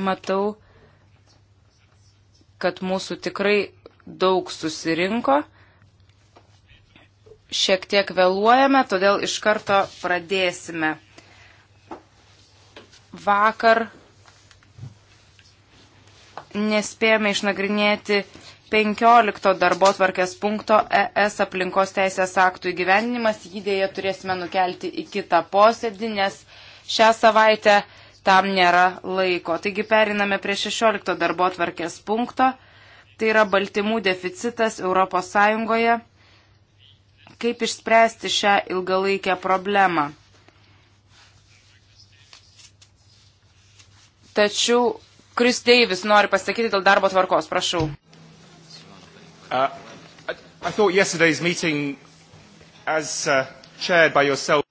matau, kad mūsų tikrai daug susirinko. Šiek tiek vėluojame, todėl iš karto pradėsime. Vakar nespėjome išnagrinėti 15 darbo tvarkės punkto ES aplinkos teisės aktų įgyvendinimas. Jį dėja turėsime nukelti į kitą posėdį, nes šią savaitę tam nėra laiko. Taigi periname prie 16 darbo tvarkės punkto. Tai yra baltymų deficitas ES. Kaip išspręsti šią ilgalaikę problemą? Tačiau Kris Deivis nori pasakyti dėl darbo tvarkos, prašau. Uh, I, I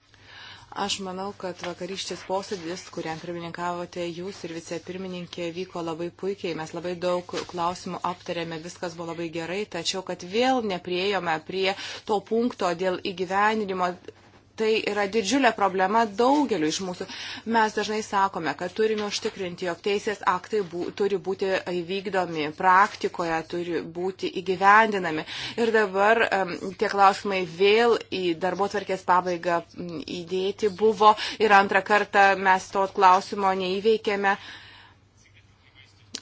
Aš manau, kad vakarykštis posėdis, kuriam pirmininkavote jūs ir vicepirmininkė, vyko labai puikiai. Mes labai daug klausimų aptarėme, viskas buvo labai gerai, tačiau kad vėl nepriejome prie to punkto dėl įgyvenimo Tai yra didžiulė problema daugeliu iš mūsų. Mes dažnai sakome, kad turime užtikrinti, jog teisės aktai bū, turi būti įvykdomi, praktikoje turi būti įgyvendinami. Ir dabar um, tie klausimai vėl į darbo tvarkės pabaigą įdėti buvo ir antrą kartą mes to klausimo neįveikėme. Uh,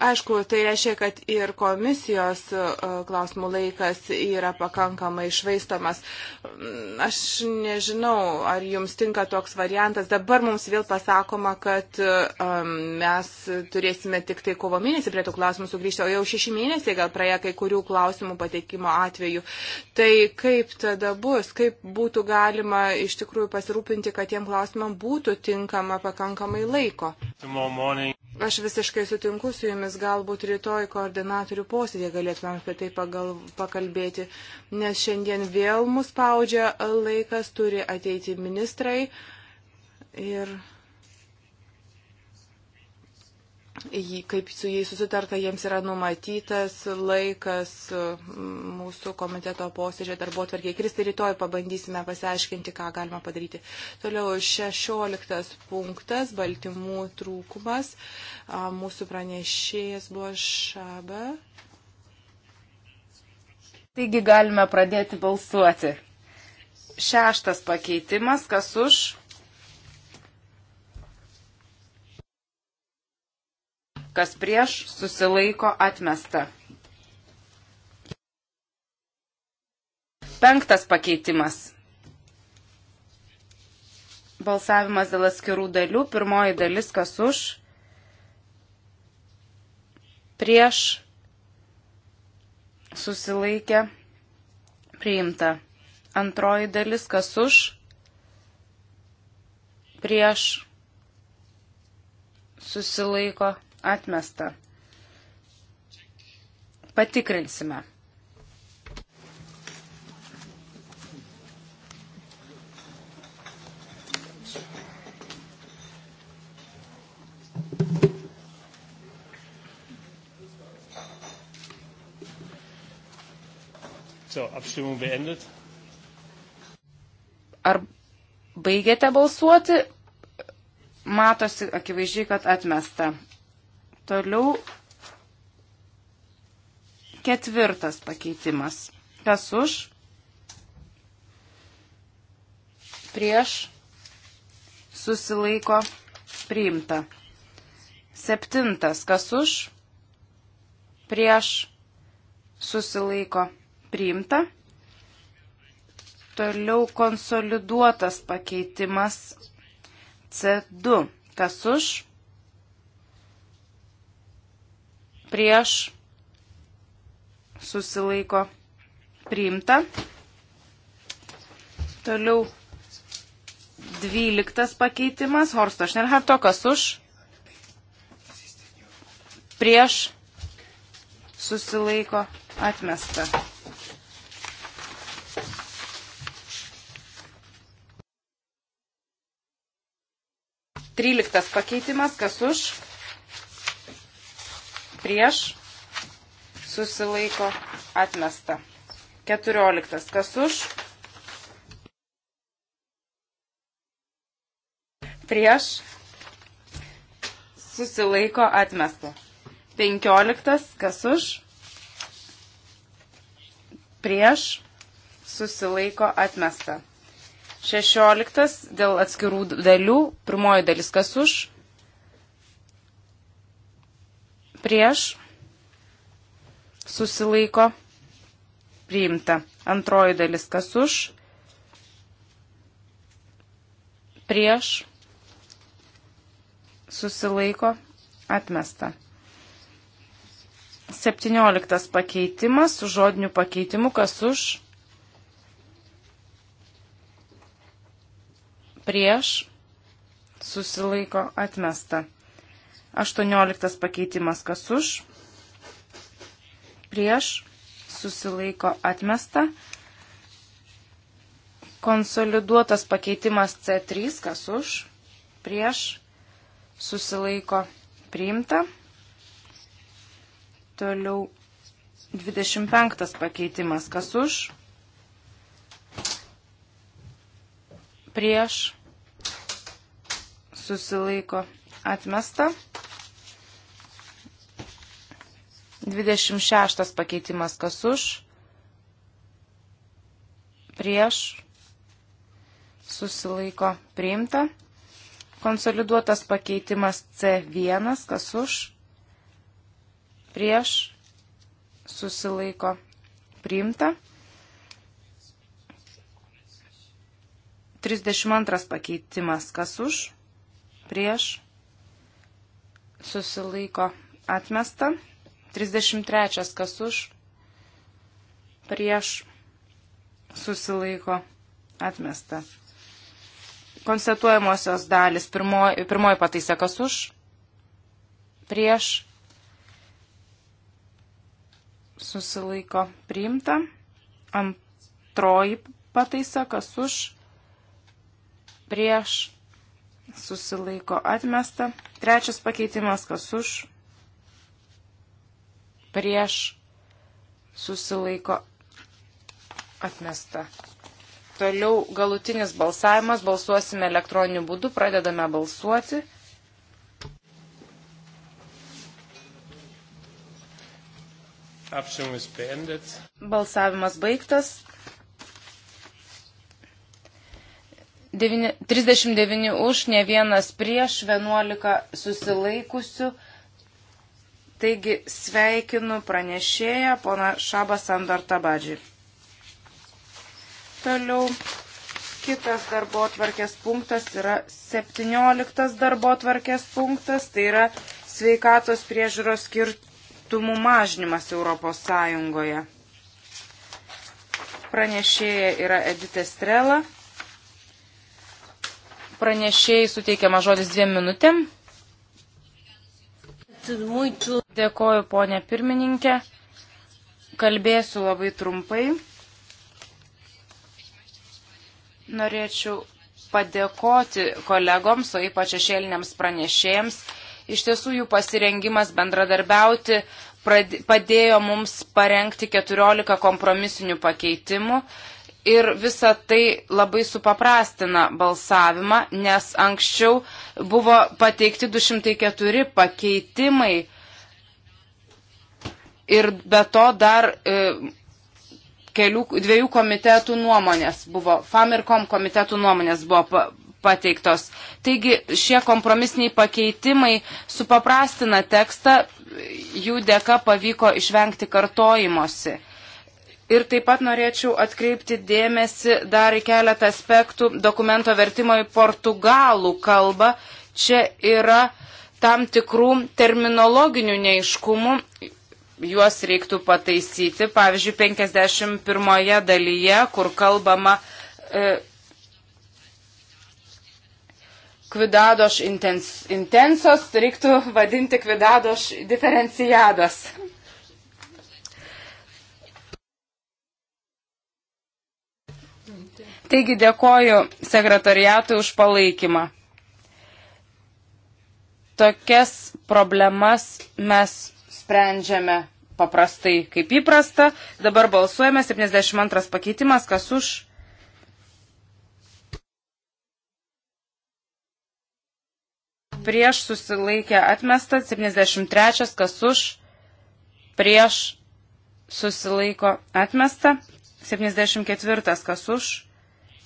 Aišku, tai reiškia, kad ir komisijos e, klausimų laikas yra pakankamai išvaistomas. Mm, aš nežinau, ar jums tinka toks variantas. Dabar mums vėl pasakoma, kad e, mes turėsime tik tai kovo mėnesį prie tų klausimų sugrįžti, o jau šeši mėnesiai gal praėjo kai kurių klausimų pateikimo atveju. Tai kaip tada bus, kaip būtų galima iš tikrųjų pasirūpinti, kad tiem klausimam būtų tinkama pakankamai laiko. Aš visiškai sutinku su jumis mes galbūt rytoj koordinatorių posėdėje galėtumėm apie tai pagal, pakalbėti, nes šiandien vėl mus spaudžia laikas, turi ateiti ministrai ir kaip su jais susitarta, jiems yra numatytas laikas e, mūsų komiteto posėdžio darbo tvarkiai. Kristi rytoj pabandysime pasiaiškinti, ką galima padaryti. Toliau 16 punktas, baltymų trūkumas. Mūsų pranešėjas buvo Šaba. Taigi galime pradėti balsuoti. Šeštas pakeitimas, kas už? kas prieš, susilaiko atmesta. Penktas pakeitimas. Balsavimas dėl atskirų dalių. Pirmoji dalis, kas už, prieš, susilaikė, priimta. Antroji dalis, kas už, prieš, susilaiko, priimta Atmesta. Patikrinsime. So, Abstimmung beendet. Ar baigėte balsuoti? Matosi akivaizdžiai, kad atmesta. Toliau ketvirtas pakeitimas. Kas už? Prieš susilaiko priimta. Septintas. Kas už? Prieš susilaiko priimta. Toliau konsoliduotas pakeitimas C2. Kas už? prieš susilaiko priimta. Toliau dvyliktas pakeitimas. Horsto Šnerharto, kas už? Prieš susilaiko atmesta. Tryliktas pakeitimas, kas už? prieš, susilaiko atmesta. 14. Kas už? Prieš, susilaiko atmesta. 15. Kas už? Prieš, susilaiko atmesta. 16. Dėl atskirų dalių. Pirmoji dalis kas už? prieš, susilaiko, priimta. Antroji dalis kas už, prieš, susilaiko, atmesta. 17 pakeitimas su žodiniu pakeitimu, kas už, prieš, susilaiko, atmesta. 18 pakeitimas kas už, prieš, susilaiko atmesta. Konsoliduotas pakeitimas C3 kas už, prieš, susilaiko priimta. Toliau 25 pakeitimas kas už, prieš, susilaiko atmesta. 26 pakeitimas kas už, prieš, susilaiko priimta. Konsoliduotas pakeitimas C1 kas už, prieš, susilaiko priimta. 32 pakeitimas kas už, prieš, susilaiko atmesta. 33 kas už, prieš susilaiko atmesta. Konstatuojamosios dalis, pirmoji, pirmoji pataisa kas už, prieš susilaiko priimta, antroji pataisa kas už, prieš susilaiko atmesta, trečias pakeitimas kas už, prieš susilaiko atmesta. Toliau galutinis balsavimas, balsuosime elektroniniu būdu, pradedame balsuoti. Balsavimas baigtas. 39 už, ne vienas prieš, 11 susilaikusių Taigi sveikinu pranešėją, pona Šabas Andor Tabadži. Toliau kitas darbo atvarkės punktas yra 17 darbo atvarkės punktas, tai yra sveikatos priežiūros skirtumų mažnymas Europos Sąjungoje. Pranešėja yra Edita Strela. Pranešėjai suteikiama žodis dviem minutėm. muito Dėkoju, ponė pirmininkė. Kalbėsiu labai trumpai. Norėčiau padėkoti kolegoms, o ypač šešėliniams pranešėjams. Iš tiesų jų pasirengimas bendradarbiauti padėjo mums parengti 14 kompromisinių pakeitimų. Ir visa tai labai supaprastina balsavimą, nes anksčiau buvo pateikti 204 pakeitimai ir be to dar e, kelių, dviejų komitetų nuomonės buvo, FAM ir KOM komitetų nuomonės buvo pateiktos. Taigi šie kompromisiniai pakeitimai supaprastina tekstą, jų dėka pavyko išvengti kartojimosi. Ir taip pat norėčiau atkreipti dėmesį dar į keletą aspektų dokumento vertimo į portugalų kalbą. Čia yra tam tikrų terminologinių neiškumų, juos reiktų pataisyti. Pavyzdžiui, 51 dalyje, kur kalbama e, kvidadoš intens, intensos, reiktų vadinti kvidadoš diferencijados. Taigi dėkoju sekretariatui už palaikymą. Tokias problemas mes sprendžiame paprastai kaip įprasta. Dabar balsuojame 72 pakeitimas, kas už. Prieš susilaikė atmesta 73, kas už. Prieš susilaiko atmesta 74, kas už.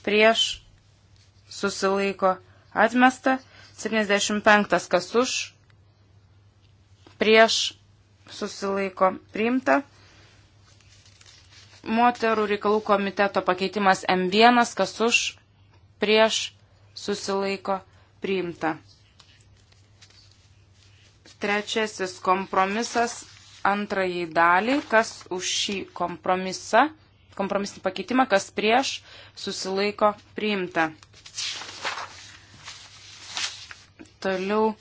Prieš susilaiko atmesta 75, kas už. Prieš susilaiko priimta. Moterų reikalų komiteto pakeitimas M1, kas už, prieš, susilaiko priimta. Trečiasis kompromisas antrajai daliai, kas už šį kompromisą, kompromisinį pakeitimą, kas prieš, susilaiko priimta. Toliau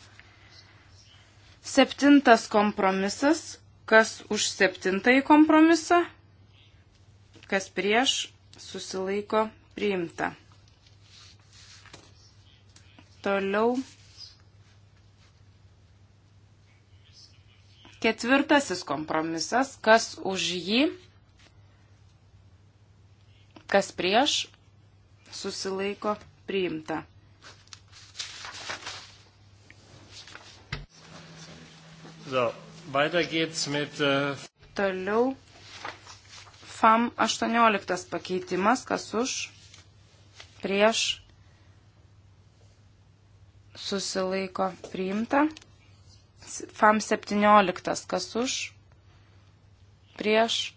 Septintas kompromisas. Kas už septintąjį kompromisą? Kas prieš susilaiko priimta. Toliau. Ketvirtasis kompromisas. Kas už jį? Kas prieš susilaiko priimta. So, weiter geht's mit. Uh... Toliau. FAM 18 pakeitimas, kas už, prieš, susilaiko priimta. FAM 17, kas už, prieš,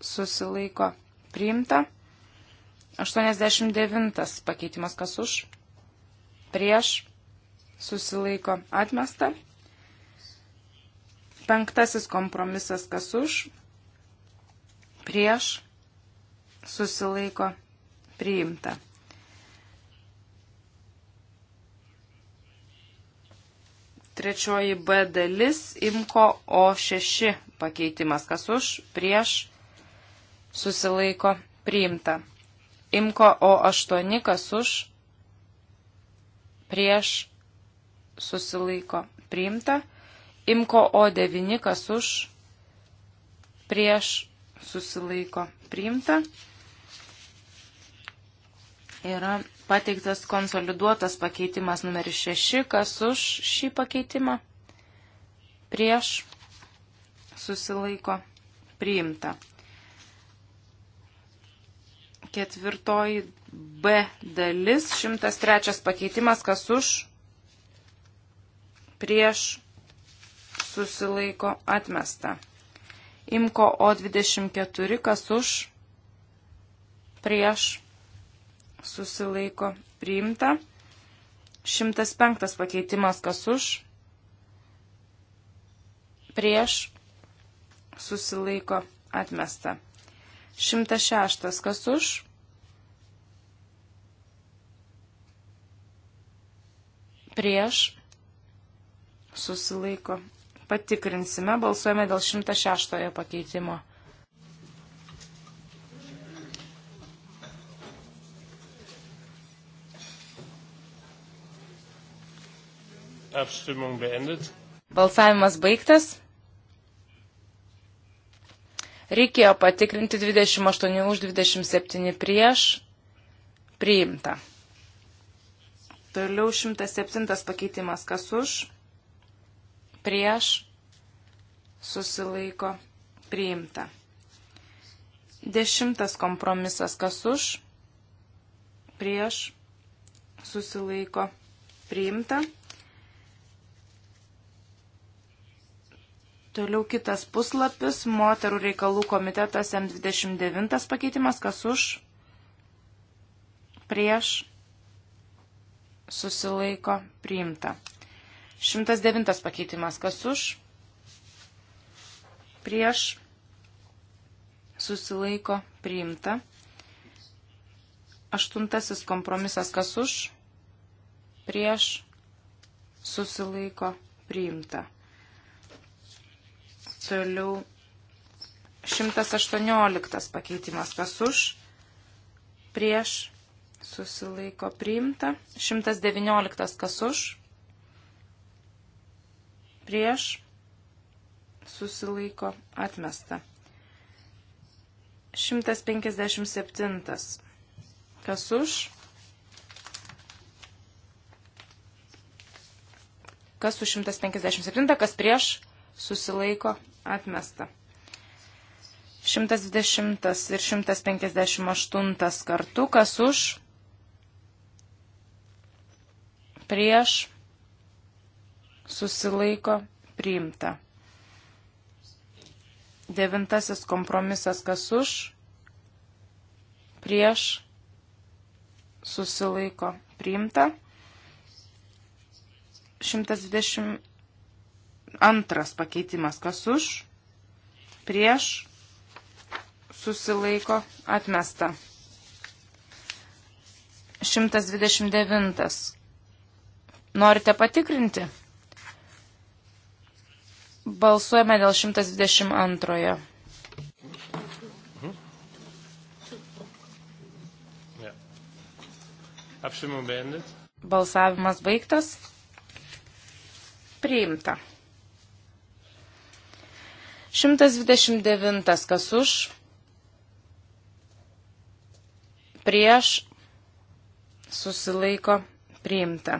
susilaiko priimta. 89 pakeitimas, kas už, prieš, susilaiko atmesta. Penktasis kompromisas kas už, prieš, susilaiko, priimta. Trečioji B dalis imko O6 pakeitimas, kas už, prieš, susilaiko, priimta. Imko O8, kas už, prieš, susilaiko, priimta. Imko O9, kas už, prieš susilaiko priimta. Yra pateiktas konsoliduotas pakeitimas numeris 6, kas už šį pakeitimą, prieš susilaiko priimta. Ketvirtoji B dalis, 103 pakeitimas, kas už, prieš susilaiko atmesta. Imko O24, kas už, prieš, susilaiko priimta. 105 pakeitimas, kas už, prieš, susilaiko atmesta. 106 kas už, prieš, susilaiko Patikrinsime, balsuojame dėl 106 pakeitimo. Abstimmung beendet. Balsavimas baigtas. Reikėjo patikrinti 28 už 27 prieš. Priimta. Toliau 107 pakeitimas kas už prieš, susilaiko, priimta. Dešimtas kompromisas, kas už, prieš, susilaiko, priimta. Toliau kitas puslapis, moterų reikalų komitetas M29 pakeitimas, kas už, prieš, susilaiko, priimta. 109 pakeitimas. Kas už? Prieš. Susilaiko. Priimta. Aštuntasis kompromisas. Kas už? Prieš. Susilaiko. Priimta. Toliau. 118 pakeitimas. Kas už? Prieš. Susilaiko. Priimta. 119 kas už? prieš susilaiko atmesta. 157. Kas už? Kas už 157, kas prieš susilaiko atmesta. 120 ir 158 kartu, kas už prieš susilaiko priimta. Devintasis kompromisas kas už, prieš susilaiko priimta. 122 pakeitimas kas už, prieš susilaiko atmesta. 129. Norite patikrinti? Balsuojame dėl 122. Apšimų bandit. Balsavimas baigtas. Priimta. 129 kas už. Prieš. Susilaiko. Priimta.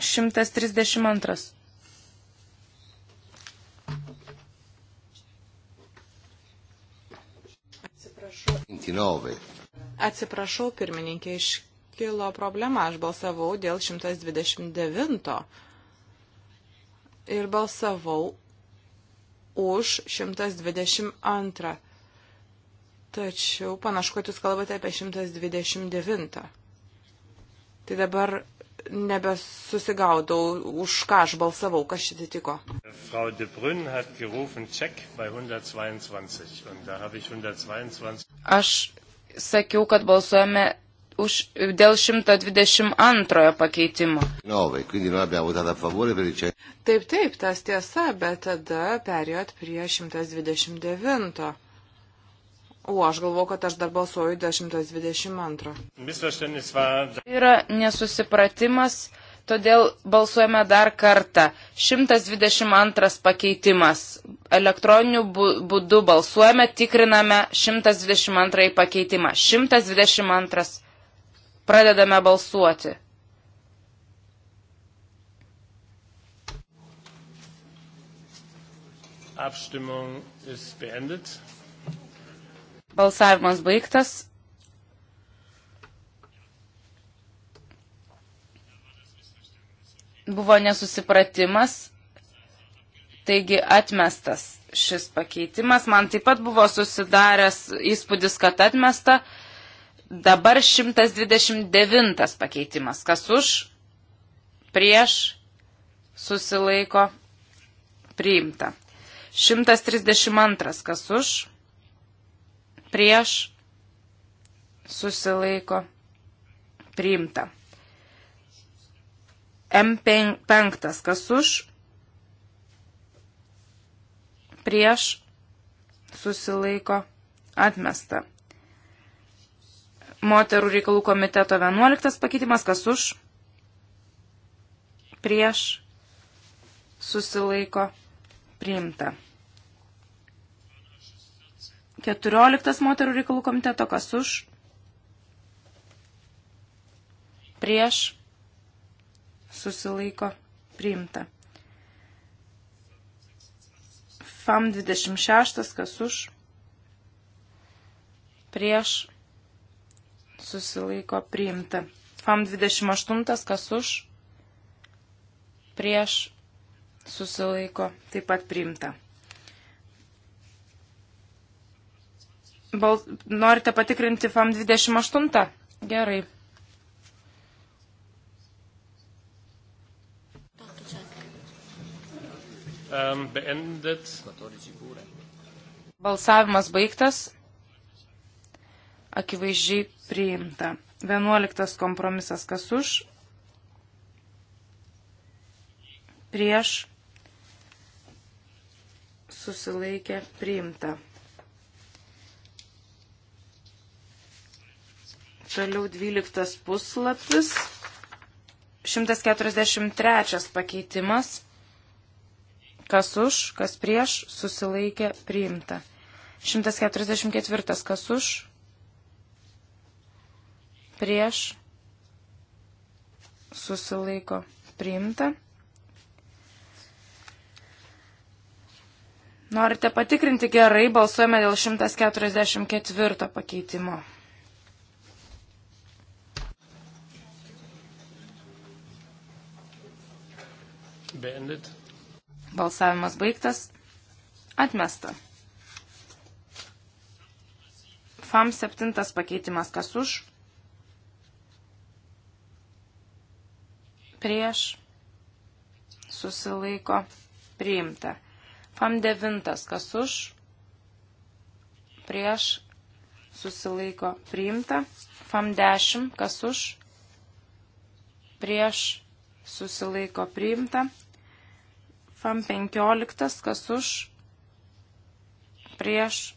132 129. Atsiprašau, pirmininkė, iškilo problema. Aš balsavau dėl 129 ir balsavau už 122. Tačiau panašu, kad jūs kalbate apie 129. Tai dabar nebesusigaudau, už ką aš balsavau, kas čia atsitiko. Frau de Brun hat gerufen ček bei 122 und da habe ich 122. Aš sakiau, kad balsuojame už, dėl 122 pakeitimo. No, e taip, taip, tas tiesa, bet tada perėjot prie 129. O, aš galvoju, kad aš dar balsuoju 122. Yra nesusipratimas, todėl balsuojame dar kartą. 122 pakeitimas. Elektroniniu būdu balsuojame, tikriname 122 pakeitimą. 122. Pradedame balsuoti. Abstimmung ist beendet. Balsavimas baigtas. Buvo nesusipratimas, taigi atmestas šis pakeitimas. Man taip pat buvo susidaręs įspūdis, kad atmesta. Dabar 129 pakeitimas. Kas už, prieš, susilaiko, priimta. 132 kas už, prieš susilaiko priimta. M5 kas už prieš susilaiko atmesta. Moterų reikalų komiteto 11 pakeitimas kas už prieš susilaiko priimta. 14 moterų reikalų komiteto, kas už, prieš, susilaiko, priimta. FAM 26, kas už, prieš, susilaiko, priimta. FAM 28, kas už, prieš, susilaiko, taip pat priimta. Bal... Norite patikrinti FAM 28? Gerai. Ähm, beendet. Balsavimas baigtas. Akivaizdžiai priimta. 11 kompromisas kas už. Prieš. Susilaikė priimta. Toliau 12 puslapis. 143 pakeitimas. Kas už, kas prieš, susilaikė priimta. 144 kas už, prieš, susilaiko priimta. Norite patikrinti gerai, balsuojame dėl 144 pakeitimo. beendet. Balsavimas baigtas. Atmesta. FAM septintas pakeitimas kas už. Prieš. Susilaiko. Priimta. FAM devintas kas už. Prieš. Susilaiko. Priimta. FAM dešimt kas už. Prieš. Susilaiko. Priimta. FAM 15, kas už, prieš,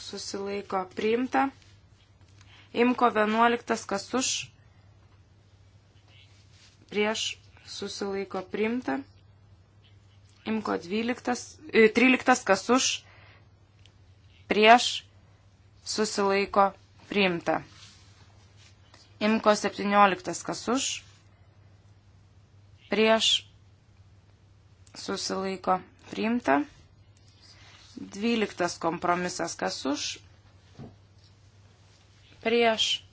susilaiko priimta. Imko 11, kas už, prieš, susilaiko priimta. Imko 12, 13, e, kas už, prieš, susilaiko priimta. Imko 17, kas už, prieš, susilaiko priimta. Dvyliktas kompromisas kas už, prieš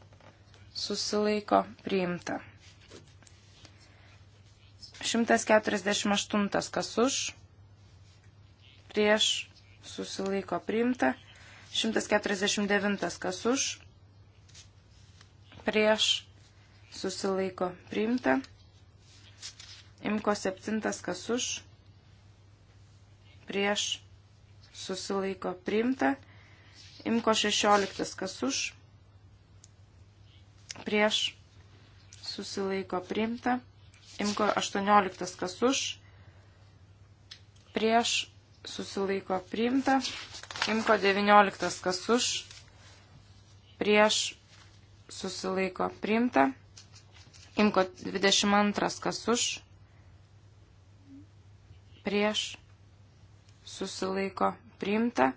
susilaiko priimta. 148 kas už, prieš susilaiko priimta, 149 kas už, prieš susilaiko priimta, imko 7 kas už, prieš susilaiko priimta. Imko 16, kas už, prieš susilaiko priimta. Imko 18, kas už, prieš susilaiko priimta. Imko 19, kas už, prieš susilaiko priimta. Imko 22, kas už, prieš susilaiko priimta.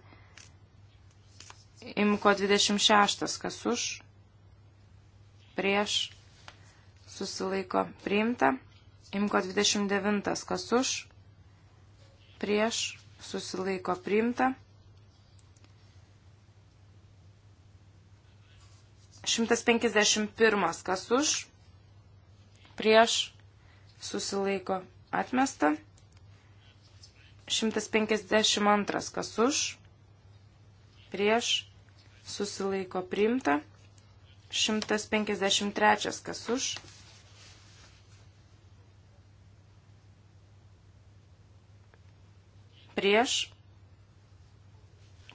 Imko 26, kas už, prieš, susilaiko priimta. Imko 29, kas už, prieš, susilaiko priimta. 151, kas už, prieš, susilaiko atmesta. 152 kas už, prieš, susilaiko priimta, 153 kas už. Prieš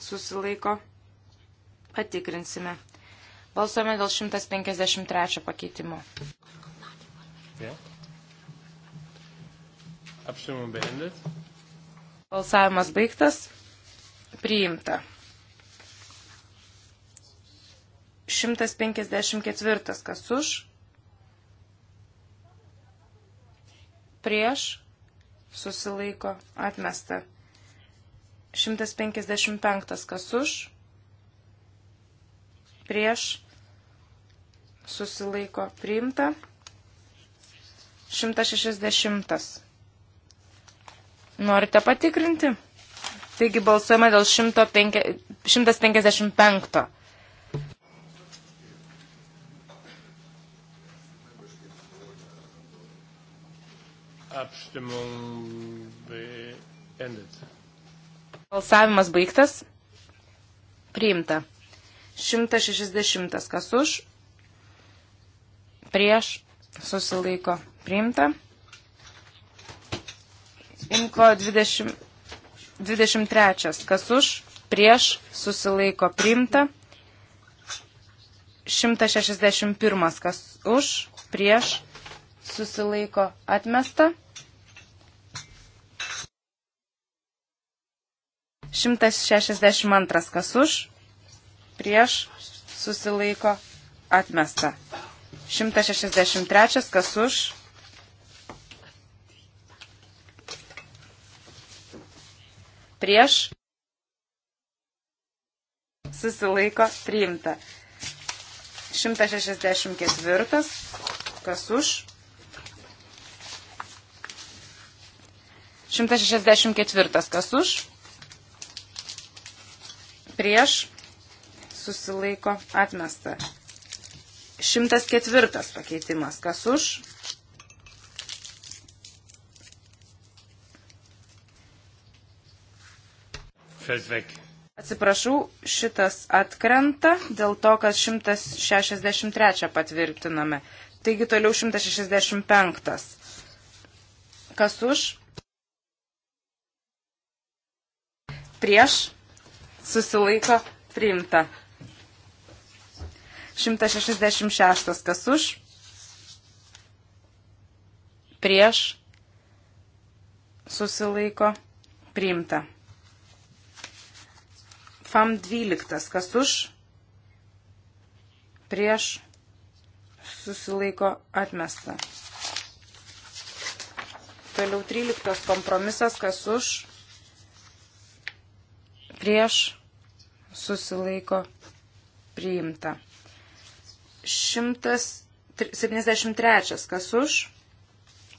susilaiko patikrinsime. Balsuojame dėl 153 pakeitimo. Ja. Apštimum beendet. Balsavimas baigtas. Priimta. 154. Kas už? Prieš. Susilaiko. Atmesta. 155. Kas už? Prieš. Susilaiko. Priimta. 160 Norite patikrinti? Taigi balsuojame dėl 155. Abstimmung beendet. Balsavimas baigtas. Priimta. 160. Kas už? Prieš. Susilaiko. Priimta. Imko 20, 23. Kas už, prieš, susilaiko priimta. 161. Kas už, prieš, susilaiko atmesta. 162. Kas už, prieš, susilaiko atmesta. 163. Kas už, prieš, susilaiko priimta. 164, kas už. 164, kas už. Prieš, susilaiko atmesta. 104 pakeitimas, kas už Atsiprašau, šitas atkrenta dėl to, kad 163 patvirtiname. Taigi toliau 165. Kas už? Prieš susilaiko priimta. 166. Kas už? Prieš susilaiko priimta. FAM 12. Kas už? Prieš susilaiko atmesta. Toliau 13 kompromisas, kas už, prieš, susilaiko priimta. 173, kas už,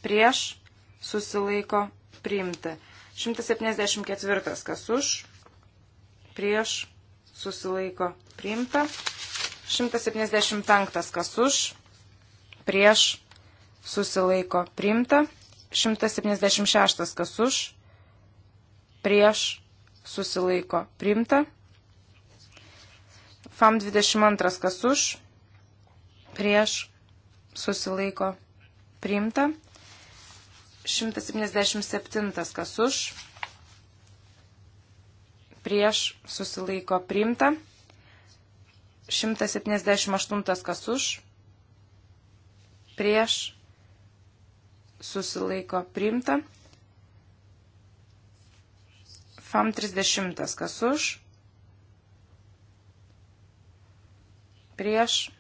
prieš, susilaiko priimta. 174, kas už, prieš, susilaiko priimta. 175 kas už, prieš, susilaiko priimta. 176 kas už, prieš, susilaiko priimta. FAM 22 kas už, prieš, susilaiko priimta. 177 kas už, prieš susilaiko priimta. 178 kas už, prieš susilaiko priimta. FAM 30 kas už, prieš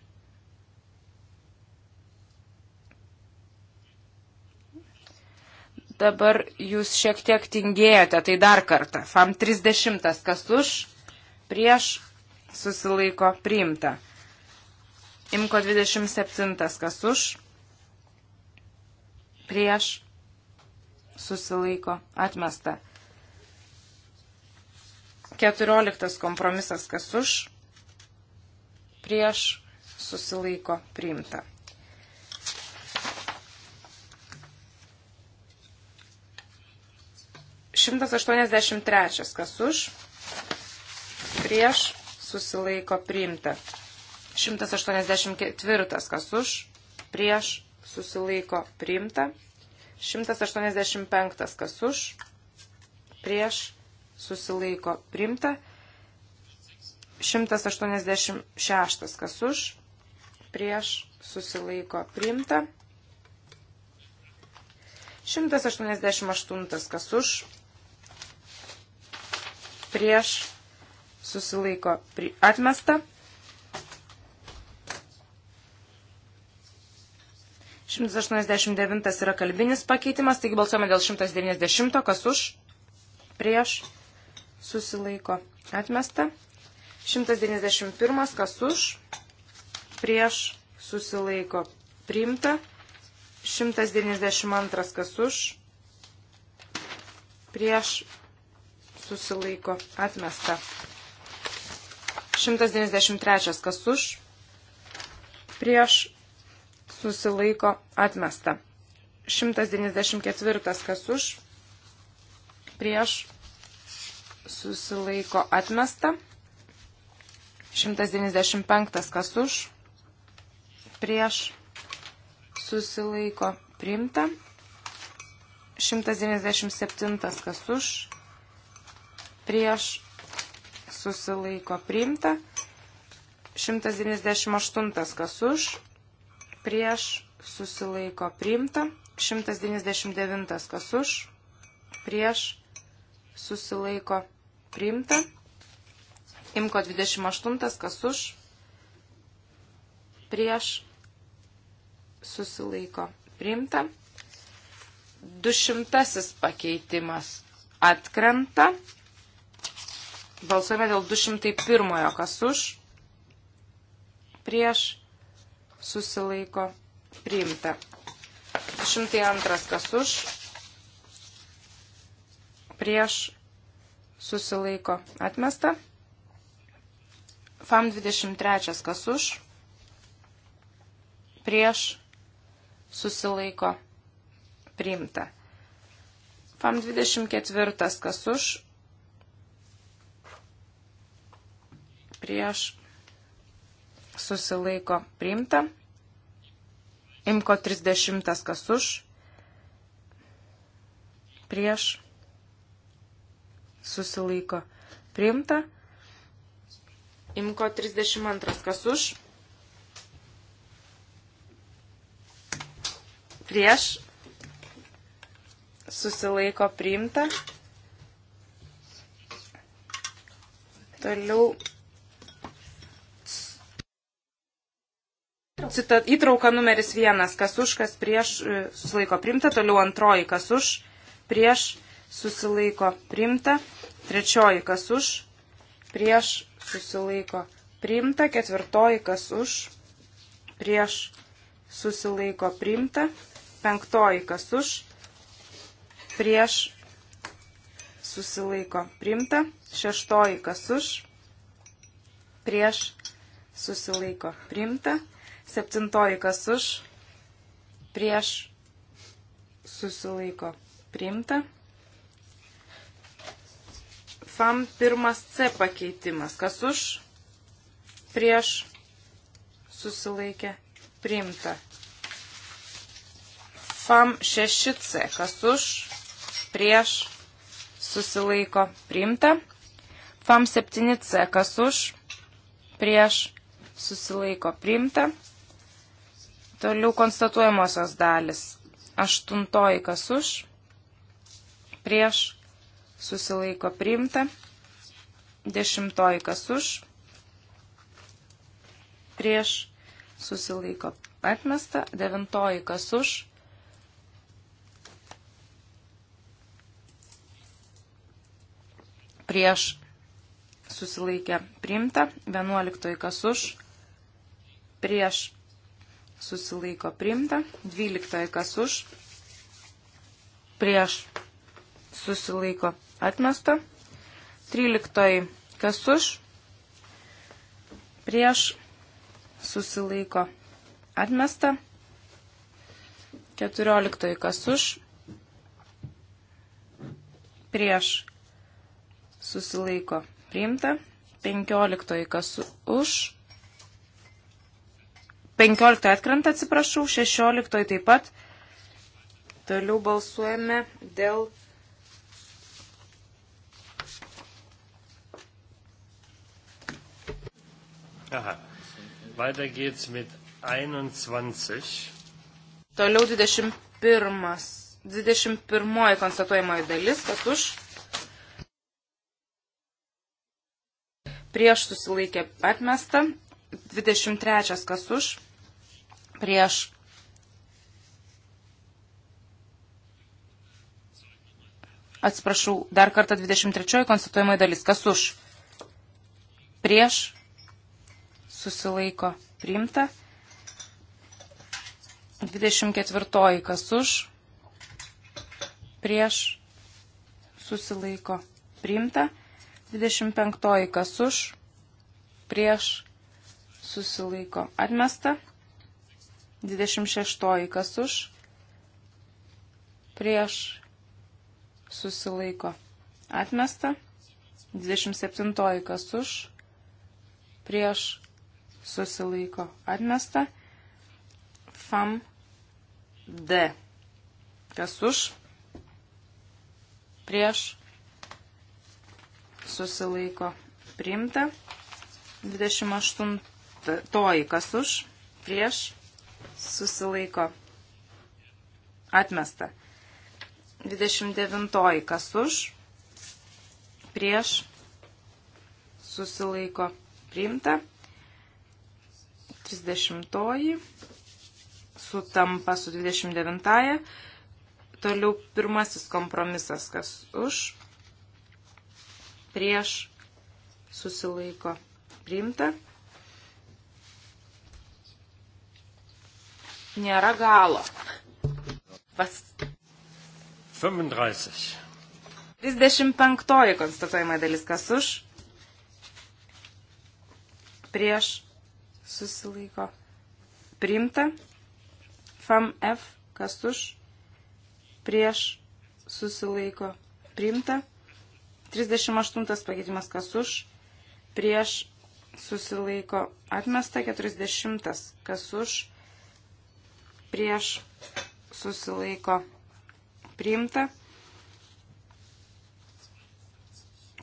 Dabar jūs šiek tiek tingėjote, tai dar kartą. FAM 30, kas už, prieš, susilaiko, priimta. Imko 27, kas už, prieš, susilaiko, atmesta. 14 kompromisas, kas už, prieš, susilaiko, priimta. 183. Kas už? Prieš susilaiko priimta. 184. Kas už? Prieš susilaiko priimta. 185. Kas už? Prieš susilaiko priimta. 186. Kas už? Prieš susilaiko priimta. 188 kas už, prieš susilaiko atmesta. 189 yra kalbinis pakeitimas, taigi balsuojame dėl 190, kas už, prieš, susilaiko, atmesta. 191, kas už, prieš, susilaiko, priimta. 192, kas už, prieš, susilaiko atmesta. 193 kas už, prieš susilaiko atmesta. 194 kas už, prieš susilaiko atmesta. 195 kas už, prieš susilaiko priimta. 197 kas už, prieš susilaiko priimta. 198 kas už, prieš susilaiko priimta. 199 kas už, prieš susilaiko priimta. Imko 28 kas už, prieš susilaiko priimta. 200 pakeitimas atkrenta. Balsuojame dėl 201, kas už, prieš, susilaiko, priimta. 202, kas už, prieš, susilaiko, atmesta. FAM 23, kas už, prieš, susilaiko, priimta. FAM 24, kas už, prieš susilaiko priimta. Imko 30 kas už, prieš susilaiko priimta. Imko 32 kas už, prieš susilaiko priimta. Toliau Citat, įtrauka numeris vienas, kas už, kas prieš, e, susilaiko primta. Toliau antroji, kas už, prieš, susilaiko primta. Trečioji, kas už, prieš, susilaiko primta. Ketvirtoji, kas už, prieš, susilaiko primta. Penktoji, kas už, prieš, susilaiko primta. Šeštoji, kas už, prieš, susilaiko primta. Septintoji kas už, prieš susilaiko priimta. FAM pirmas C pakeitimas. Kas už, prieš susilaikė priimta. FAM 6C. Kas už, prieš susilaiko priimta. FAM 7C. Kas už, prieš susilaiko priimta. Toliau konstatuojamosios dalis. Aštuntoji kas už, prieš, susilaiko priimta. Dešimtoji kas už, prieš, susilaiko atmesta. Devintoji kas už, prieš, susilaikė priimta. Vienuoliktoji kas už, prieš, susilaiko priimta, 12 kas už, prieš susilaiko atmesta, 13 kas už, prieš susilaiko atmesta, 14 kas už, prieš susilaiko priimta, 15 kas už, 15 atkrenta, atsiprašau, 16 taip pat. Toliau balsuojame dėl. Aha. Weiter geht's mit 21. Toliau 21. 21 konstatuojamoji dalis, kas už. Prieš susilaikė atmesta. 23 kas už prieš Atsiprašau, dar kartą 23 konstatuojamoji dalis. Kas už? Prieš susilaiko priimta. 24 kas už? Prieš susilaiko priimta. 25 kas už? Prieš susilaiko atmesta. 26 kas už, prieš susilaiko atmesta, 27 kas už, prieš susilaiko atmesta, fam d kas už, prieš susilaiko priimta, 28 kas už, prieš susilaiko atmesta. 29. Kas už, prieš, susilaiko priimta. 30. Sutampa su 29. Toliau pirmasis kompromisas, kas už, prieš, susilaiko priimta. nėra galo. Pas... 35. 35 konstatuojama dalis, kas už, prieš, susilaiko, primta, FAMF, kas už, prieš, susilaiko, primta, 38 pakeitimas, kas už, prieš, susilaiko, atmesta, 40, kas už, prieš susilaiko priimta.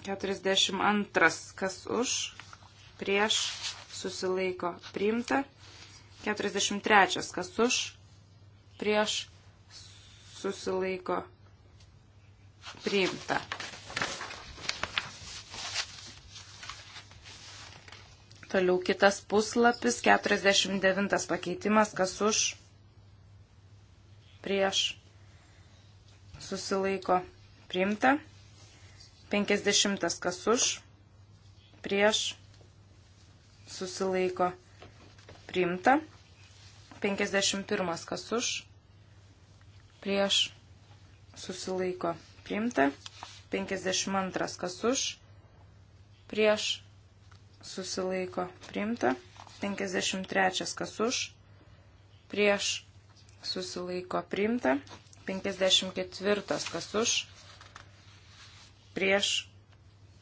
42. Kas už prieš susilaiko priimta. 43. Kas už prieš susilaiko priimta. Toliau kitas puslapis, 49 pakeitimas, kas už prieš susilaiko priimta. 50 kas už prieš susilaiko priimta. 51 kas už prieš susilaiko priimta. 52 kas už prieš susilaiko priimta. 53 kas už prieš susilaiko priimta. 54 kas už, prieš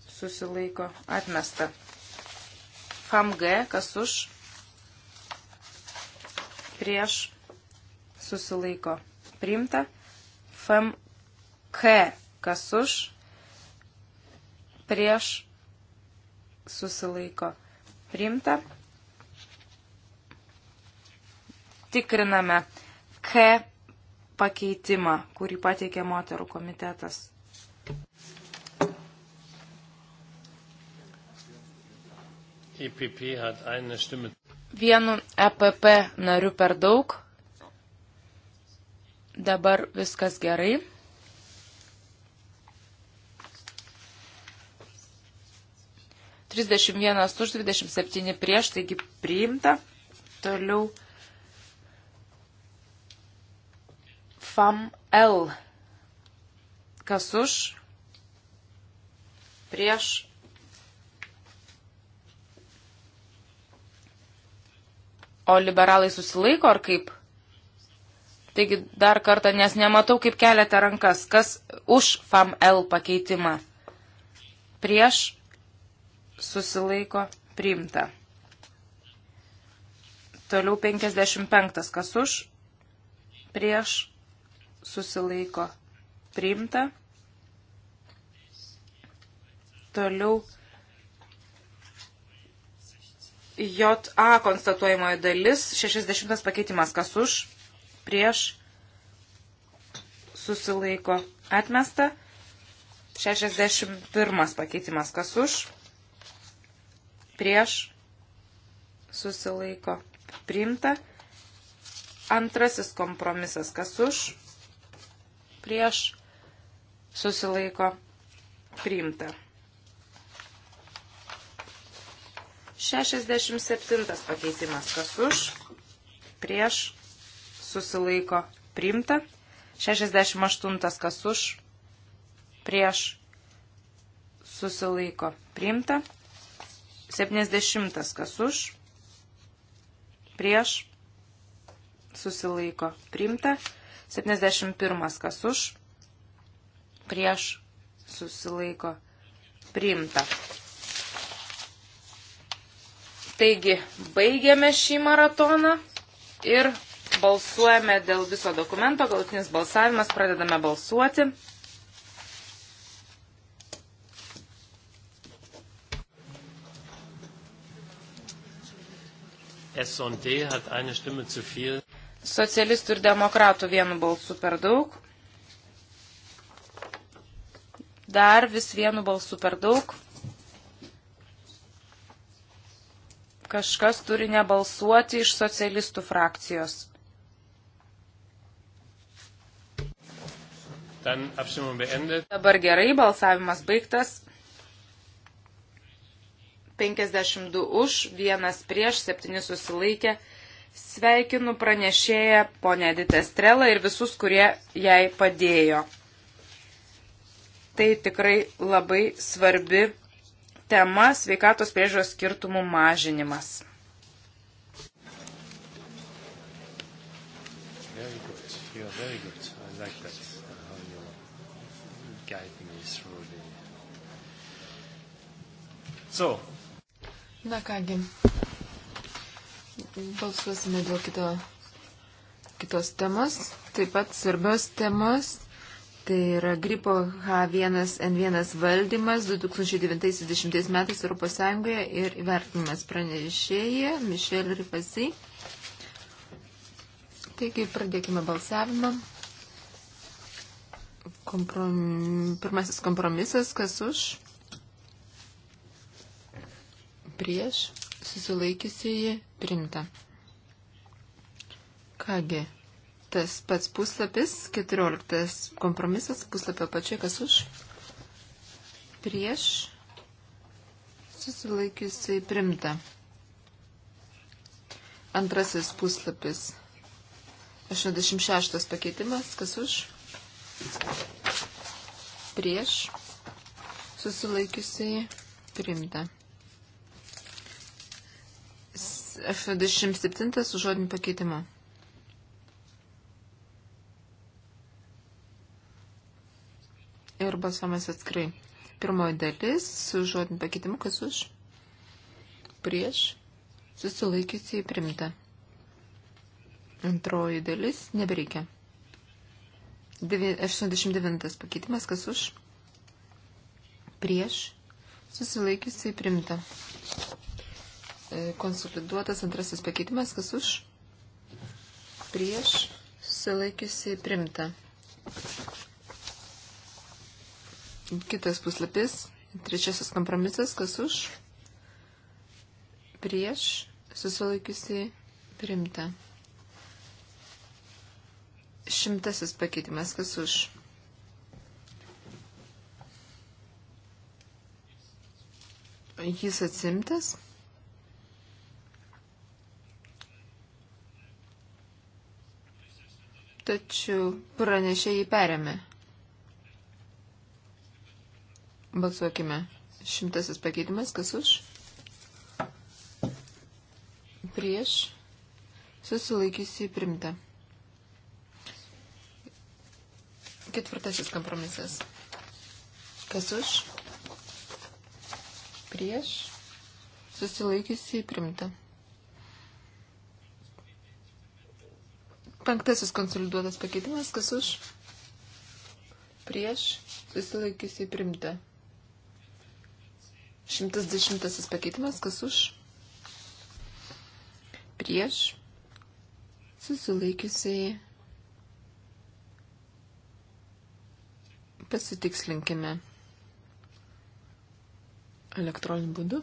susilaiko atmesta. FAMG kas už, prieš susilaiko priimta. FMK kas už, prieš susilaiko priimta. Tikriname K pakeitimą, kurį pateikė moterų komitetas. E Vienu EPP nariu per daug. Dabar viskas gerai. Trisdešimt vienas už dvidešimt septyni prieš, taigi priimta. Toliau FAM L. Kas už? Prieš. O liberalai susilaiko ar kaip? Taigi dar kartą, nes nematau, kaip keliate rankas, kas už FAML pakeitimą. Prieš susilaiko priimta. Toliau 55, kas už, prieš susilaiko priimta. Toliau JA konstatuojamoje dalis, 60 pakeitimas, kas už, prieš, susilaiko atmesta, 61 pakeitimas, kas už, prieš, susilaiko priimta, antrasis kompromisas, kas už, prieš, susilaiko, priimta. 67 pakeitimas, kas už, prieš, susilaiko, priimta. 68 kas už, prieš, susilaiko, priimta. 70 kas už, prieš, susilaiko, priimta. 71 kas už, prieš susilaiko priimta. Taigi, baigiame šį maratoną ir balsuojame dėl viso dokumento, galutinis balsavimas, pradedame balsuoti. S&D hat eine Stimme zu viel socialistų ir demokratų vienu balsu per daug. Dar vis vienu balsu per daug. Kažkas turi nebalsuoti iš socialistų frakcijos. Dabar gerai, balsavimas baigtas. 52 už, vienas prieš, septyni susilaikė. Sveikinu pranešėją ponę Editę Strelą ir visus, kurie jai padėjo. Tai tikrai labai svarbi tema sveikatos priežiūros skirtumų mažinimas. Very good. You are very good. I like that, uh, how you're guiding me through the... So. Na kągi, Balsuosime dėl kito, kitos temos, taip pat svarbios temos. Tai yra gripo H1N1 valdymas 2009-2010 metais Europos Sąjungoje ir įvertinimas pranešėje Mišel Rifasi. Taigi pradėkime balsavimą. Komprom... Pirmasis kompromisas, kas už? Prieš susilaikysiai Primta. Kągi, tas pats puslapis, 14 kompromisas, puslapio pačioje, kas už, prieš, susilaikiusiai primta. Antrasis puslapis, 86 pakeitimas, kas už, prieš, susilaikiusiai primta. F27 su žodiniu pakeitimu. Ir balsuojamas atskrai. Pirmoji dalis su žodiniu pakeitimu, kas už? Prieš. Susilaikysiu į primtą. Antroji dalis nebereikia. 89 pakeitimas, kas už? Prieš. Susilaikysiu į primtą. E, konsoliduotas antrasis pakeitimas, kas už, prieš, susilaikiusi primta. Kitas puslapis, trečiasis kompromisas, kas už, prieš, susilaikiusi primta. Šimtasis pakeitimas, kas už. Jis atsimtas. tačiau pranešė jį perėmė. Balsuokime. Šimtasis pakeitimas, kas už? Prieš. Susilaikysi primta. Ketvirtasis kompromisas. Kas už? Prieš. Susilaikysi primta. Penktasis konsoliduotas pakeitimas, kas už, prieš, susilaikysiai primta. Šimtas dešimtasis pakeitimas, kas už, prieš, susilaikysiai. Pasitikslinkime elektroniniu būdu.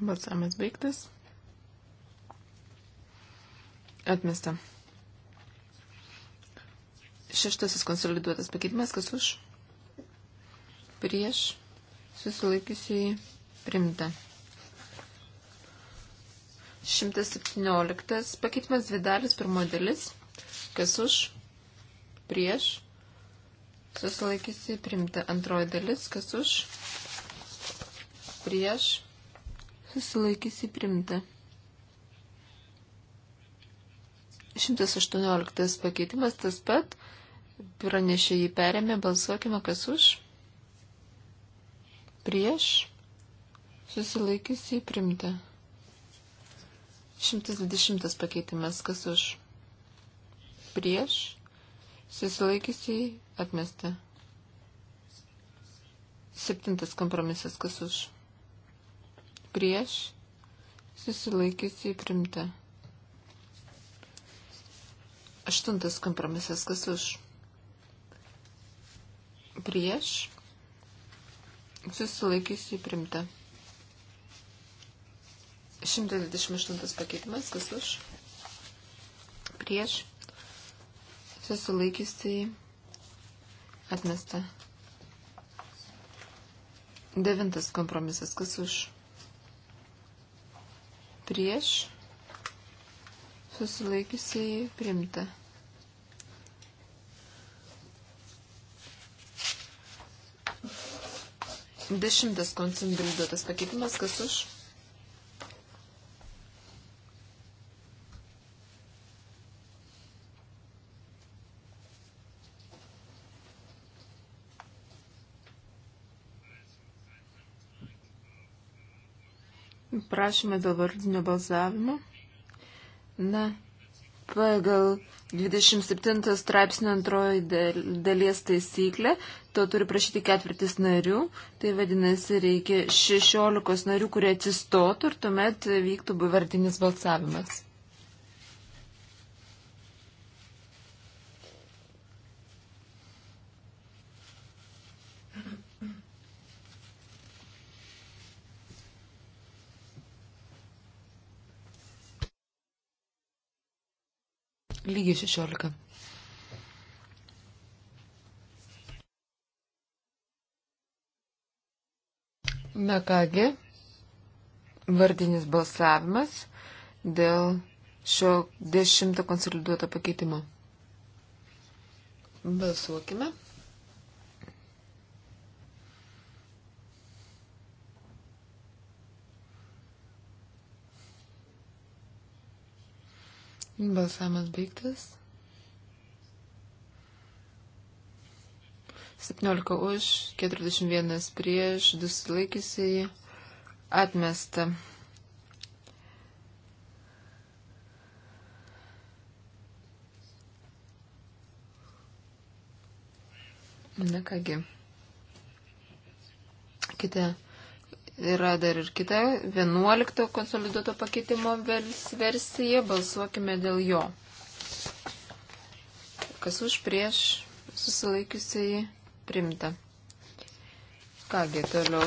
Balsavimas baigtas. Atmesta. Šeštasis konsoliduotas pakeitimas, kas už? Prieš susilaikiusiai primta. 117 pakeitimas dvi dalis, pirmo dalis, kas už? Prieš susilaikiusiai primta. Antroji dalis, kas už? Prieš susilaikysi primta. 118 pakeitimas tas pat, pranešė jį perėmė, balsuokime kas už, prieš, susilaikys jį primta. 120 pakeitimas kas už, prieš, susilaikys jį atmesta. Septintas kompromisas kas už prieš, susilaikiusiai primta. Aštuntas kompromisas, kas už, prieš, susilaikiusiai primta. 128 pakeitimas, kas už, prieš, susilaikiusiai atmesta. Devintas kompromisas, kas už prieš, susilaikiusiai primta. Dešimtas koncentralizuotas pakeitimas, kas už? prašymas dėl vardinio balsavimo. Na, pagal 27 straipsnio antroji dalies taisyklė, to turi prašyti ketvirtis narių, tai vadinasi reikia 16 narių, kurie atsistotų ir tuomet vyktų vardinis balsavimas. lygiai 16. Na kągi, vardinis balsavimas dėl šio dešimto konsoliduoto pakeitimo. Balsuokime. Balsavimas baigtas. 17 už, 41 prieš, 2 sulaikysiai, atmesta. Na kągi. Kita Yra dar ir kita, 11 konsoliduoto pakeitimo versija, balsuokime dėl jo. Kas už prieš susilaikiusiai primta. Kągi, toliau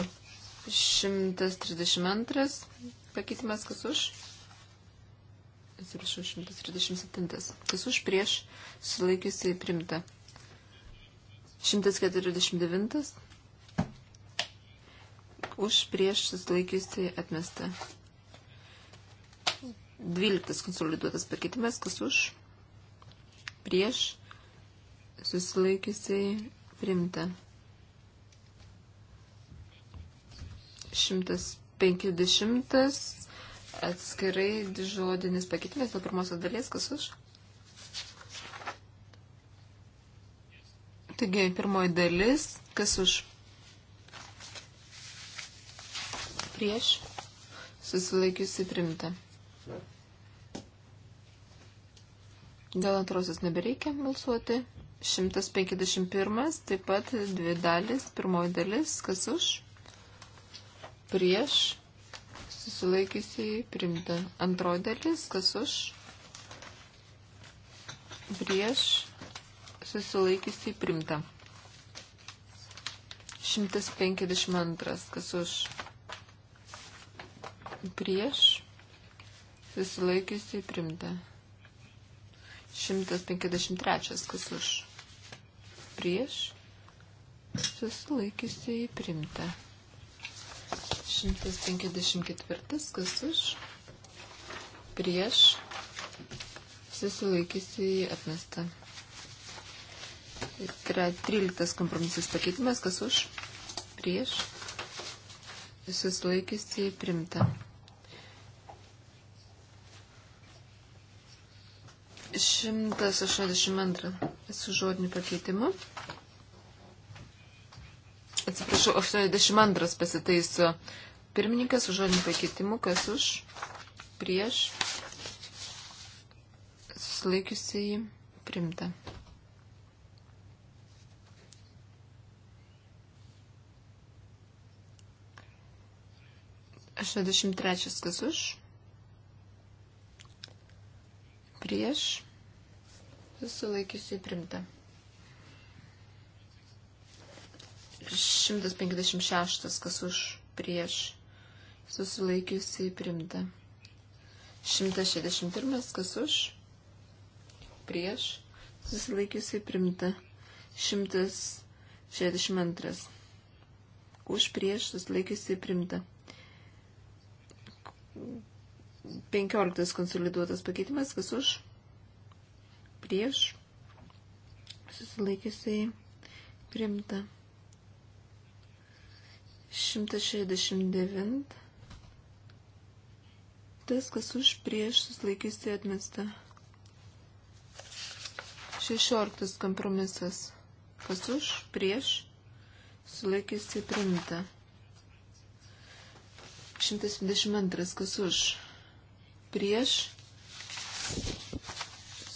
132 pakeitimas, kas už? Atsiprašau, 137. Kas už prieš susilaikiusiai primta. 149 už prieš susilaikiusi atmesta. 12 konsoliduotas pakeitimas, kas už prieš susilaikiusi primta. 150 atskirai žodinis pakeitimas dėl pirmosios dalies, kas už. Taigi, pirmoji dalis, kas už prieš, susilaikiusi primta. Dėl antrosios nebereikia balsuoti. 151, taip pat dvi dalis, pirmoji dalis, kas už, prieš, susilaikiusi primta. Antroji dalis, kas už, prieš, susilaikiusi primta. 152, kas už prieš, susilaikiusi primta. 153, kas už, prieš, susilaikiusi primta. 154, kas už, prieš, susilaikiusi atmesta. 13 kompromisas pakeitimas, kas už, prieš, susilaikiusi primta. 182 su žodiniu pakeitimu. Atsiprašau, 82 pasitaiso pirmininkas su žodiniu pakeitimu, kas už, prieš, susilaikiusiai primta. Aštuoniasdešimt trečias kas už, prieš, sulaikysiu įprimta. 156, kas už prieš, susilaikiusi įprimta. 161, kas už prieš, susilaikiusi įprimta. 162, už prieš, susilaikiusi įprimta. 15 konsoliduotas pakeitimas, kas už prieš prieš, susilaikiusiai primta. 169. Tas, kas už prieš, susilaikiusiai atmesta. 16 kompromisas. Kas už prieš, susilaikiusiai primta. 122. Kas už prieš,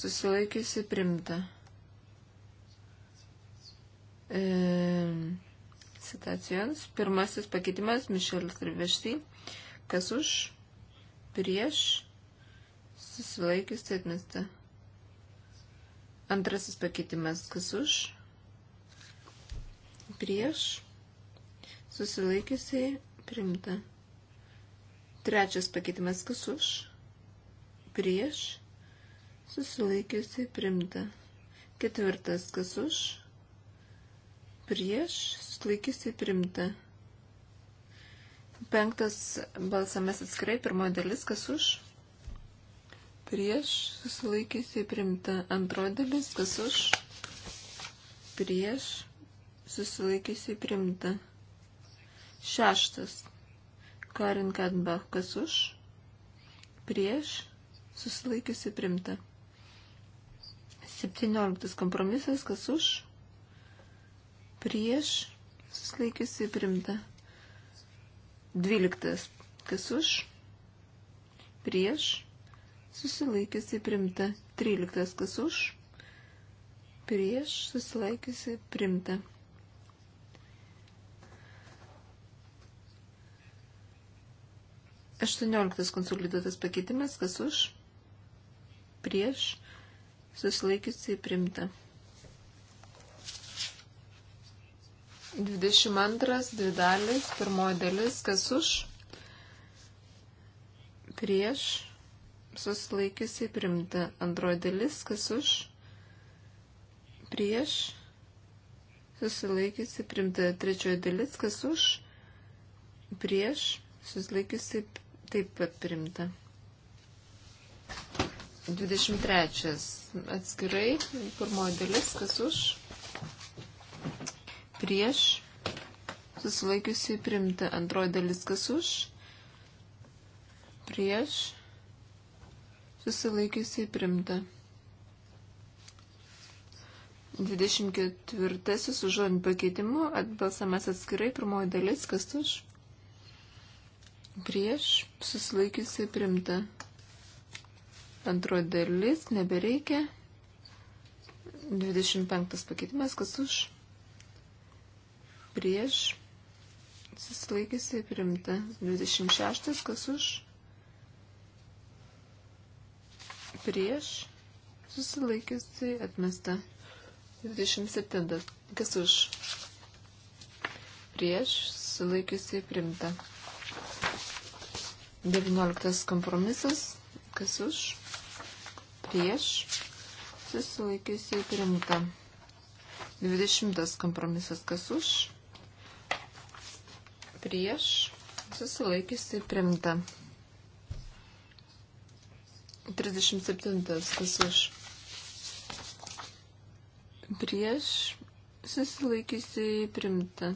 susilaikiusi primta. E, citacijos. Pirmasis pakeitimas Mišelis Rivešty. Kas už? Prieš. Susilaikiusi atmesta. Antrasis pakeitimas. Kas už? Prieš. Susilaikiusiai primta. Trečias pakeitimas. Kas už? Prieš susilaikiusiai primta. Ketvirtas, kas už, prieš, susilaikiusiai primta. Penktas balsamės atskirai, pirmoji dalis, kas už, prieš, susilaikiusiai primta. Antroji dalis, kas už, prieš, susilaikiusiai primta. Šeštas, Karin Kadbach, kas už, prieš, susilaikiusi primta. 17 kompromisas, kas už, prieš, susilaikiusi primta. 12 kas už, prieš, susilaikiusi primta. 13 kas už, prieš, susilaikiusi primta. Aštuonioliktas konsoliduotas pakeitimas, kas už, prieš, susilaikiusiai primta. 22, dvi dalis, pirmoji dalis, kas už, prieš, susilaikiusiai primta. Antroji dalis, kas už, prieš, susilaikiusi primta trečioji dalis, kas už, prieš, susilaikiusi taip pat primta. 23. Atskirai, pirmoji dalis, kas už, prieš, susilaikiusi primta, antroji dalis, kas už, prieš, susilaikiusi primta. 24 su žodiniu pakeitimu atbalsamas atskirai, pirmoji dalis, kas už, prieš, susilaikiusi primta. Antroji dalis nebereikia. 25 pakeitimas, kas už prieš susilaikysi primta. 26, kas už prieš susilaikysi atmesta. 27, kas už prieš susilaikysi primta. 19 kompromisas, kas už prieš, susilaikiusiai primta. 20 kompromisas kas už, prieš, susilaikiusiai primta. 37 kas už, prieš, susilaikiusiai primta.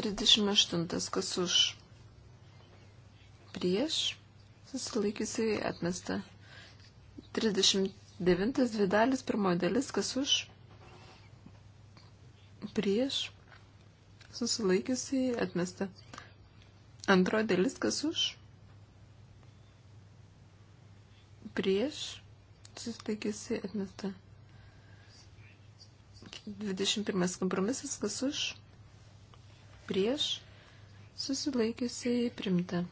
38 kas už, prieš, susilaikiusiai atmesta. 39 dvi dalis, pirmoji dalis, kas už, prieš, susilaikiusi, atmesta. Antroji dalis, kas už, prieš, susilaikiusi, atmesta. 21 kompromisas, kas už, prieš, susilaikiusi, primta.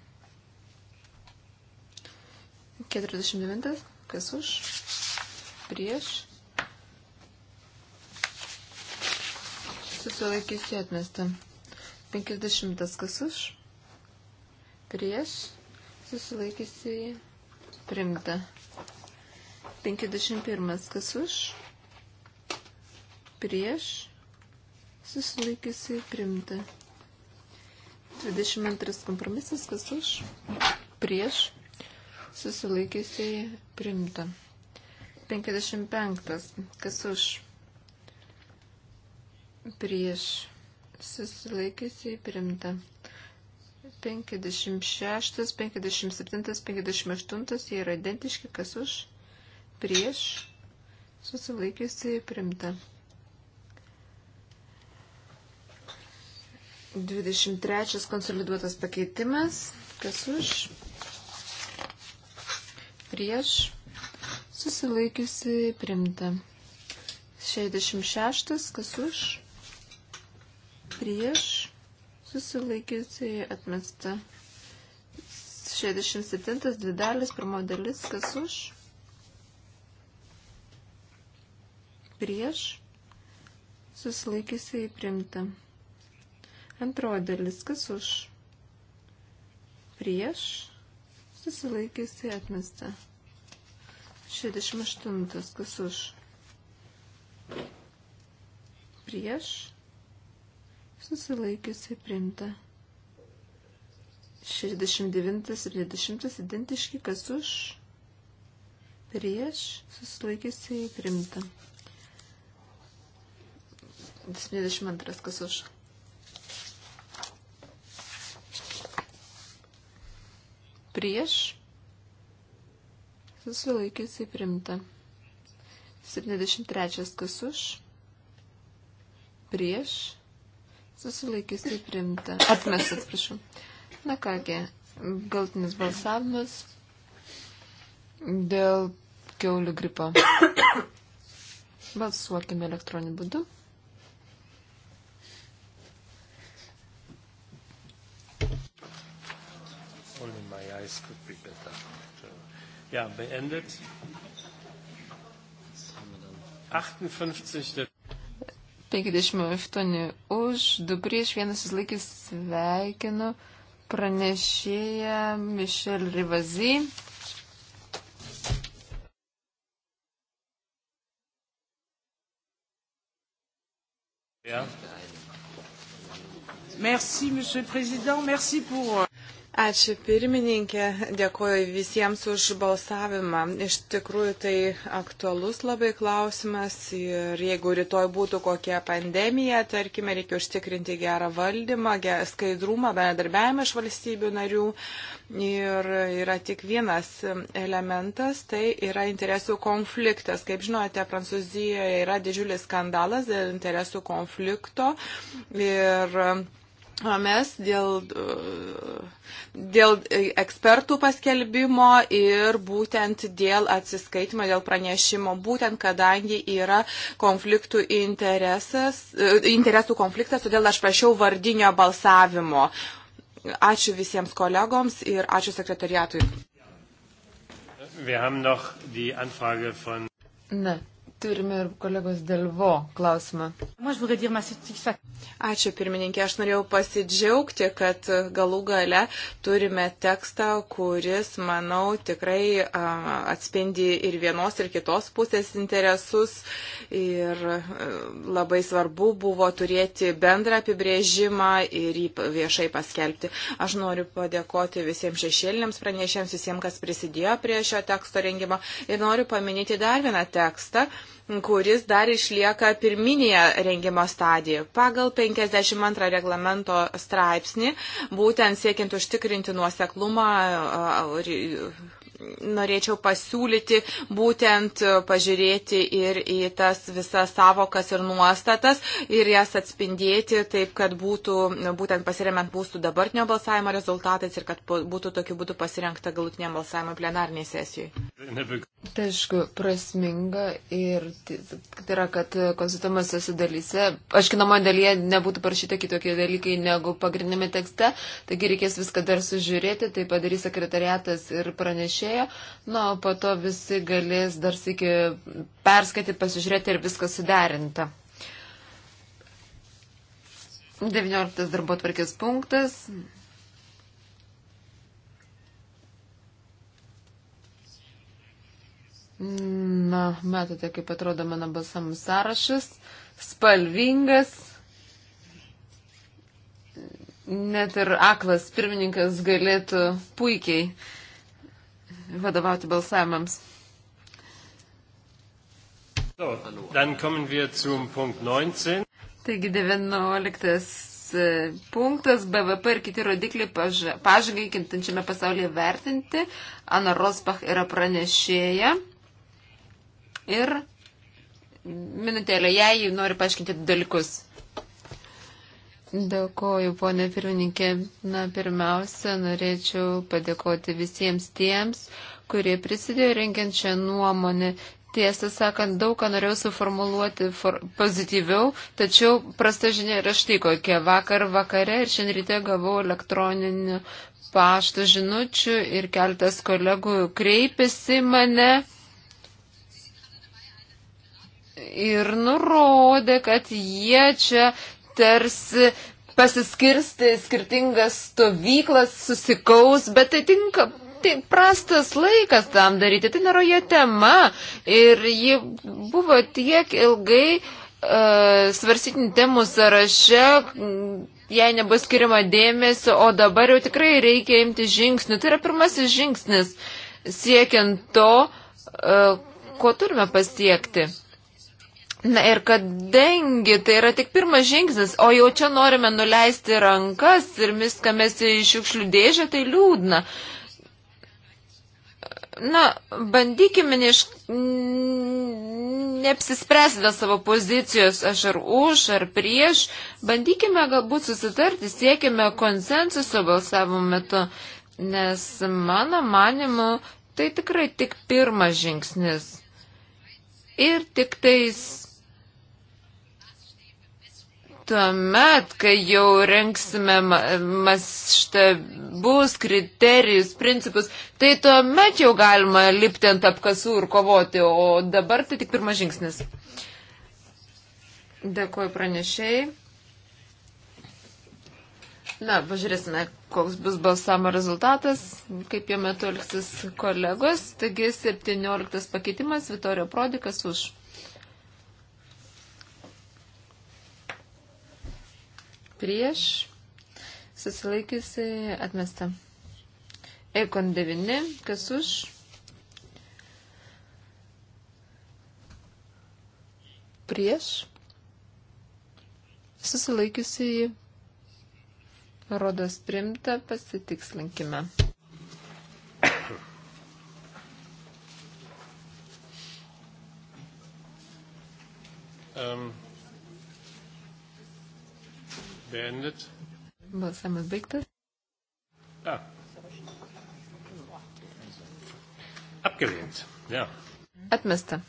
49 Kas už? Prieš. Susilaikysi atmestą. 50. Kas už? Prieš. Susilaikysi primta. 51. Kas už? Prieš. Susilaikysi primta. 22. Kompromisas. Kas už? Prieš susilaikysiai primta. 55. Kas už? Prieš susilaikysiai primta. 56, 57, 58 jie yra identiški, kas už, prieš, susilaikiusi primta. 23 konsoliduotas pakeitimas, kas už, prieš, susilaikiusi primta. 66, kas už, prieš, susilaikiusi atmesta. 67, dvi dalis, pirmo dalis, kas už, prieš, susilaikiusi primta. Antroji dalis, kas už, prieš, susilaikiusi atmesta. 68. Kas už? Prieš susilaikiusi primta. 69 ir 20 identiški, kas už, prieš, susilaikiusi primta. 72 kas už. prieš, susilaikiusiai primta. 73 kas už, prieš, susilaikiusiai primta. Atmestas, prašau. Na kągi, galtinis balsavimas dėl keulių gripo. Balsuokime elektroniniu būdu. size could be better. So, ja, beendet. 58. 58 už, 2 prieš, 1 susilaikys sveikinu pranešėja Mišel Rivazy. Merci, Monsieur le Président. Merci pour. Euh, Ačiū pirmininkė, dėkuoju visiems už balsavimą. Iš tikrųjų tai aktualus labai klausimas ir jeigu rytoj būtų kokia pandemija, tarkime, reikia užtikrinti gerą valdymą, skaidrumą, bendradarbiavimą iš valstybių narių. Ir yra tik vienas elementas, tai yra interesų konfliktas. Kaip žinote, Prancūzijoje yra didžiulis skandalas dėl interesų konflikto. Ir O mes dėl, e, dėl ekspertų paskelbimo ir būtent dėl atsiskaitimo, dėl pranešimo, būtent kadangi yra konfliktų interesas, e, interesų konfliktas, todėl aš prašiau vardinio balsavimo. Ačiū visiems kolegoms ir ačiū sekretariatui. Na, Turime ir kolegos Delvo klausimą. Ačiū pirmininkė, aš norėjau pasidžiaugti, kad e, galų gale turime tekstą, kuris, manau, tikrai atspindi ir vienos, ir kitos pusės interesus. Ir e, labai svarbu buvo turėti bendrą apibrėžimą ir jį viešai paskelbti. Aš noriu padėkoti visiems šešėliniams pranešėms, visiems, kas prisidėjo prie šio teksto rengimo. Ir noriu paminėti dar vieną tekstą kuris dar išlieka pirminėje rengimo stadijoje. Pagal 52 reglamento straipsnį, būtent siekiant užtikrinti nuoseklumą norėčiau pasiūlyti būtent pažiūrėti ir į tas visas savokas ir nuostatas ir jas atspindėti taip, kad būtų būtent pasiremiant mūsų dabartinio balsavimo rezultatais ir kad būtų tokiu būdu pasirengta galutiniam balsavimo plenarniai sesijai. Tai aišku, prasminga ir tai yra, kad konsultuomasiose dalyse, aiškinamoje dalyje nebūtų parašyta kitokie dalykai negu pagrindinėme tekste, taigi reikės viską dar sužiūrėti, tai padarys sekretariatas ir pranešė pranešėjo. Na, o po to visi galės dar sėki perskaityti, pasižiūrėti ir viskas suderinta. 19 darbo tvarkės punktas. Na, matote, kaip atrodo mano balsamų sąrašas. Spalvingas. Net ir aklas pirmininkas galėtų puikiai vadovauti balsavimams. So, Taigi 19 e, punktas BVP ir kiti rodikliai pažangai kintančiame pasaulyje vertinti. Ana Rosbach yra pranešėja. Ir minutėlė, jei nori paaiškinti dalykus. Dėkoju, ponė pirmininkė. Na, pirmiausia, norėčiau padėkoti visiems tiems, kurie prisidėjo rengiant šią nuomonę. Tiesą sakant, daug ką norėjau suformuluoti for, pozityviau, tačiau prasta žinia yra štai kokia. Vakar vakare ir šiandien ryte gavau elektroninių pašto žinučių ir keltas kolegų kreipėsi mane ir nurodė, kad jie čia tarsi pasiskirsti skirtingas stovyklas, susikaus, bet tai tinka. Tai prastas laikas tam daryti, tai nėra jo tema ir ji buvo tiek ilgai uh, e, svarsytinių temų sąraše, jai nebus skiriama dėmesio, o dabar jau tikrai reikia imti žingsnių. Tai yra pirmasis žingsnis siekiant to, uh, ko turime pasiekti. Na ir kadangi tai yra tik pirmas žingsnis, o jau čia norime nuleisti rankas ir viską mesti į šiukšlių dėžę, tai liūdna. Na, bandykime neiš... neapsispręsti dėl savo pozicijos, aš ar už, ar prieš, bandykime galbūt susitarti, siekime konsensuso balsavimo metu, nes mano manimu, tai tikrai tik pirmas žingsnis. Ir tik tais Tuomet, kai jau renksime maštabus, kriterijus, principus, tai tuomet jau galima lipti ant apkasų ir kovoti, o dabar tai tik pirmas žingsnis. Dėkuoju pranešėjai. Na, pažiūrėsime, koks bus balsamo rezultatas, kaip jo metu elgsis kolegos. Taigi 17 pakeitimas, Vitorio Prodikas už. prieš, susilaikiusi atmesta. Ekon 9, kas už, prieš, susilaikiusi rodos primta, pasitikslinkime. Um beendet. Balsavimas baigtas. Ah. Abgelehnt. Ja. Atmesta.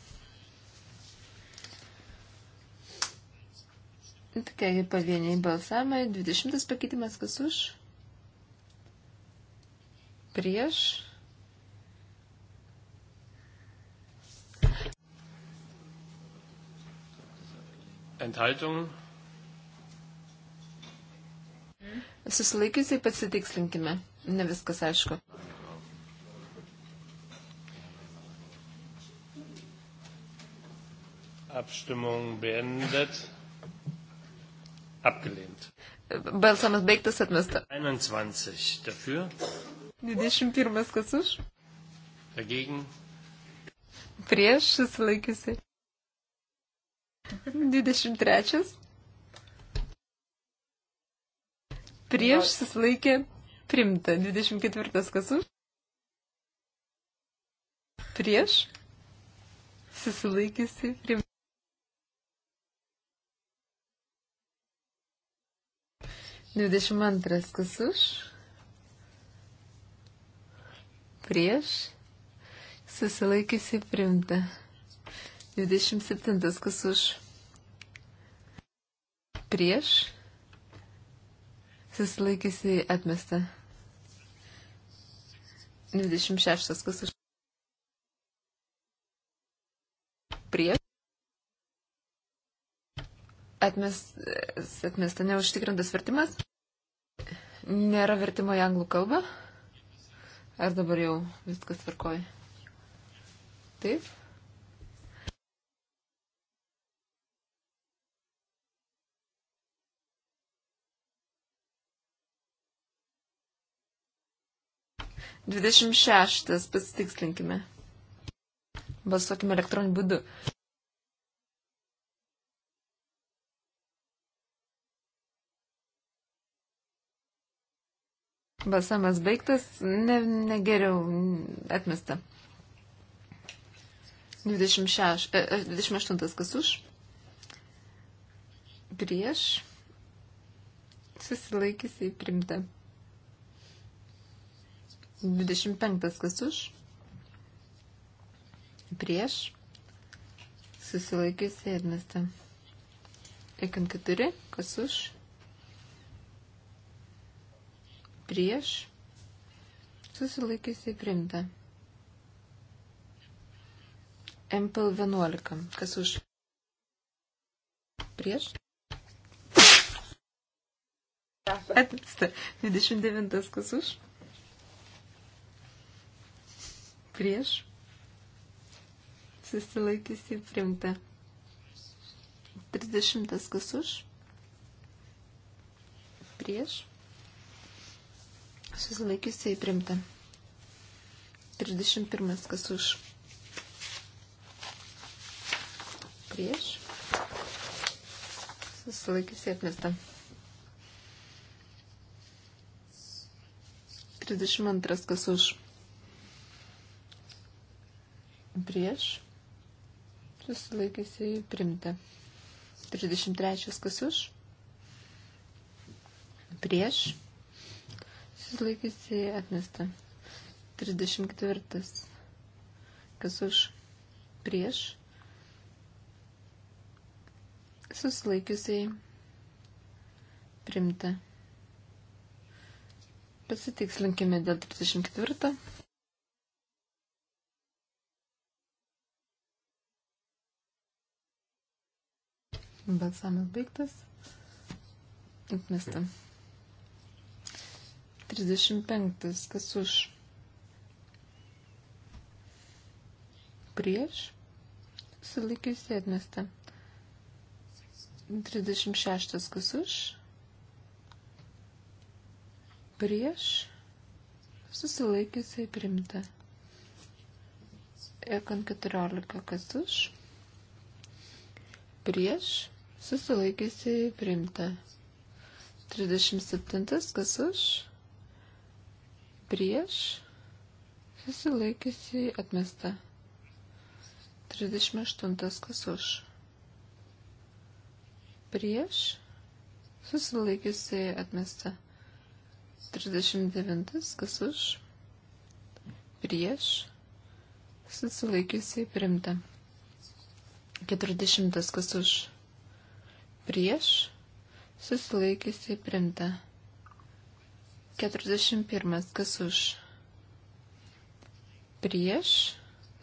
Tokie pavieniai balsavimai. 20 pakeitimas kas už? Prieš. Enthaltungen. Susilaikysiai pasitikslinkime. Ne viskas aišku. Abstimmung beendet. Abgelehnt. Balsamas baigtas atmesta. 21 dafür. 21 kas už. Dagegen. Prieš susilaikiusi. 23. prieš susilaikė primta. 24 kas už, prieš susilaikėsi primta. Dvidešimt antras kas už, prieš, susilaikysi primta. 27 kas už, prieš, susilaikysi atmesta. 26. Kas už? Prieš. Atmest, atmesta neužtikrintas vertimas. Nėra vertimo į anglų kalbą. Ar dabar jau viskas tvarkoja? Taip. 26. Pasitikslinkime. Balsuokime elektroniniu būdu. Balsamas baigtas, ne, ne geriau atmesta. 26, 28 e, e, kas už. Prieš. Susilaikysiai primta. 25 kas už, prieš, susilaikiusi atmesta. Ekin 4 kas už, prieš, susilaikiusi primta. MPL 11 kas už, prieš. Atmesta. 29 kas už prieš susilaikiusi primta. 30 kas už prieš susilaikiusi primta. 31 kas už prieš susilaikiusi atmesta. 32 kas už prieš, susilaikiusiai primta. 33 kas už, prieš, susilaikiusiai atmesta. 34 kas už, prieš, susilaikiusiai primta. Pasitikslinkime dėl 34. Balsavimas baigtas. Atmesta. 35. Kas už? Prieš. Sulaikiusi atmesta. 36. Kas už? Prieš. Susilaikiusiai primta. Ekon 14. Kas už? Prieš susilaikiusiai priimta. 37. Kas už? Prieš susilaikiusiai atmesta. 38. Kas už? Prieš susilaikiusiai atmesta. 39. Kas už? Prieš susilaikiusiai primta. 40. Kas už? prieš, susilaikiusi primta. 41. Kas už? Prieš,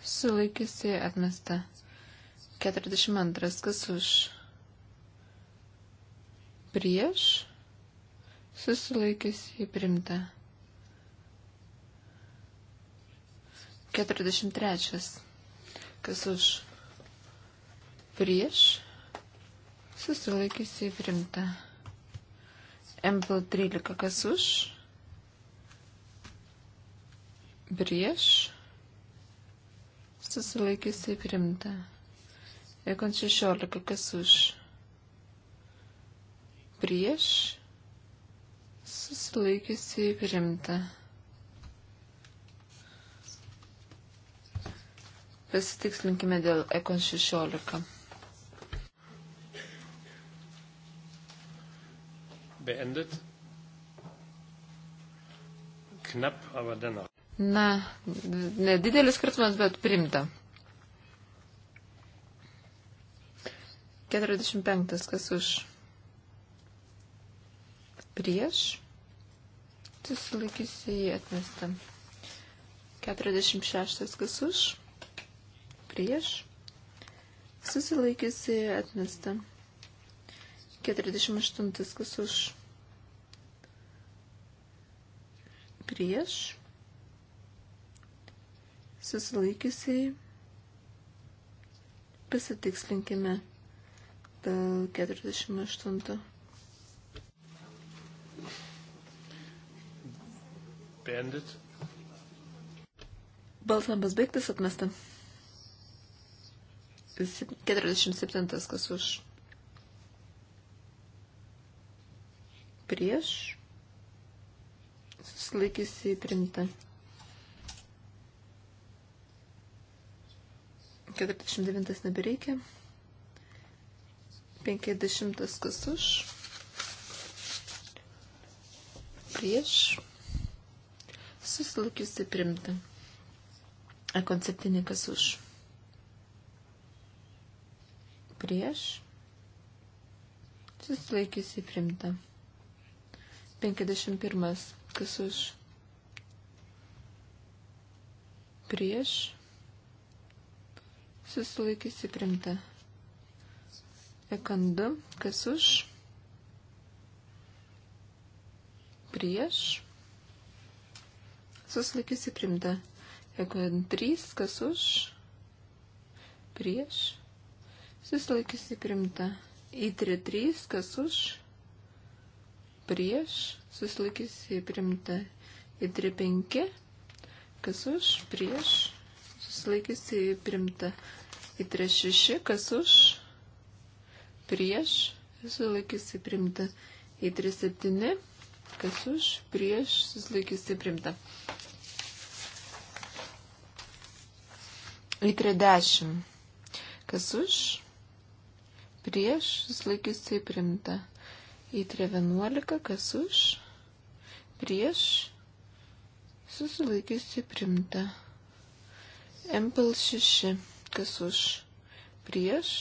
susilaikiusi atmesta. 42. Kas už? Prieš, susilaikiusi primta. 43. Kas už? Prieš, susilaikiusiai primta. MPL 13 kas už, prieš, susilaikiusiai primta. Ekon 16 kas už, prieš, susilaikiusiai primta. Pasitikslinkime dėl Ekon 16. beendet. Knap, aber dennoch. Na, nedidelis skirtumas, bet primta. 45. Kas už? Prieš. Susilaikysiu į atmestą. 46. Kas už? Prieš. Susilaikysiu į atmestą. 48 kas už prieš susilaikiusiai pasitikslinkime dėl 48. Bandit. Balsamas baigtas atmesta. 47 kas už prieš, susilaikysi primta. 49 nebereikia. 50 kas už. Prieš. Susilaikiusi primta. Konceptinė kas už. Prieš. Susilaikiusi primta. 51. Kas už? Prieš. Susilaikysi primta. Ekandu. Kas už? Prieš. Susilaikysi primta. Ekandu 3. Kas už? Prieš. Susilaikysi primta. Į 3. Kas už? prieš, susilaikysi primta į 3-5, kas už, prieš, susilaikysi primta į 3-6, kas už, prieš, susilaikysi primta į 3-7, kas už, prieš, susilaikysi primta. Į 30, kas už, prieš, susilaikysi primta į 311, kas už, prieš, susilaikiusi primta. MPL 6, kas už, prieš,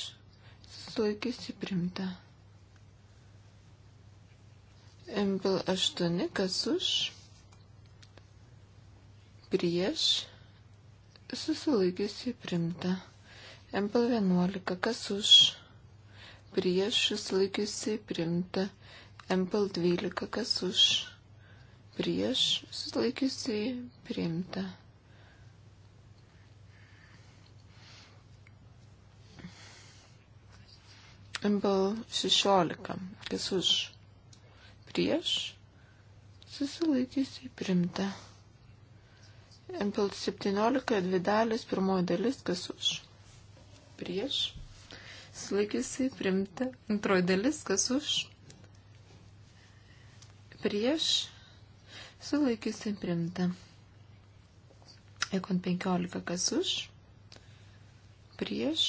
susilaikiusi primta. MPL 8, kas už, prieš, susilaikiusi primta. MPL 11, kas už, prieš, susilaikiusi primta. MPL 12, kas už prieš susilaikiusiai priimta. MPL 16, kas už prieš susilaikiusiai priimta. MPL 17, dvi dalis, pirmoji dalis, kas už prieš susilaikiusiai priimta. Antroji dalis, kas už prieš, sulaikiusi primta. Ekon 15 kas už, prieš,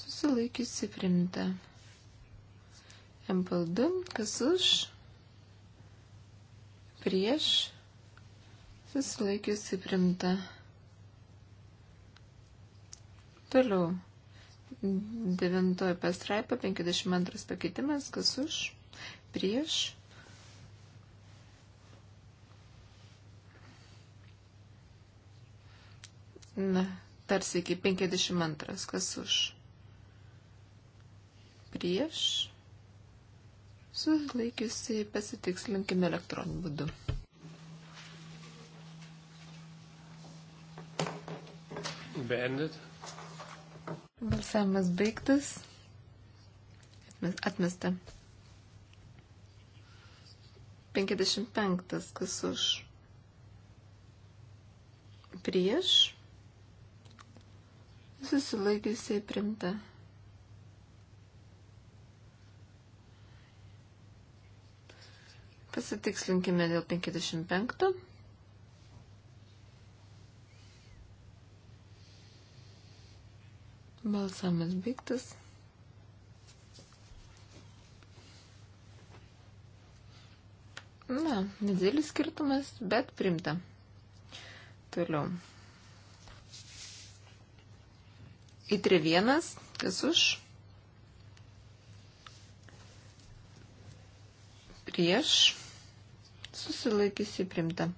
susilaikiusi primta. MPL2 kas už, prieš, susilaikiusi primta. Toliau. Devintoji pastraipa, 52 pakeitimas, kas už, prieš, Na, tarsi iki 52. Kas už? Prieš. Susilaikiusi pasitikslinkime elektroniniu būdu. Beendet. Balsavimas baigtas. Atmesta. 55. Kas už? Prieš susilaikiusiai primta. Pasitikslinkime dėl 55. Balsamas baigtas. Na, nedidelis skirtumas, bet primta. Toliau. Įtrė vienas, kas už? Prieš. Susilaikysi primta.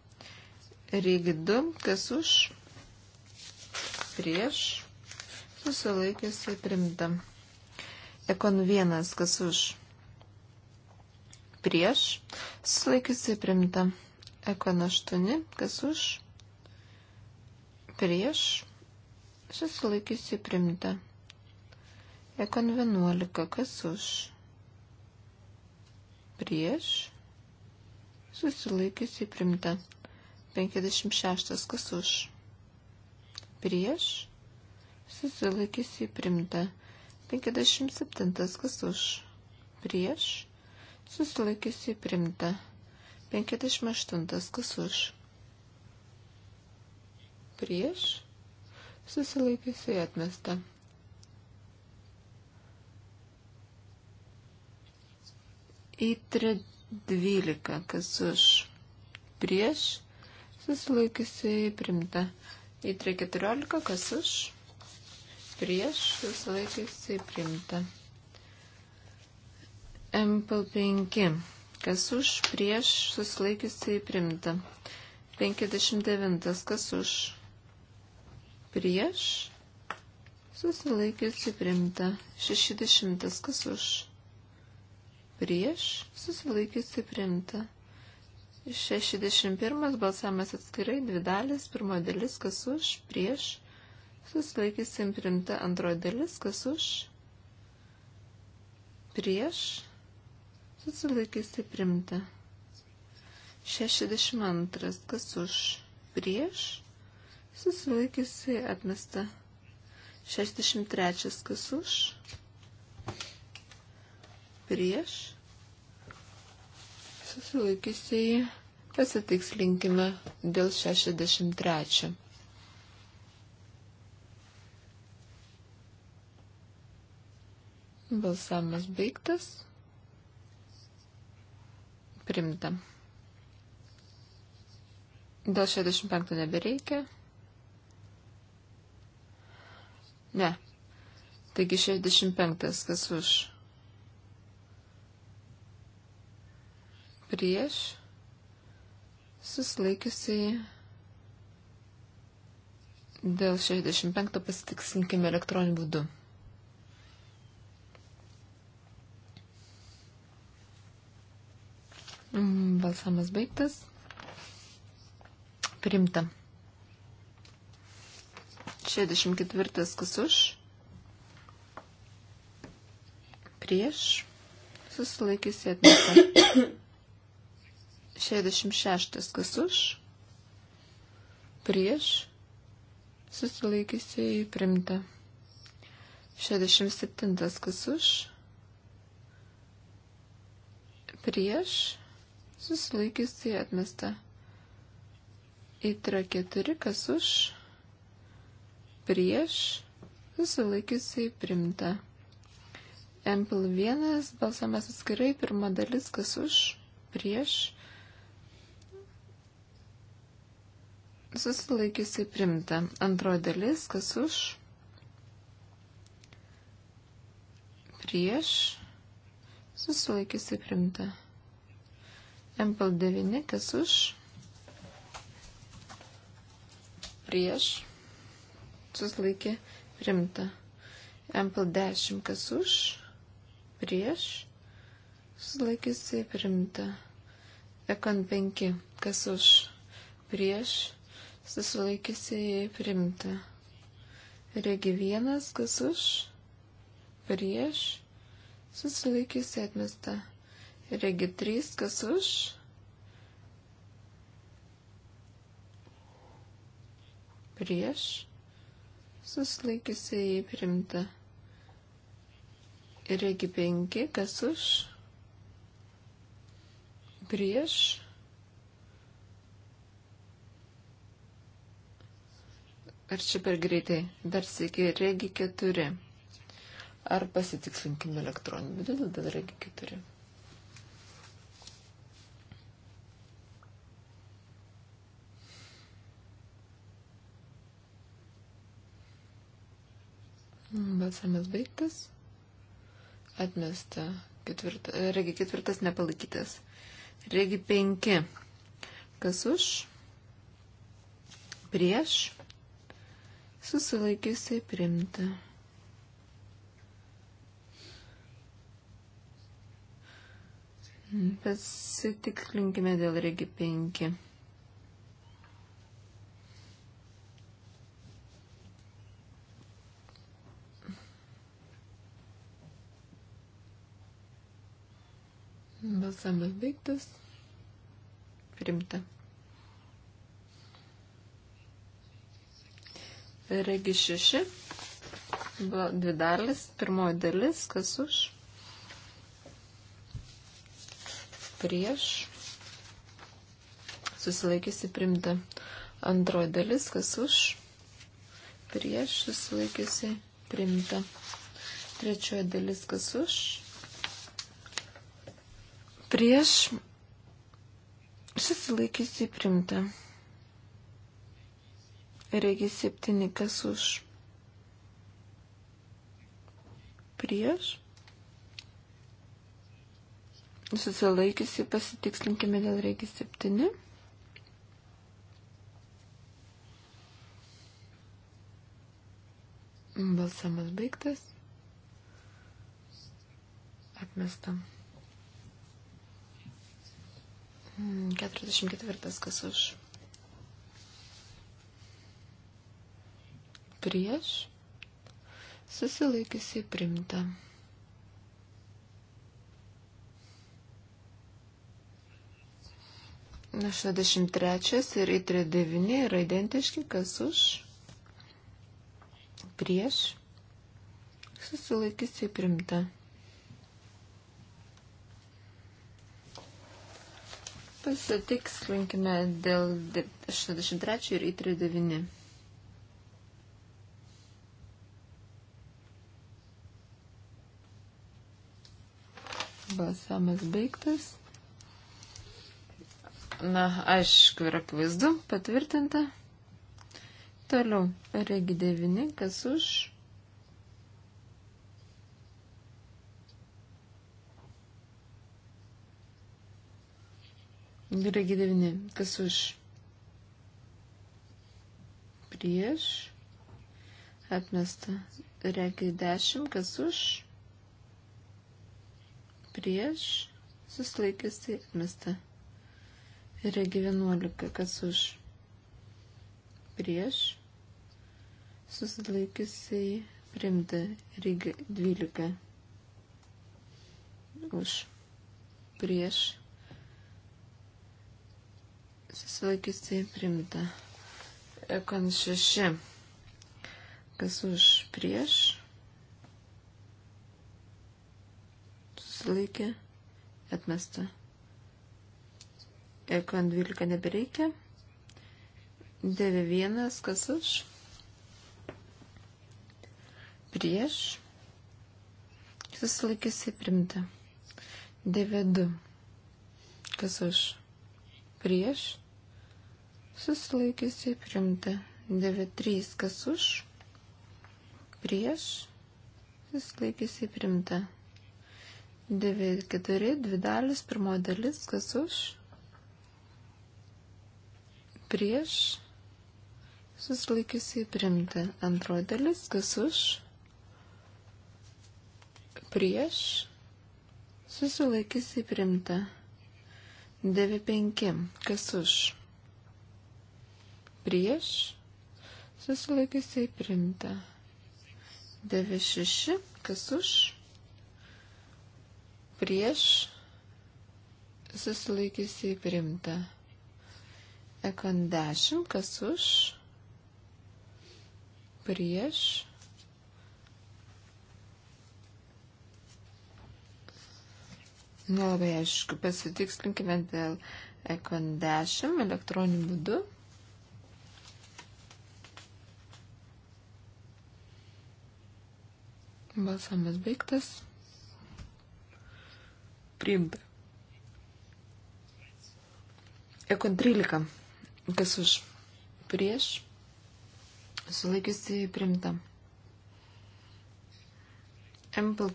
Rygi 2, kas už? Prieš. Susilaikysi primta. Ekon 1, kas už? Prieš. Susilaikysi primta. Ekon 8, kas už? Prieš susilaikiusi primta. Ekon 11, kas už, prieš, susilaikiusi primta. 56, kas už, prieš, susilaikiusi primta. 57, kas už, prieš, susilaikiusi primta. 58, kas už, prieš, susilaikysiu atmesta. Į 12, kas už prieš, susilaikysiu primta. Į 14, kas už prieš, susilaikysiu primta. MP5, kas už prieš, susilaikysiu primta. 59, kas už prieš, susilaikiusi primta. 60 kas už, prieš, susilaikiusi primta. 61 balsavimas atskirai, dvi dalis, pirmo dalis kas už, prieš, susilaikiusi primta. Antroji dalis kas už, prieš, susilaikiusi primta. 62 kas už, prieš, susilaikiusiai atmesta. 63 kas už, prieš, susilaikiusiai pasitikslinkime dėl 63. Balsavimas baigtas. Primta. Dėl 65 nebereikia. Ne. Taigi 65. Kas už? Prieš suslaikiusiai dėl 65 pasitiksinkime elektroniniu būdu. Mm, balsamas baigtas. Primta. 64 kas už, prieš, susilaikysi atmesta. 66 kas už, prieš, susilaikysi įprimta. 67 kas už, prieš, susilaikysi atmesta. Įtra 4 kas už, prieš prieš, susilaikiusiai primta. MPL 1 balsamas atskirai, pirma dalis, kas už, prieš, susilaikiusiai primta. Antroji dalis, kas už, prieš, susilaikiusiai primta. MPL 9, kas už, prieš, susilaikė primta. Ampel 10 kas už, prieš, susilaikysi primta. Ekon 5 kas už, prieš, susilaikysi primta. Regi 1 kas už, prieš, susilaikysi atmesta. Regi 3 kas už, prieš, susilaikiusiai primta. Regi 5, kas už, prieš, ar čia per greitai, dar sėkiai, regi 4. Ar pasitikslinkim elektroniniu būdu, tada regi 4. Balsavimas baigtas. Atmesta. Ketvirta, regi ketvirtas nepalaikytas. Regi penki. Kas už? Prieš. Susilaikysiai primta. Pasitikslinkime dėl regi penki. Balsavimas baigtas. Primta. Regi 6. Buvo dvi dalis. Pirmoji dalis, kas už. Prieš. Susilaikysi primta. Antroji dalis, kas už. Prieš susilaikysi primta. Trečioji dalis, kas už prieš susilaikysi primta. Regi septyni, kas už prieš. Susilaikysi pasitikslinkime dėl regi septyni. Balsamas baigtas. Atmestam. 44 mm, kas už. Prieš susilaikiusi primta. Na, 63 ir 39 yra identiški, kas už. Prieš susilaikiusi primta. Pasitikslinkime dėl 63 ir 39. Balsamas baigtas. Na, aišku, yra apvaizdu, patvirtinta. Toliau, regi 9, kas už Regi 9. Kas už? Prieš. Atmesta. Regi 10. Kas už? Prieš. Suslaikėsi. Atmesta. Regi 11. Kas už? Prieš. Susilaikėsi. Primta. Regi 12. Už. Prieš susilaikiusiai primta. Ekon 6. Kas už prieš? Susilaikė. Atmesta. Ekon 12 nebereikia. 9.1. Kas už? Prieš. Susilaikiusiai primta. 9.2. Kas už? Prieš susilaikiusiai primta. 9.3. Kas už? Prieš susilaikiusiai primta. 9.4. Dvi dalis. Pirmoji dalis. Kas už? Prieš susilaikiusiai primta. Antroji dalis. Kas už? Prieš susilaikiusiai primta. 9.5. Kas už? prieš, susilaikiusiai primta. 96, kas už, prieš, susilaikiusiai primta. Ekon 10, kas už, prieš, Nelabai aišku, pasitikslinkime dėl ekon 10 elektroniniu būdu. Balsavimas baigtas. Priimta. Eko 13. Kas už? Prieš. Sulaikiusi priimta. MPL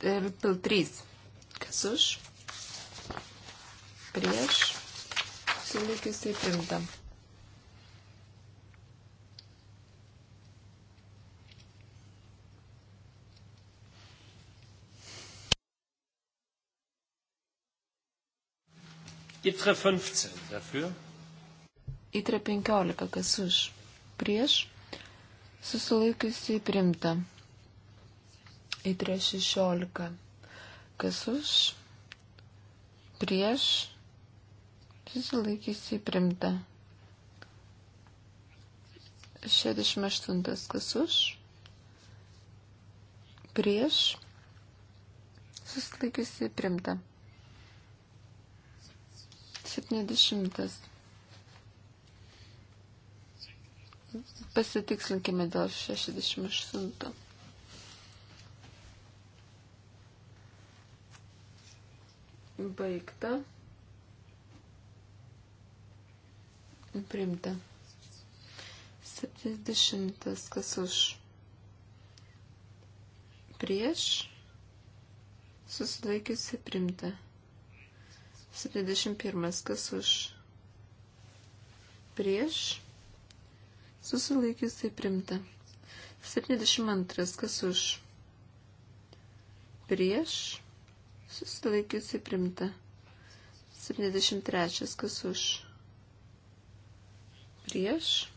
3. Kas už? Prieš. Sulaikiusi priimta. ITRE 15 dafür. ITRE 15 kas už. Prieš. Susilaikiusi primta. ITRE 16 kas už. Prieš. Susilaikiusi primta. 68 kas už. Prieš. Susilaikiusi primta. 70. Pasitikslinkime dėl 68. Baigta. Primta. 70. Kas už? Prieš. Susilaikiusi primta. 71. Kas už? Prieš. Susilaikiusiai primta. 72. Kas už? Prieš. Susilaikiusiai primta. 73. Kas už? Prieš.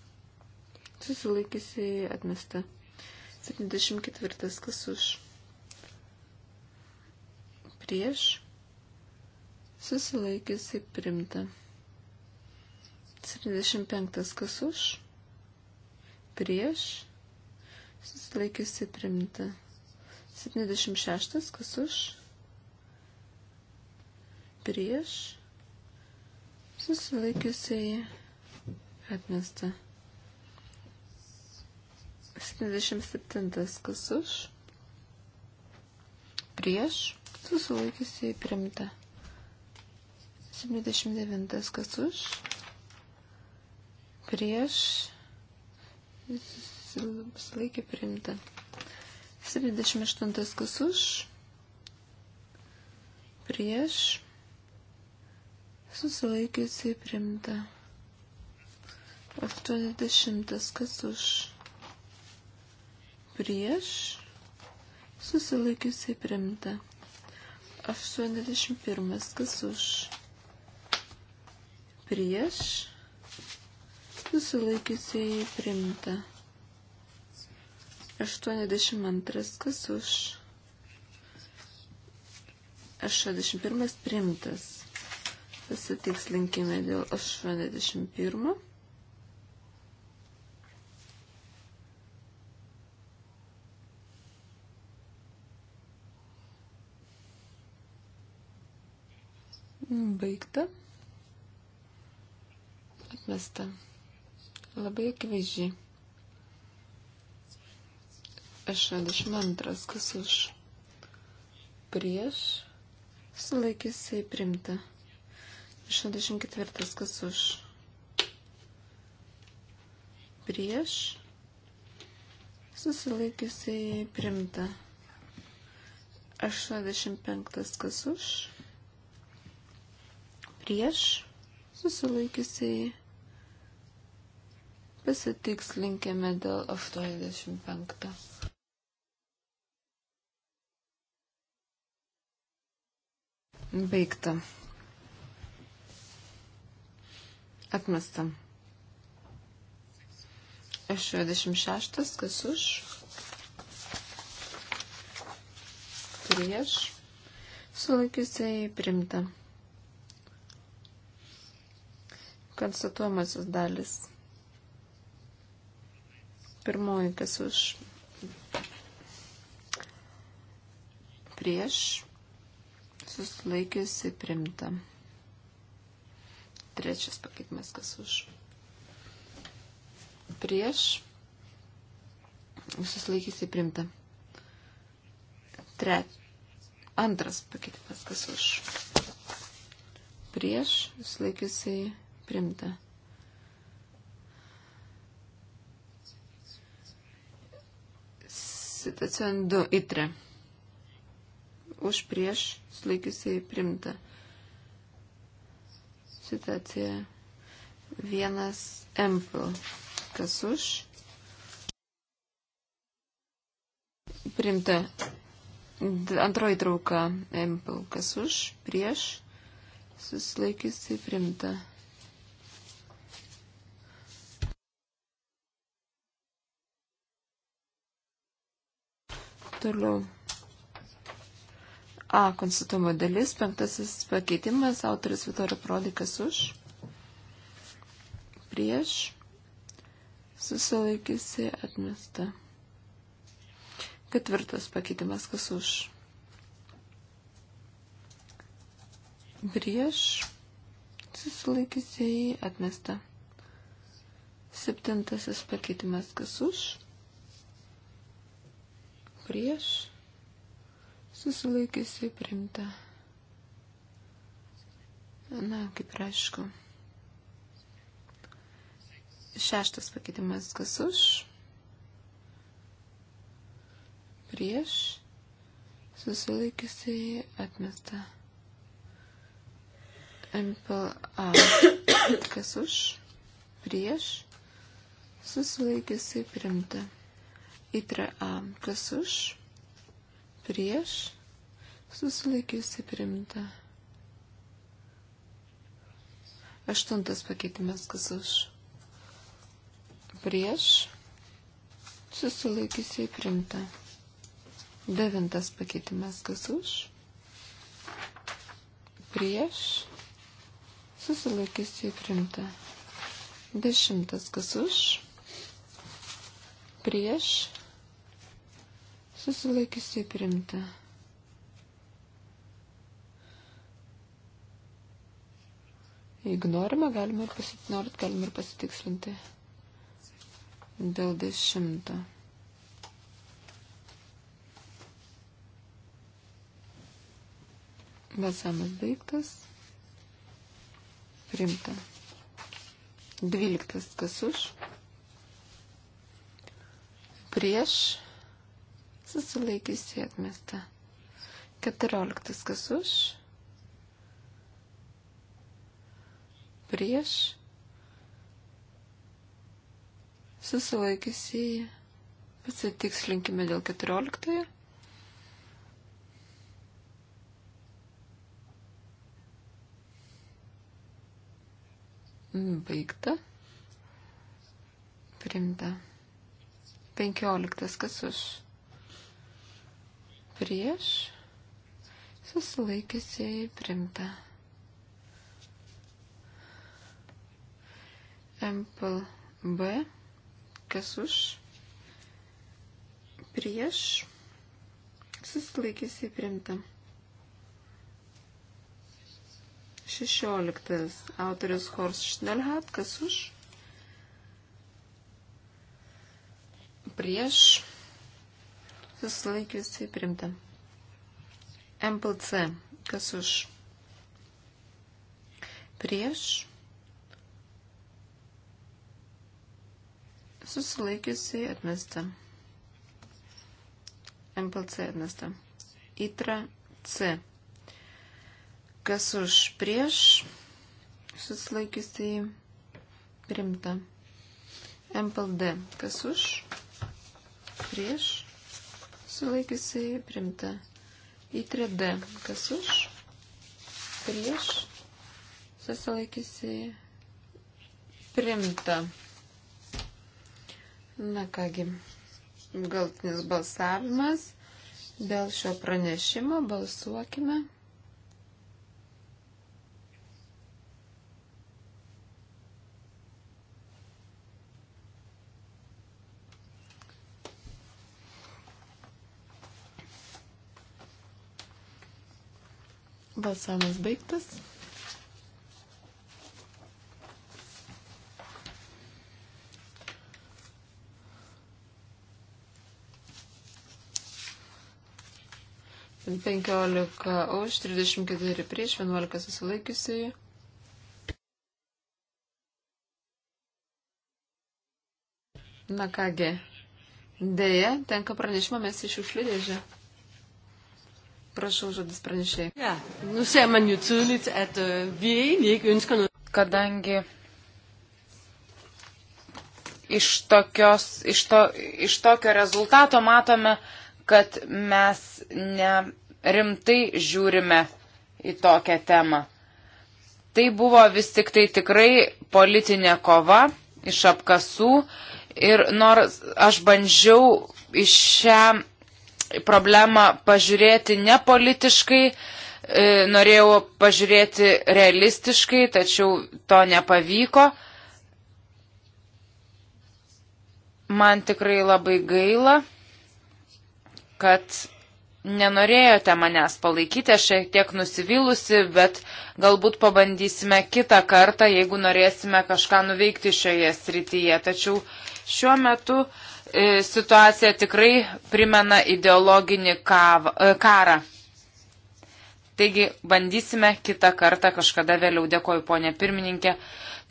Susilaikiusiai atmesta. 74. Kas už? Prieš susilaikiusi primta. 75 kas už, prieš, susilaikiusi primta. 76 kas už, prieš, susilaikiusiai atmesta. 77 kas už, prieš, susilaikiusiai primta. 79 kas už, prieš, sulaikė priimta. 78 kas už, prieš, susilaikėsi priimta. 80 kas už, prieš, susilaikėsi priimta. 81 kas už prieš susilaikiusiai primta. 82 kas už. 61 primtas. Pasitikslinkime dėl 81. Baigta atmesta. Labai akivaizdžiai. 62. Kas už? Prieš. Sulaikysiai primta. 64. Kas už? Prieš. Susilaikiusiai primta. 85 kas už, prieš, susilaikiusiai Pasitikslinkime dėl 85. Baigta. Atmesta. 66. Kas už? Prieš. Sulaikysiai primta. Konstatuomasis dalis. Pirmoji, kas už prieš susilaikiusi primta. Trečias pakeitimas, kas už prieš susilaikiusi primta. Tre... Antras pakeitimas, kas už prieš susilaikiusi primta. Cen 2 itre. Už prieš sulaikiusiai primta. Situacija 1 empl. Kas už? Primta. Antroji trauka empl. Kas už? Prieš susilaikiusiai primta. Toliau. A. Konstatumo dalis. Penktasis pakeitimas. Autoris Vitorio Prodikas už. Prieš. Susilaikysi atmesta. Ketvirtas pakeitimas. Kas už? Prieš. Susilaikysi atmesta. Septintasis pakeitimas. Kas už? prieš, susilaikysi primta. Na, kaip ir aišku. Šeštas pakeitimas, kas už, prieš, susilaikysi atmesta. MPA, kas už, prieš, susilaikysi primta. Itra A. Kas už? Prieš. Susilaikiusi primta. Aštuntas pakeitimas. Kas už? Prieš. Susilaikiusi primta. Devintas pakeitimas. Kas už? Prieš. Susilaikiusi primta. Dešimtas. Kas už? prieš, susilaikiusi primta. Jeigu norime, galime ir, pasit... Norit, galime ir pasitikslinti dėl dešimto. Balsamas baigtas. Primta. Dvyliktas kas už prieš, susilaikysi atmesta. 14 kas už, prieš, susilaikysi, pasitikslinkime dėl 14. Baigta. Primta. 15. Kas už? Prieš. Susilaikiusiai primta. Empel B. Kas už? Prieš. Susilaikiusiai primta. 16. Autorius Horst Schnellhardt. Kas už? prieš, susilaikiusi primta. MPLC, kas už, prieš, susilaikiusi atmesta. MPLC atmesta. ITRA C. Kas už prieš, susilaikiusi primta. MPLD. Kas už? prieš, sulaikiusiai primta. Į 3D, kas už, prieš, susilaikiusiai primta. Na kągi, galtinis balsavimas. Dėl šio pranešimo balsuokime. Balsavimas baigtas. Penkiolika už, trisdešimt keturi prieš, vienuolika susilaikiusiai. Na kągi, dėja, tenka pranešimą mes iš užlidėžę. Prašau, žodis pranešėjai. Ja, nu ser man jo tydeligt, at øh, vi egentlig ikke ønsker noget. Kadangi iš, tokios, iš, to, iš tokio rezultato matome, kad mes nerimtai žiūrime į tokią temą. Tai buvo vis tik tai tikrai politinė kova iš apkasų ir nors aš bandžiau iš šią problemą pažiūrėti nepolitiškai, e, norėjau pažiūrėti realistiškai, tačiau to nepavyko. Man tikrai labai gaila, kad nenorėjote manęs palaikyti, aš šiek tiek nusivylusi, bet galbūt pabandysime kitą kartą, jeigu norėsime kažką nuveikti šioje srityje. Tačiau Šiuo metu e, situacija tikrai primena ideologinį kavą, e, karą. Taigi bandysime kitą kartą kažkada vėliau. Dėkoju, ponė pirmininkė.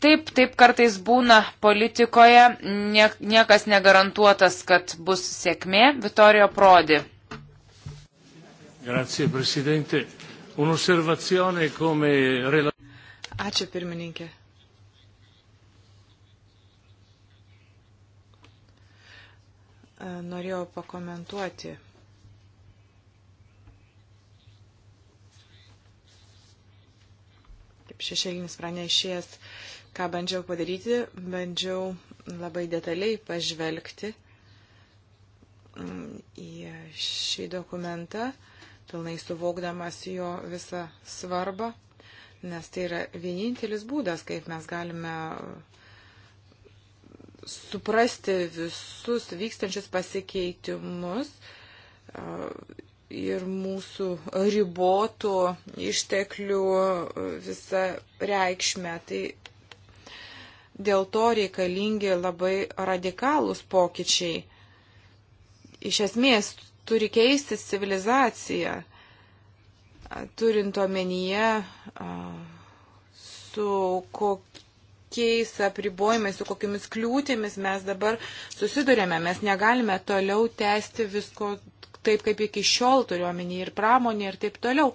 Taip, taip kartais būna politikoje, nie, niekas negarantuotas, kad bus sėkmė. Vitorijo Prodi. Grazie, prezidente. Un'osservazione come... Ačiū, pirmininkė. E, norėjau pakomentuoti. Kaip šešėlinis pranešėjas, ką bandžiau padaryti, bandžiau labai detaliai pažvelgti mm, į šį dokumentą, pilnai suvokdamas jo visą svarbą, nes tai yra vienintelis būdas, kaip mes galime suprasti visus vykstančius pasikeitimus ir mūsų ribotų išteklių visą reikšmę. Tai dėl to reikalingi labai radikalūs pokyčiai. Iš esmės turi keistis civilizacija, turint omenyje su kokiu kokiais apribojimais, su kokiamis kliūtimis mes dabar susidurėme. Mes negalime toliau tęsti visko taip, kaip iki šiol turiuomenį ir pramonį ir taip toliau.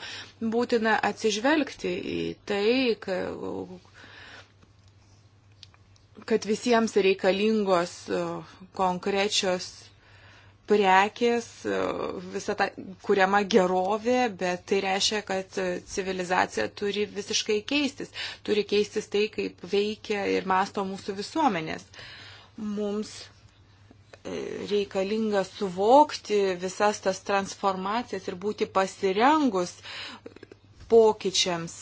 Būtina atsižvelgti į tai, kad visiems reikalingos konkrečios prekės, visa ta kuriama gerovė, bet tai reiškia, kad civilizacija turi visiškai keistis, turi keistis tai, kaip veikia ir masto mūsų visuomenės. Mums e, reikalinga suvokti visas tas transformacijas ir būti pasirengus pokyčiams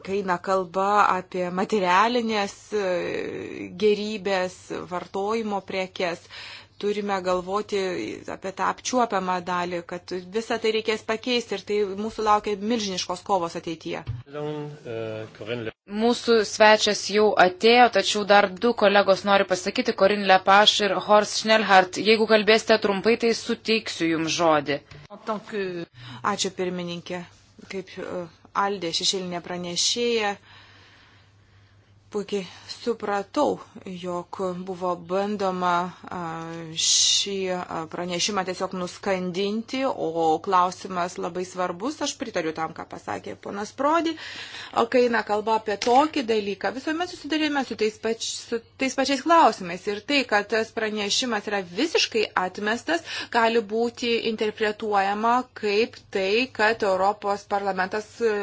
kai eina kalba apie materialinės e, gerybės, vartojimo prekes, turime galvoti apie tą apčiuopiamą dalį, kad visą tai reikės pakeisti ir tai mūsų laukia milžiniškos kovos ateityje. Mūsų svečias jau atėjo, tačiau dar du kolegos nori pasakyti, Korin Lepaš ir Horst Schnellhardt. Jeigu kalbėsite trumpai, tai suteiksiu jums žodį. Ačiū pirmininkė. Kaip uh, Aldė šešėlinė pranešėja puikiai supratau, jog buvo bandoma šį pranešimą tiesiog nuskandinti, o klausimas labai svarbus, aš pritariu tam, ką pasakė ponas Prodi, kai eina kalba apie tokį dalyką, visuomet susidarėme su tais, pač, su tais pačiais klausimais ir tai, kad tas pranešimas yra visiškai atmestas, gali būti interpretuojama kaip tai, kad Europos parlamentas e,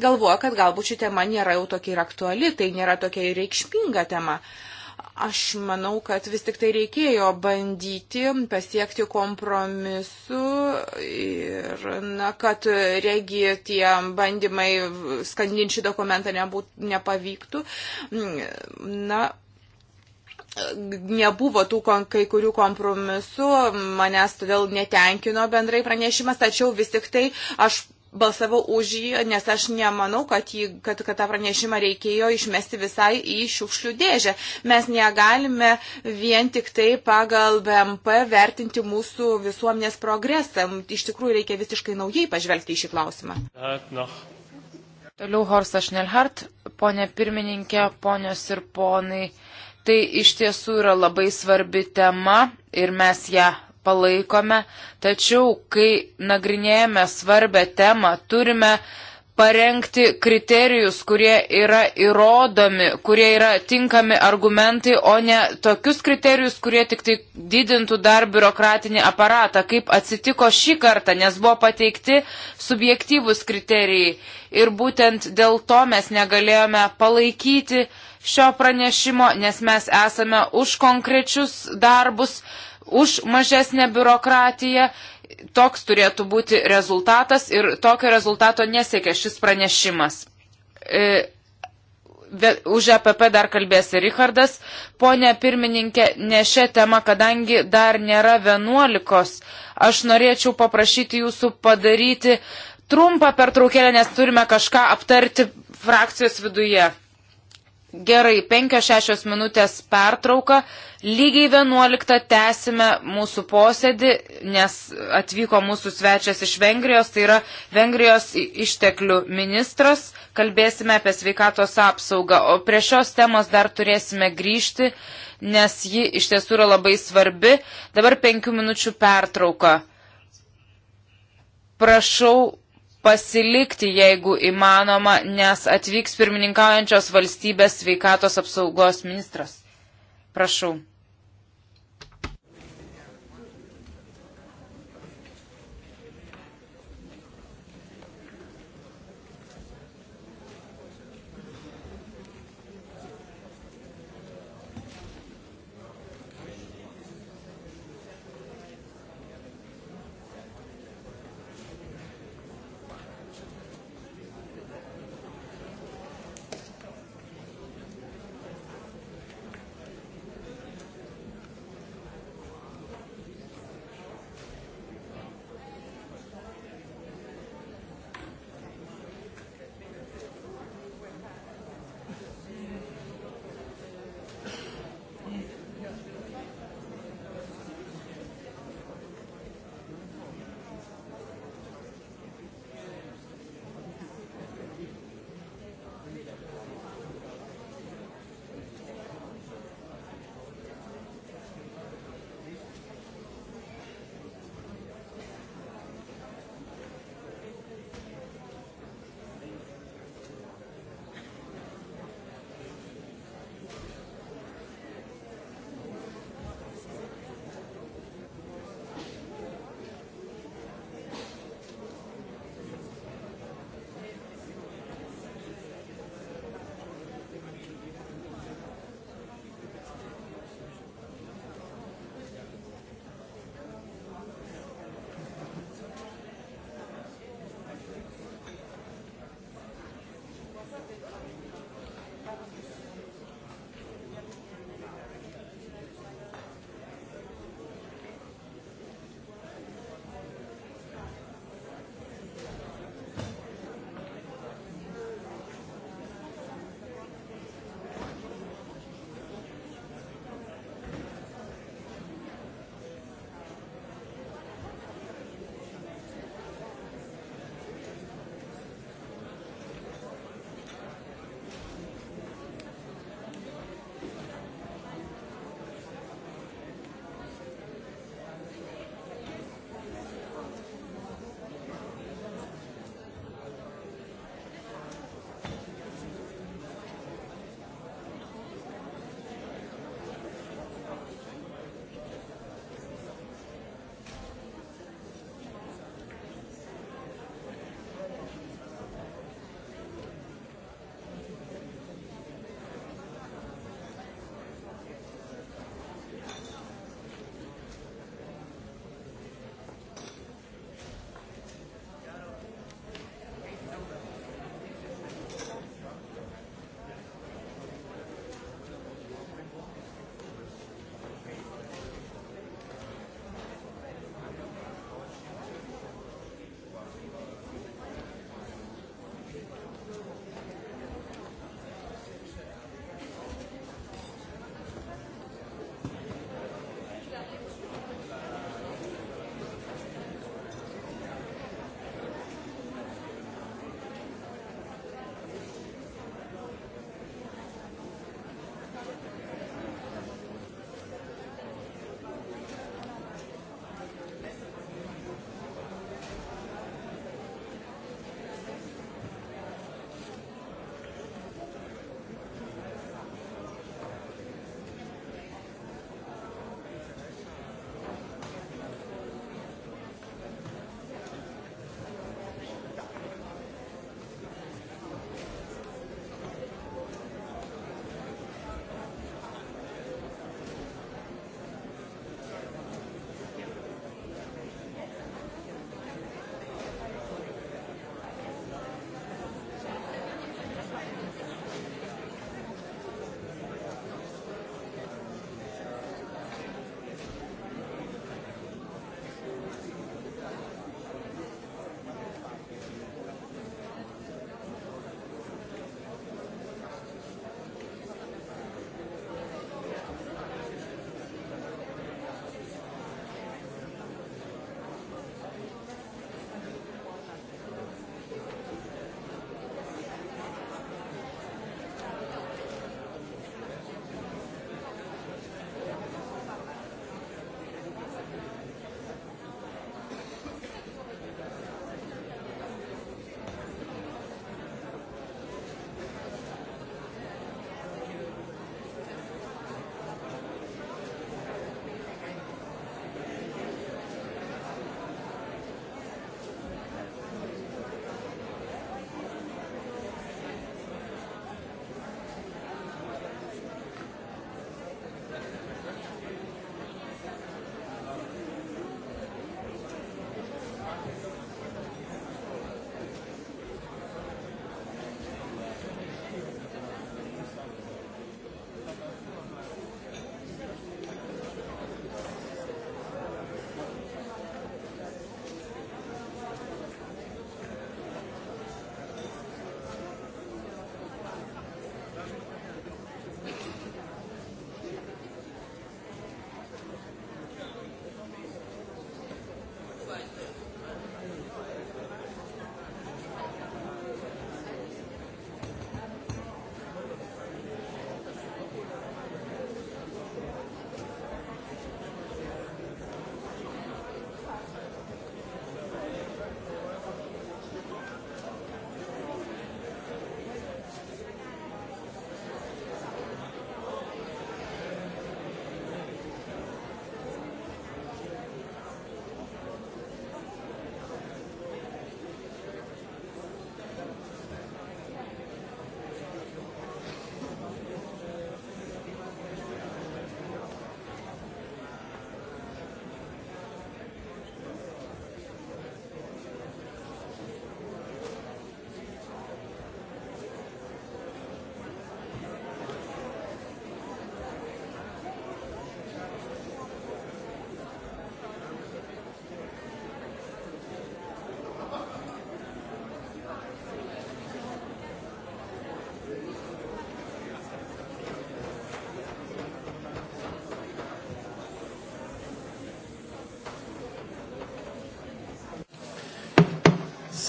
galvoja, kad galbūt ši tema nėra jau tokia ir aktuali tai nėra tokia reikšminga tema. Aš manau, kad vis tik tai reikėjo bandyti pasiekti kompromisu ir na, kad regi tie bandymai skandinti šį dokumentą nebūt, nepavyktų. Na, nebuvo tų kai kurių kompromisų, manęs todėl netenkino bendrai pranešimas, tačiau vis tik tai aš balsavau už jį, nes aš nemanau, kad, jį, kad, kad tą pranešimą reikėjo išmesti visai į šiukšlių dėžę. Mes negalime vien tik tai pagal BMP vertinti mūsų visuomenės progresą. Iš tikrųjų reikia visiškai naujai pažvelgti į šį klausimą. Toliau Horsas Šnelhart, ponė pirmininkė, ponios ir ponai. Tai iš tiesų yra labai svarbi tema ir mes ją palaikome, tačiau, kai nagrinėjame svarbę temą, turime parengti kriterijus, kurie yra įrodomi, kurie yra tinkami argumentai, o ne tokius kriterijus, kurie tik tai didintų dar biurokratinį aparatą, kaip atsitiko šį kartą, nes buvo pateikti subjektyvus kriterijai. Ir būtent dėl to mes negalėjome palaikyti šio pranešimo, nes mes esame už konkrečius darbus už mažesnę biurokratiją. Toks turėtų būti rezultatas ir tokio rezultato nesiekia šis pranešimas. E, už EPP dar kalbės ir Richardas. Pone pirmininkė, ne šią temą, kadangi dar nėra vienuolikos, aš norėčiau paprašyti jūsų padaryti trumpą pertraukėlę, nes turime kažką aptarti frakcijos viduje. Gerai, 5-6 minutės pertrauka. Lygiai 11 tęsime mūsų posėdį, nes atvyko mūsų svečias iš Vengrijos, tai yra Vengrijos išteklių ministras. Kalbėsime apie sveikatos apsaugą, o prie šios temos dar turėsime grįžti, nes ji iš tiesų yra labai svarbi. Dabar 5 minučių pertrauka. Prašau pasilikti, jeigu įmanoma, nes atvyks pirmininkaujančios valstybės sveikatos apsaugos ministras. Prašau.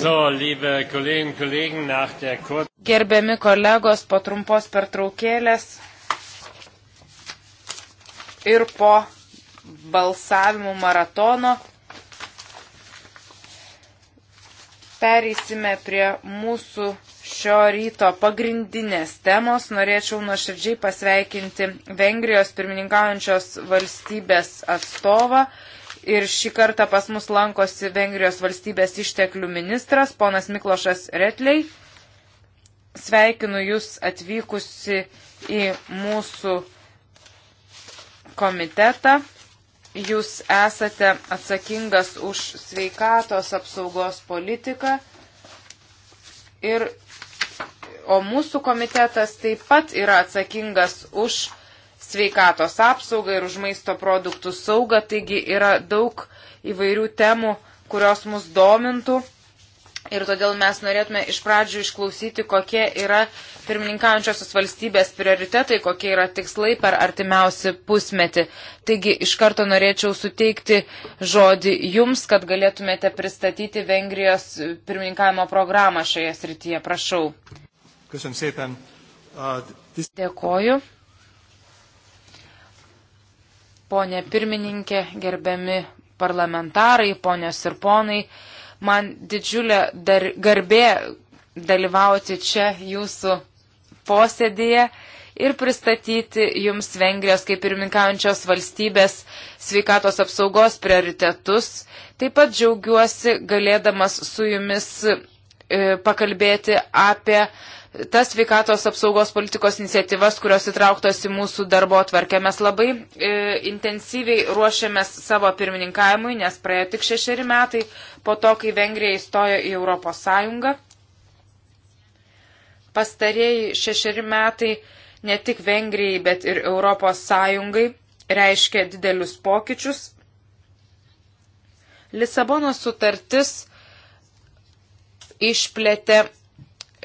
So, liebe Kolleginnen und Kollegen, nach der kurzen. Gerbiami kolegos, po trumpos pertraukėlės ir po balsavimų maratono pereisime prie mūsų šio ryto pagrindinės temos. Norėčiau nuoširdžiai pasveikinti Vengrijos pirmininkaujančios valstybės atstovą Ir šį kartą pas mus lankosi Vengrijos valstybės išteklių ministras, ponas Miklošas Retlei. Sveikinu Jūs atvykusi į mūsų komitetą. Jūs esate atsakingas už sveikatos apsaugos politiką. Ir, o mūsų komitetas taip pat yra atsakingas už sveikatos apsaugos politiką sveikatos apsaugą ir už maisto produktų saugą, taigi yra daug įvairių temų, kurios mus domintų. Ir todėl mes norėtume iš pradžių išklausyti, kokie yra pirmininkaujančiosios valstybės prioritetai, kokie yra tikslai per artimiausi pusmetį. Taigi iš karto norėčiau suteikti žodį jums, kad galėtumėte pristatyti Vengrijos pirmininkavimo programą šioje srityje. Prašau. Dėkoju ponė pirmininkė, gerbiami parlamentarai, ponios ir ponai. Man didžiulė dar, garbė dalyvauti čia jūsų posėdėje ir pristatyti jums Vengrijos kaip pirmininkaujančios valstybės sveikatos apsaugos prioritetus. Taip pat džiaugiuosi galėdamas su jumis e, pakalbėti apie tas sveikatos apsaugos politikos iniciatyvas, kurios įtrauktos į mūsų darbo atvarkę. Mes labai e, intensyviai ruošiamės savo pirmininkavimui, nes praėjo tik šešeri metai po to, kai Vengrija įstojo į Europos Sąjungą. Pastarėjai šešeri metai ne tik Vengrijai, bet ir Europos Sąjungai reiškia didelius pokyčius. Lisabono sutartis išplėtė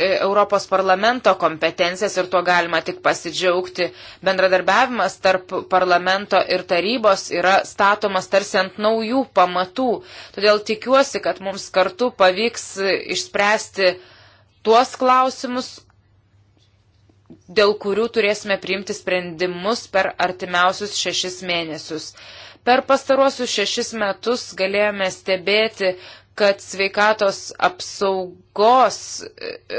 E, Europos parlamento kompetencijas ir tuo galima tik pasidžiaugti. Bendradarbiavimas tarp parlamento ir tarybos yra statomas tarsi ant naujų pamatų. Todėl tikiuosi, kad mums kartu pavyks išspręsti tuos klausimus, dėl kurių turėsime priimti sprendimus per artimiausius šešis mėnesius. Per pastaruosius šešis metus galėjome stebėti, kad sveikatos apsaugos,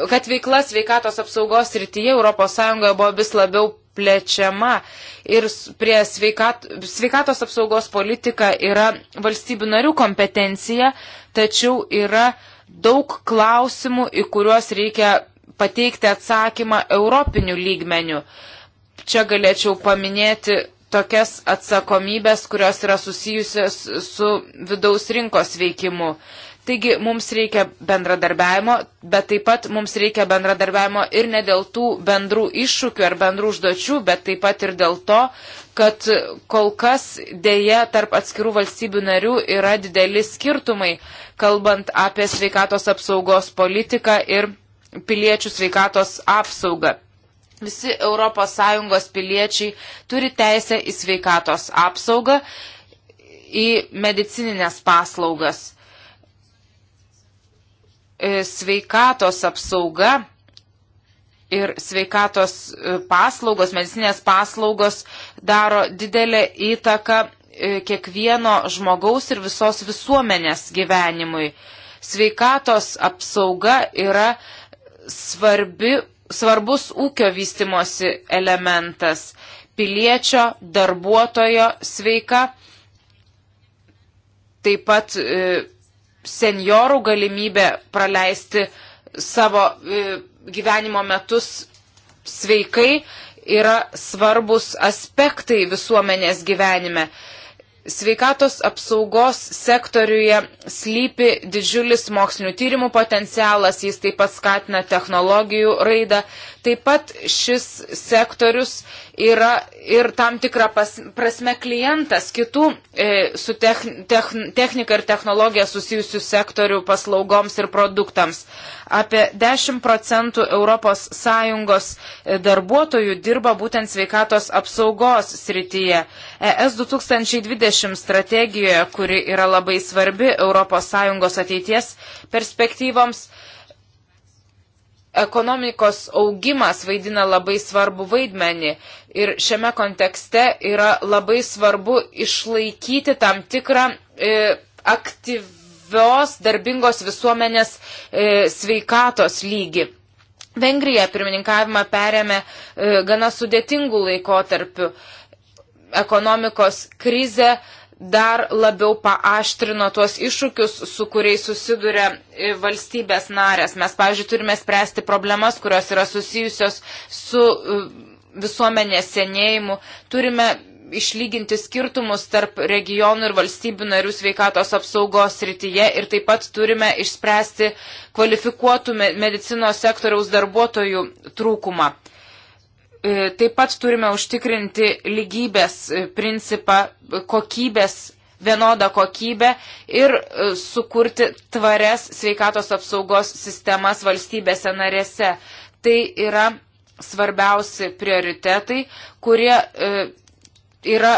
kad veikla sveikatos apsaugos rytyje ES buvo vis labiau plečiama ir prie sveikat, sveikatos apsaugos politika yra valstybių narių kompetencija, tačiau yra daug klausimų, į kuriuos reikia pateikti atsakymą europinių lygmenių. Čia galėčiau paminėti tokias atsakomybės, kurios yra susijusios su vidaus rinkos veikimu. Taigi mums reikia bendradarbiavimo, bet taip pat mums reikia bendradarbiavimo ir ne dėl tų bendrų iššūkių ar bendrų užduočių, bet taip pat ir dėl to, kad kol kas dėje tarp atskirų valstybių narių yra dideli skirtumai, kalbant apie sveikatos apsaugos politiką ir piliečių sveikatos apsaugą. Visi ES piliečiai turi teisę į sveikatos apsaugą, į medicininės paslaugas. E, sveikatos apsauga ir sveikatos e, paslaugos, medicinės paslaugos daro didelę įtaką e, kiekvieno žmogaus ir visos visuomenės gyvenimui. Sveikatos apsauga yra svarbi svarbus ūkio vystimosi elementas - piliečio, darbuotojo sveika, taip pat e, seniorų galimybė praleisti savo e, gyvenimo metus sveikai yra svarbus aspektai visuomenės gyvenime sveikatos apsaugos sektoriuje slypi didžiulis mokslinių tyrimų potencialas, jis taip pat skatina technologijų raidą, Taip pat šis sektorius yra ir tam tikra pas, prasme klientas kitų e, su techn, techn, technika ir technologija susijusių sektorių paslaugoms ir produktams. Apie 10 procentų ES e, darbuotojų dirba būtent sveikatos apsaugos srityje. ES 2020 strategijoje, kuri yra labai svarbi ES ateities perspektyvoms, ekonomikos augimas vaidina labai svarbu vaidmenį ir šiame kontekste yra labai svarbu išlaikyti tam tikrą e, aktyvios darbingos visuomenės e, sveikatos lygį. Vengrija pirmininkavimą perėmė e, gana sudėtingų laikotarpių. Ekonomikos krize e, dar labiau paaštrino tuos iššūkius, su kuriais susiduria e, valstybės narės. Mes, pavyzdžiui, turime spręsti problemas, kurios yra susijusios su e, visuomenės senėjimu. Turime išlyginti skirtumus tarp regionų ir valstybių narių sveikatos apsaugos srityje ir taip pat turime išspręsti kvalifikuotų medicinos sektoriaus darbuotojų trūkumą. E, taip pat turime užtikrinti lygybės e, principą, kokybės, vienodą kokybę ir e, sukurti tvarias sveikatos apsaugos sistemas valstybėse narėse. Tai yra svarbiausi prioritetai, kurie yra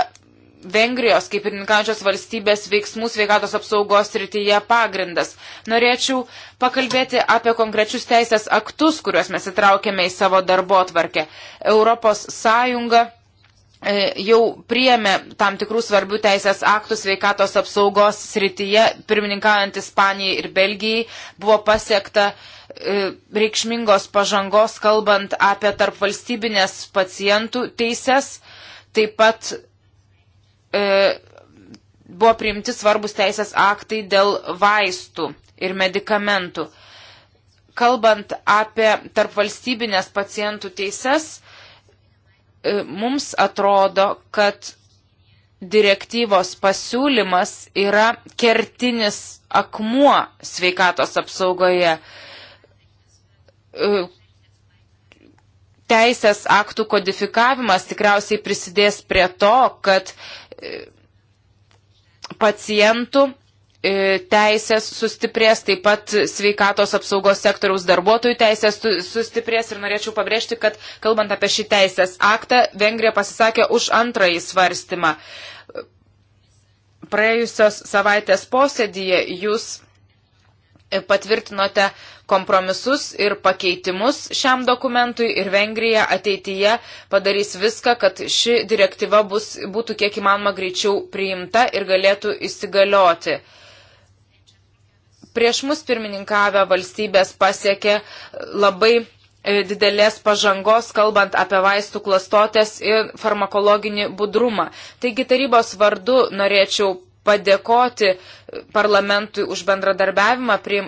Vengrijos kaip pirmininkančios valstybės veiksmų sveikatos apsaugos srityje pagrindas. Norėčiau pakalbėti apie konkrečius teisės aktus, kuriuos mes įtraukėme į savo darbo atvarkę. Europos Sąjunga e, jau priėmė tam tikrų svarbių teisės aktų sveikatos apsaugos srityje, pirmininkaujant Ispanijai ir Belgijai, buvo pasiekta e, reikšmingos pažangos, kalbant apie tarpvalstybinės pacientų teises, taip pat E, buvo priimti svarbus teisės aktai dėl vaistų ir medikamentų. Kalbant apie tarpvalstybinės pacientų teises, e, mums atrodo, kad direktyvos pasiūlymas yra kertinis akmuo sveikatos apsaugoje. E, teisės aktų kodifikavimas tikriausiai prisidės prie to, kad uh, pacientų e, teisės sustiprės, taip pat sveikatos apsaugos sektoriaus darbuotojų teisės sustiprės ir norėčiau pabrėžti, kad kalbant apie šį teisės aktą, Vengrija pasisakė už antrąjį svarstymą. Praėjusios savaitės posėdyje jūs patvirtinote kompromisus ir pakeitimus šiam dokumentui ir Vengrija ateityje padarys viską, kad ši direktyva bus, būtų kiek įmanoma greičiau priimta ir galėtų įsigalioti. Prieš mus pirmininkavę valstybės pasiekė labai e, didelės pažangos, kalbant apie vaistų klastotės ir farmakologinį budrumą. Taigi tarybos vardu norėčiau padėkoti parlamentui už bendradarbiavimą prie,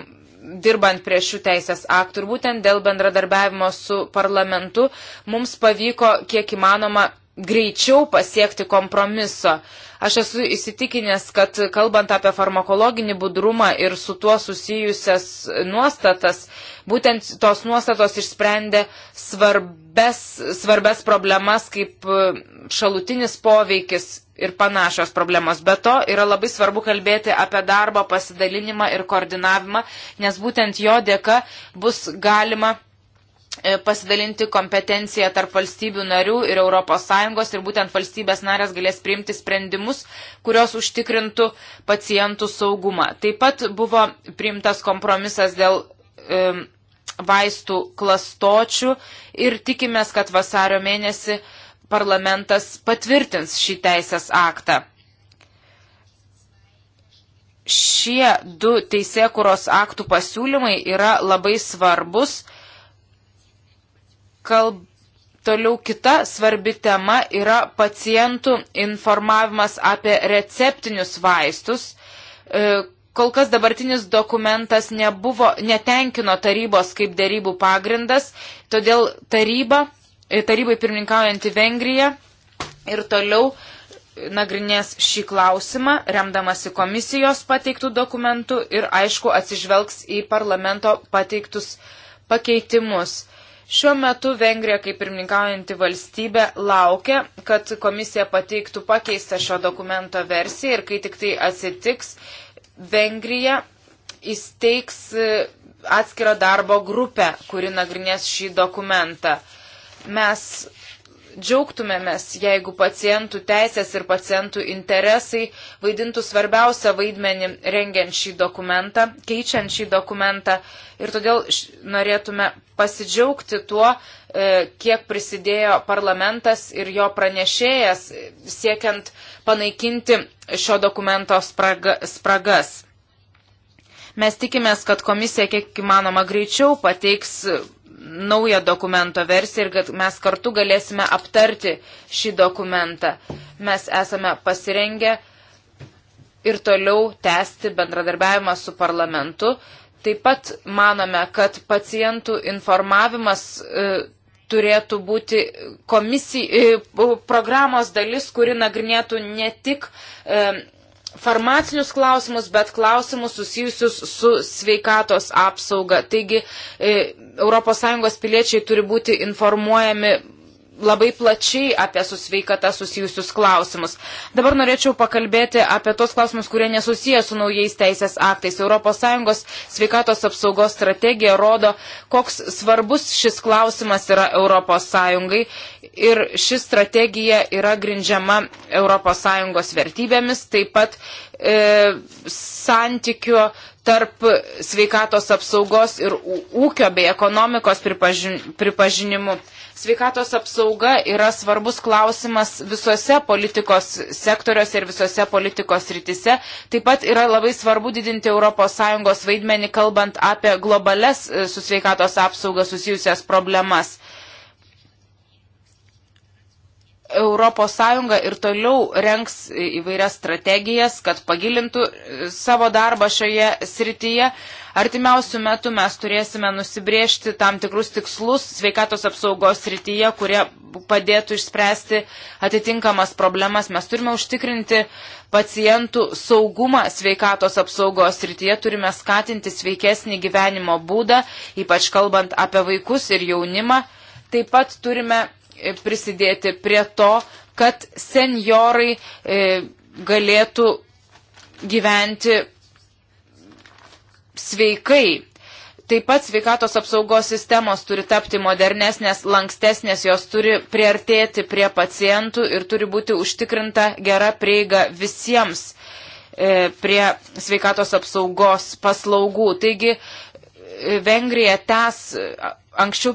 dirbant prie šių teisės aktų. Ir būtent dėl bendradarbiavimo su parlamentu mums pavyko kiek įmanoma greičiau pasiekti kompromiso. Aš esu įsitikinęs, kad kalbant apie farmakologinį budrumą ir su tuo susijusias nuostatas, būtent tos nuostatos išsprendė svarbes, svarbes problemas kaip e, šalutinis poveikis ir panašios problemos. Be to yra labai svarbu kalbėti apie darbo pasidalinimą ir koordinavimą, nes būtent jo dėka bus galima E, pasidalinti kompetenciją tarp valstybių narių ir ES ir būtent valstybės narės galės priimti sprendimus, kurios užtikrintų pacientų saugumą. Taip pat buvo priimtas kompromisas dėl e, vaistų klastočių ir tikimės, kad vasario mėnesį parlamentas patvirtins šį teisės aktą. Šie du teisėkuros aktų pasiūlymai yra labai svarbus kalb... Toliau kita svarbi tema yra pacientų informavimas apie receptinius vaistus. E, kol kas dabartinis dokumentas nebuvo, netenkino tarybos kaip dėrybų pagrindas, todėl taryba, e, tarybai pirmininkaujanti Vengrija ir toliau nagrinės šį klausimą, remdamasi komisijos pateiktų dokumentų ir aišku atsižvelgs į parlamento pateiktus pakeitimus. Šiuo metu Vengrija, kaip pirmininkaujanti valstybė, laukia, kad komisija pateiktų pakeistą šio dokumento versiją ir kai tik tai atsitiks, Vengrija įsteigs e, atskirą darbo grupę, kuri nagrinės šį dokumentą. Mes džiaugtumėmės, jeigu pacientų teisės ir pacientų interesai vaidintų svarbiausią vaidmenį rengiant šį dokumentą, keičiant šį dokumentą. Ir todėl norėtume pasidžiaugti tuo, e, kiek prisidėjo parlamentas ir jo pranešėjas siekiant panaikinti šio dokumento spraga, spragas. Mes tikimės, kad komisija kiek įmanoma greičiau pateiks naują dokumento versiją ir kad mes kartu galėsime aptarti šį dokumentą. Mes esame pasirengę ir toliau tęsti bendradarbiavimą su parlamentu. Taip pat manome, kad pacientų informavimas e, turėtų būti komisij, e, programos dalis, kuri nagrinėtų ne tik e, farmacinius klausimus, bet klausimus susijusius su sveikatos apsauga. Taigi e, ES piliečiai turi būti informuojami labai plačiai apie su sveikata susijusius klausimus. Dabar norėčiau pakalbėti apie tos klausimus, kurie nesusiję su naujais teisės aktais. ES sveikatos apsaugos strategija rodo, koks svarbus šis klausimas yra ES ir ši strategija yra grindžiama ES vertybėmis, taip pat e, santykio tarp sveikatos apsaugos ir ūkio bei ekonomikos pripažin, pripažinimų sveikatos apsauga yra svarbus klausimas visose politikos sektoriuose ir visose politikos rytise. Taip pat yra labai svarbu didinti ES vaidmenį, kalbant apie globales e, su sveikatos apsauga susijusias problemas. ES ir toliau renks įvairias strategijas, kad pagilintų e, savo darbą šioje srityje. Artimiausių metų mes turėsime nusibriežti tam tikrus tikslus sveikatos apsaugos srityje, kurie padėtų išspręsti atitinkamas problemas. Mes turime užtikrinti pacientų saugumą sveikatos apsaugos srityje, turime skatinti sveikesnį gyvenimo būdą, ypač kalbant apie vaikus ir jaunimą. Taip pat turime E, prisidėti prie to, kad seniorai e, galėtų gyventi sveikai. Taip pat sveikatos apsaugos sistemos turi tapti modernesnės, lankstesnės, jos turi priartėti prie pacientų ir turi būti užtikrinta gera prieiga visiems e, prie sveikatos apsaugos paslaugų. Taigi e, Vengrija tęs anksčiau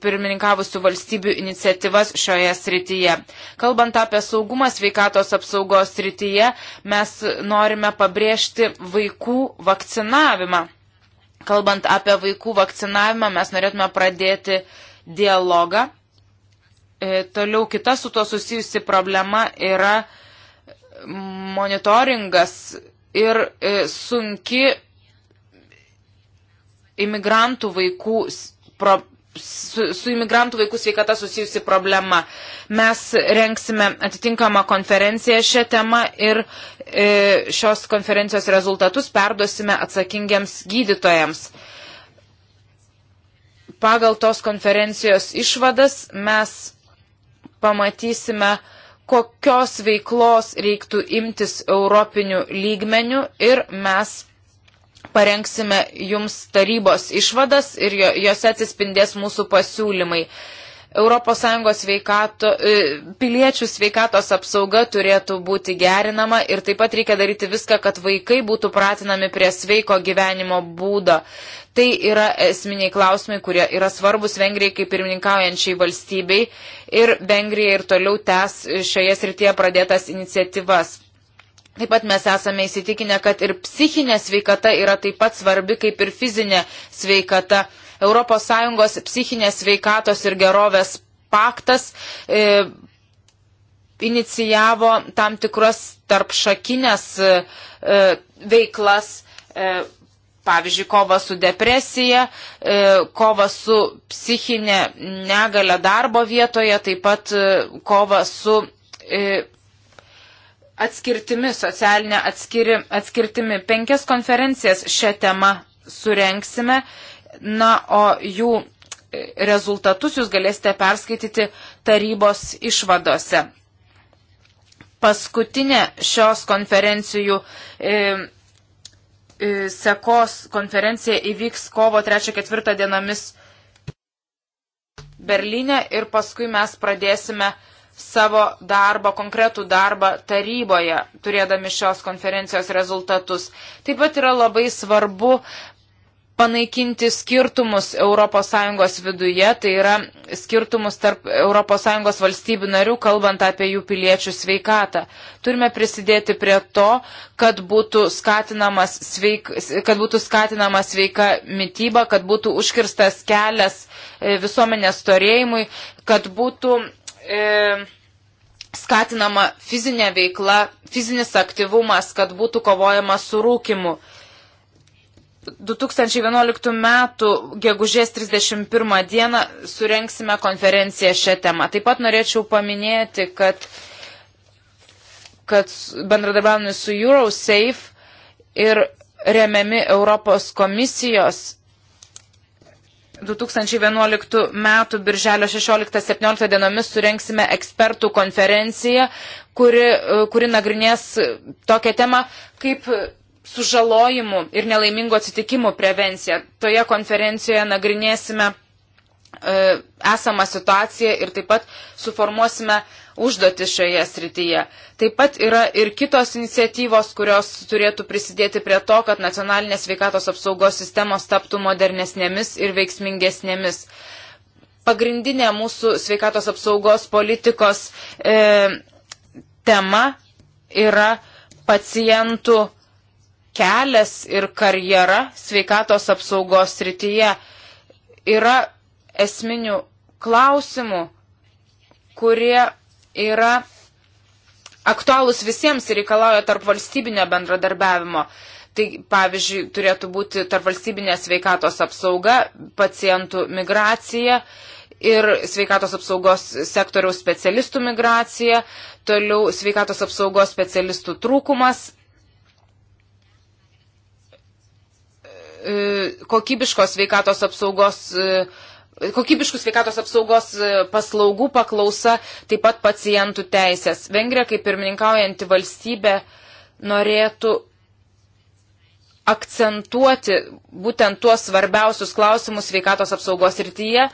pirmininkavusių valstybių iniciatyvas šioje srityje. Kalbant apie saugumą sveikatos apsaugos srityje, mes norime pabrėžti vaikų vakcinavimą. Kalbant apie vaikų vakcinavimą, mes norėtume pradėti dialogą. E, toliau kita su to susijusi problema yra monitoringas ir e, sunki imigrantų vaikų pro, su, su imigrantų vaikų sveikata susijusi problema. Mes renksime atitinkamą konferenciją šią temą ir e, šios konferencijos rezultatus perduosime atsakingiams gydytojams. Pagal tos konferencijos išvadas mes pamatysime, kokios veiklos reiktų imtis europinių lygmenių ir mes parengsime jums tarybos išvadas ir jose atsispindės mūsų pasiūlymai. ES sveikato, e, piliečių sveikatos apsauga turėtų būti gerinama ir taip pat reikia daryti viską, kad vaikai būtų pratinami prie sveiko gyvenimo būdo. Tai yra esminiai klausimai, kurie yra svarbus Vengrijai kaip pirmininkaujančiai valstybei ir Vengrija ir toliau tęs šioje srityje pradėtas iniciatyvas. Taip pat mes esame įsitikinę, kad ir psichinė sveikata yra taip pat svarbi kaip ir fizinė sveikata. ES psichinės sveikatos ir gerovės paktas e, inicijavo tam tikras tarpšakinės e, e veiklas, e, pavyzdžiui, kova su depresija, e, kova su psichinė negalė darbo vietoje, taip pat e, kova su. E, atskirtimi, socialinė atskiri, atskirtimi. Penkias konferencijas šią temą surenksime, na, o jų e, rezultatus jūs galėsite perskaityti tarybos išvadose. Paskutinė šios konferencijų e, e, sekos konferencija įvyks kovo 3-4 dienomis Berlyne ir paskui mes pradėsime e, savo darbą, konkretų darbą taryboje, turėdami šios konferencijos rezultatus. Taip pat yra labai svarbu panaikinti skirtumus ES viduje, tai yra skirtumus tarp ES valstybių narių, kalbant apie jų piliečių sveikatą. Turime prisidėti prie to, kad būtų, sveik, kad būtų skatinama sveika mytyba, kad būtų užkirstas kelias e, visuomenės torėjimui, kad būtų e, skatinama fizinė veikla, fizinis aktyvumas, kad būtų kovojama su rūkimu. 2011 m. gegužės 31 d. surenksime konferenciją šią temą. Taip pat norėčiau paminėti, kad, kad bendradarbiavimui su EuroSafe ir remiami Europos komisijos 2011 m. birželio 16-17 dienomis surenksime ekspertų konferenciją, kuri, e, kuri nagrinės tokią temą kaip sužalojimų ir nelaimingų atsitikimų prevencija. Toje konferencijoje nagrinėsime E, esamą situaciją ir taip pat suformuosime užduotį šioje srityje. Taip pat yra ir kitos iniciatyvos, kurios turėtų prisidėti prie to, kad nacionalinės veikatos apsaugos sistemos taptų modernesnėmis ir veiksmingesnėmis. Pagrindinė mūsų sveikatos apsaugos politikos e, tema yra pacientų kelias ir karjera sveikatos apsaugos srityje. Yra esminių klausimų, kurie yra aktualūs visiems ir reikalauja tarp valstybinio bendradarbiavimo. Tai pavyzdžiui, turėtų būti tarp valstybinė sveikatos apsauga, pacientų migracija ir sveikatos apsaugos sektoriaus specialistų migracija, toliau sveikatos apsaugos specialistų trūkumas, e, kokybiškos sveikatos apsaugos specialistų kokybiškų sveikatos apsaugos e, paslaugų paklausa, taip pat pacientų teisės. Vengrija, kaip pirmininkaujanti valstybė, norėtų akcentuoti būtent tuos svarbiausius klausimus sveikatos apsaugos rytyje.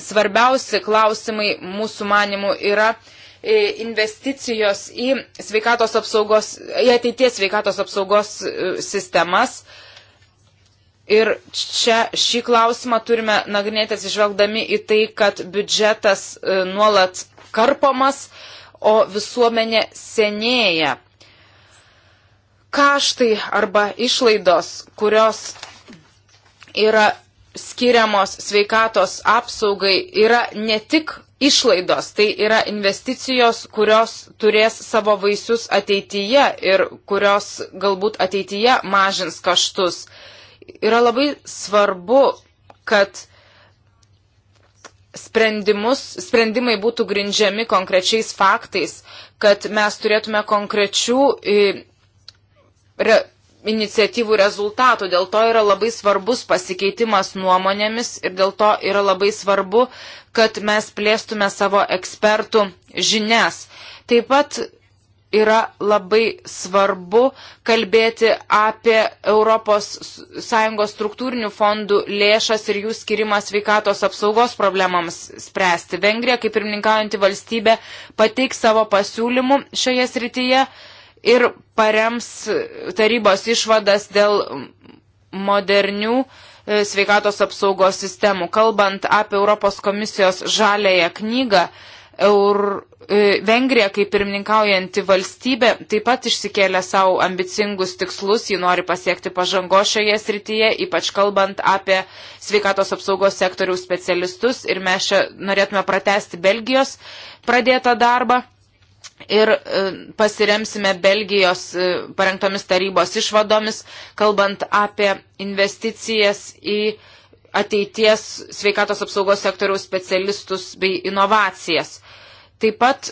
Svarbiausi klausimai mūsų manimų yra e, investicijos į, sveikatos apsaugos, į ateities sveikatos apsaugos e, sistemas. Uh, Ir čia šį klausimą turime nagrinėti atsižvelgdami į tai, kad biudžetas e, nuolat karpomas, o visuomenė senėja. Kaštai arba išlaidos, kurios yra skiriamos sveikatos apsaugai, yra ne tik išlaidos, tai yra investicijos, kurios turės savo vaisius ateityje ir kurios galbūt ateityje mažins kaštus yra labai svarbu, kad sprendimai būtų grindžiami konkrečiais faktais, kad mes turėtume konkrečių e, re, iniciatyvų rezultatų. Dėl to yra labai svarbus pasikeitimas nuomonėmis ir dėl to yra labai svarbu, kad mes plėstume savo ekspertų žinias. Taip pat yra labai svarbu kalbėti apie ES struktūrinių fondų lėšas ir jų skirimą sveikatos apsaugos problemams spręsti. Vengrija, kaip pirmininkaujanti valstybė, pateiks savo pasiūlymų šioje srityje ir parems tarybos išvadas dėl modernių e, sveikatos apsaugos sistemų. Kalbant apie Europos komisijos žalėją knygą, Eur, e, Vengrija, kaip pirmininkaujanti valstybė, taip pat išsikėlė savo ambicingus tikslus, ji nori pasiekti pažango šioje srityje, ypač kalbant apie sveikatos apsaugos sektorių specialistus ir mes čia norėtume pratesti Belgijos pradėtą darbą. Ir e, pasiremsime Belgijos e, parengtomis tarybos išvadomis, kalbant apie investicijas į uh, ateities sveikatos apsaugos sektoriaus specialistus bei inovacijas. Taip pat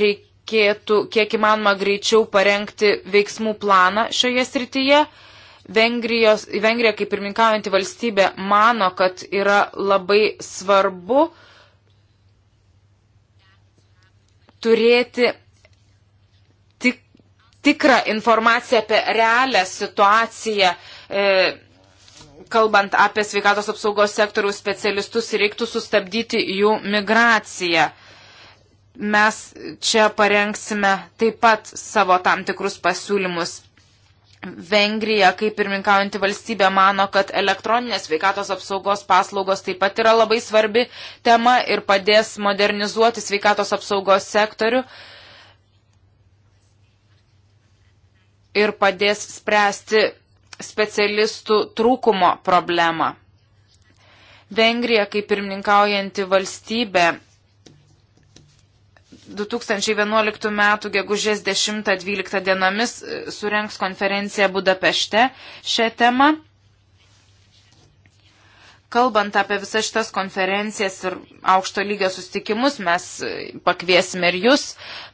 reikėtų kiek įmanoma greičiau parengti veiksmų planą šioje srityje. Vengrijos, Vengrija kaip pirminkaujanti valstybė mano, kad yra labai svarbu turėti tik, tikrą informaciją apie realią situaciją. E, kalbant apie sveikatos apsaugos sektoriaus specialistus, reiktų sustabdyti jų migraciją. Mes čia parengsime taip pat savo tam tikrus pasiūlymus. Vengrija, kaip pirminkaujanti valstybė, mano, kad elektroninės sveikatos apsaugos paslaugos taip pat yra labai svarbi tema ir padės modernizuoti sveikatos apsaugos sektorių ir padės spręsti specialistų trūkumo problemą. Vengrija, kaip pirmininkaujanti valstybė, 2011 m. gegužės 10-12 dienomis e, surenks konferenciją Budapešte šią temą. Kalbant apie visas šitas konferencijas ir aukšto lygio sustikimus, mes e, pakviesime ir jūs,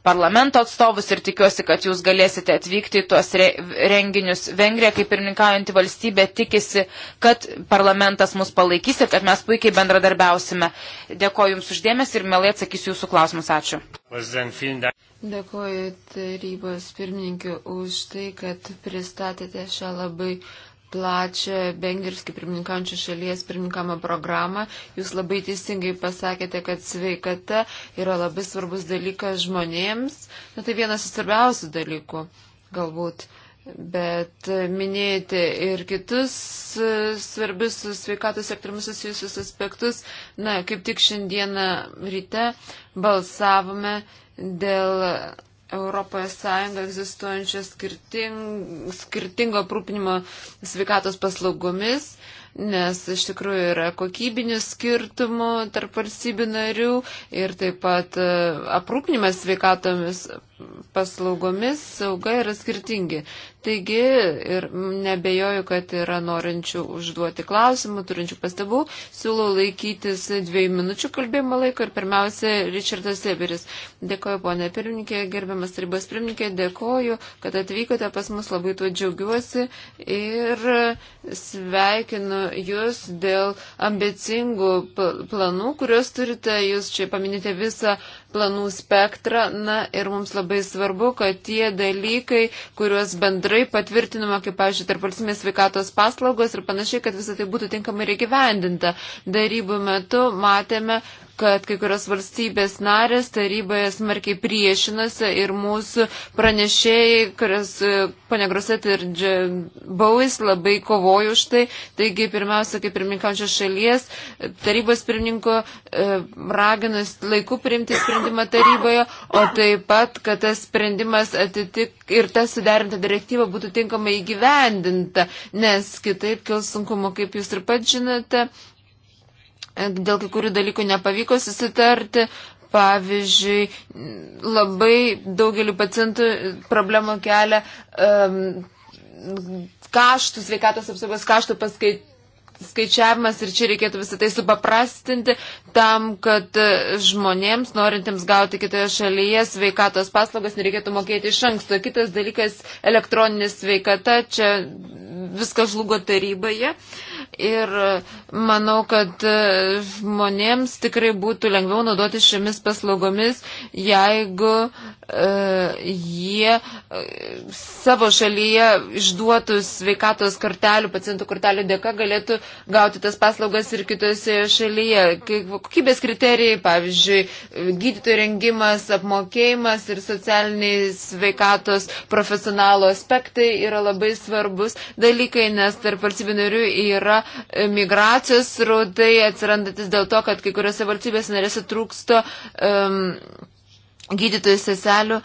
parlamento atstovus, ir tikiuosi, kad jūs galėsite atvykti į tuos re renginius. Vengrija, kaip pirmininkaujanti valstybė, tikisi, kad parlamentas mus palaikys ir kad mes puikiai bendradarbiausime. Dėkoju Jums uždėmės ir mielai atsakysiu Jūsų klausimus. Ačiū. Dėkoju tarybos pirmininkė už tai, kad pristatėte šią labai plačią Bengrijos kaip pirmininkančių šalies pirmininkamą programą. Jūs labai teisingai pasakėte, kad sveikata yra labai svarbus dalykas žmonėms. Na nu, tai vienas iš svarbiausių dalykų, galbūt. Bet minėjote ir kitus e, svarbius su sveikatos sektoriumi susijusius aspektus. Na, kaip tik šiandieną ryte balsavome dėl Europoje Sąjunga egzistuojančio skirting, skirtingo aprūpinimo sveikatos paslaugomis, nes iš tikrųjų yra kokybinių skirtumų tarp valstybių narių ir taip pat e, aprūpinimas sveikatomis paslaugomis sauga yra skirtingi. Taigi ir nebejoju, kad yra norinčių užduoti klausimų, turinčių pastabų. Siūlau laikytis dviejų minučių kalbėjimo laiko ir pirmiausia Richardas Seberis. Dėkoju, ponė pirmininkė, gerbiamas tarybos pirmininkė, dėkoju, kad atvykote pas mus, labai tuo džiaugiuosi ir sveikinu jūs dėl ambicingų planų, kuriuos turite. Jūs čia paminite visą planų spektrą. Na ir mums labai svarbu, kad tie dalykai, kuriuos bendrai patvirtinama, kaip, pavyzdžiui, tarp valstybės sveikatos paslaugos ir panašiai, kad visą tai būtų tinkamai ir įgyvendinta. Darybų metu matėme, kad kai kurios valstybės narės taryboje smarkiai priešinasi ir mūsų pranešėjai, kurias e, panegroset ir Bauis labai kovojo už tai. Taigi, pirmiausia, kaip pirmininkančios šalies, tarybos pirmininko e, raginus laiku priimti sprendimą taryboje, o taip pat, kad tas sprendimas atitik ir ta suderinta direktyva būtų tinkamai įgyvendinta, nes kitaip kils sunkumo, kaip jūs ir pat žinote dėl kai kurių dalykų nepavyko susitarti. Pavyzdžiui, labai daugeliu pacientų problemų kelia um, kaštų, sveikatos apsaugos kaštų paskaitų skaičiavimas ir čia reikėtų visą tai supaprastinti tam, kad e, žmonėms, norintiems gauti kitoje šalyje sveikatos paslaugas, nereikėtų mokėti iš anksto. Kitas dalykas - elektroninė sveikata, čia viskas žlugo taryboje. Uh, ir manau, kad e, žmonėms tikrai būtų lengviau naudoti šiomis paslaugomis, jeigu uh, jie e, savo šalyje išduotų sveikatos kortelių, pacientų kortelių dėka galėtų gauti tas paslaugas ir kitose šalyje. Kokybės kriterijai, pavyzdžiui, gydytojų rengimas, apmokėjimas ir socialiniai sveikatos profesionalo aspektai yra labai svarbus dalykai, nes tarp valstybinarių yra yra migracijos rautai atsirandantis dėl to, kad kai kuriuose valstybės narėse trūksto um, gydytojų seselių.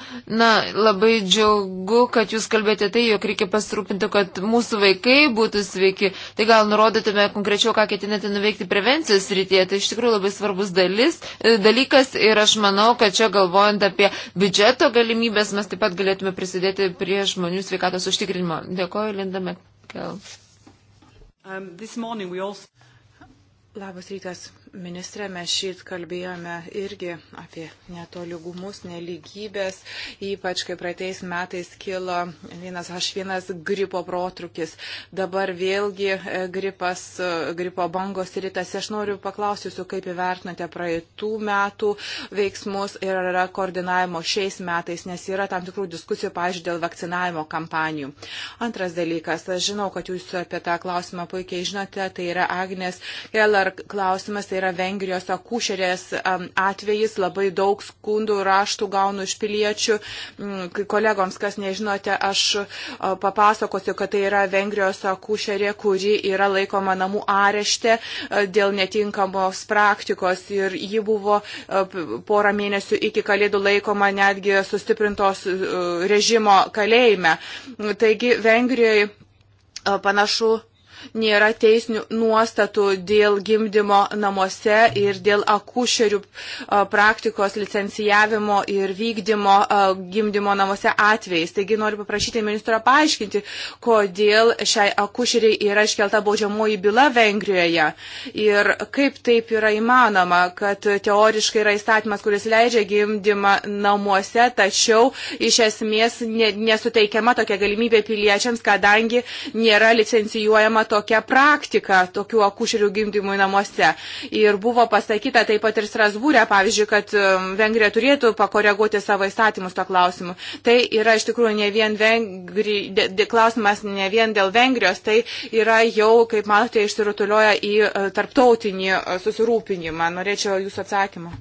Na, labai džiaugu, kad jūs kalbėte tai, jog reikia pasirūpinti, kad mūsų vaikai būtų sveiki. Tai gal nurodytume konkrečiau, ką ketinate nuveikti prevencijos rytyje. Tai iš tikrųjų labai svarbus dalis, e, dalykas ir aš manau, kad čia galvojant apie biudžeto galimybės, mes taip pat galėtume prisidėti prie žmonių sveikatos užtikrinimo. Dėkoju, Linda Mekel. Um, also... Labas rytas. Ministrė, mes šit kalbėjome irgi apie netolygumus, neligybės, ypač kai praeitais metais kilo vienas H1 gripo protrukis, dabar vėlgi e, gripas, e, gripo bangos rytas. Aš noriu paklausysiu, kaip įvertinate praeitų metų veiksmus ir yra koordinavimo šiais metais, nes yra tam tikrų diskusijų, pažiūrėjau, dėl vakcinavimo kampanijų. Antras dalykas, aš žinau, kad jūs apie tą klausimą puikiai žinote, tai yra Agnės Keller klausimas. Tai yra Vengrijos akušerės atvejis, labai daug skundų raštų gaunu iš piliečių. Mm, kolegoms, kas nežinote, aš e, papasakosiu, kad tai yra Vengrijos akušerė, kuri yra laikoma namų arešte e, dėl netinkamos praktikos ir ji buvo e, porą mėnesių iki kalėdų laikoma netgi sustiprintos režimo kalėjime. Taigi Vengrijoje panašu nėra teisinių nuostatų dėl gimdymo namuose ir dėl akušerių praktikos licencijavimo ir vykdymo gimdymo namuose atvejais. Taigi noriu paprašyti ministro paaiškinti, kodėl šiai akušeriai yra iškelta baudžiamoji byla Vengrijoje ir kaip taip yra įmanoma, kad teoriškai yra įstatymas, kuris leidžia gimdymą namuose, tačiau iš esmės nesuteikiama tokia galimybė piliečiams, kadangi nėra licencijuojama tokia praktika tokių akušerių gimdymui namuose. Ir buvo pasakyta taip pat ir Strasbūrė, pavyzdžiui, kad um, Vengrija turėtų pakoreguoti savo įstatymus to klausimu. Tai yra iš tikrųjų ne vien Vengri, de, de, klausimas ne vien dėl Vengrijos, tai yra jau, kaip matote, išsirutulioja į e, tarptautinį e, susirūpinimą. Norėčiau jūsų atsakymą.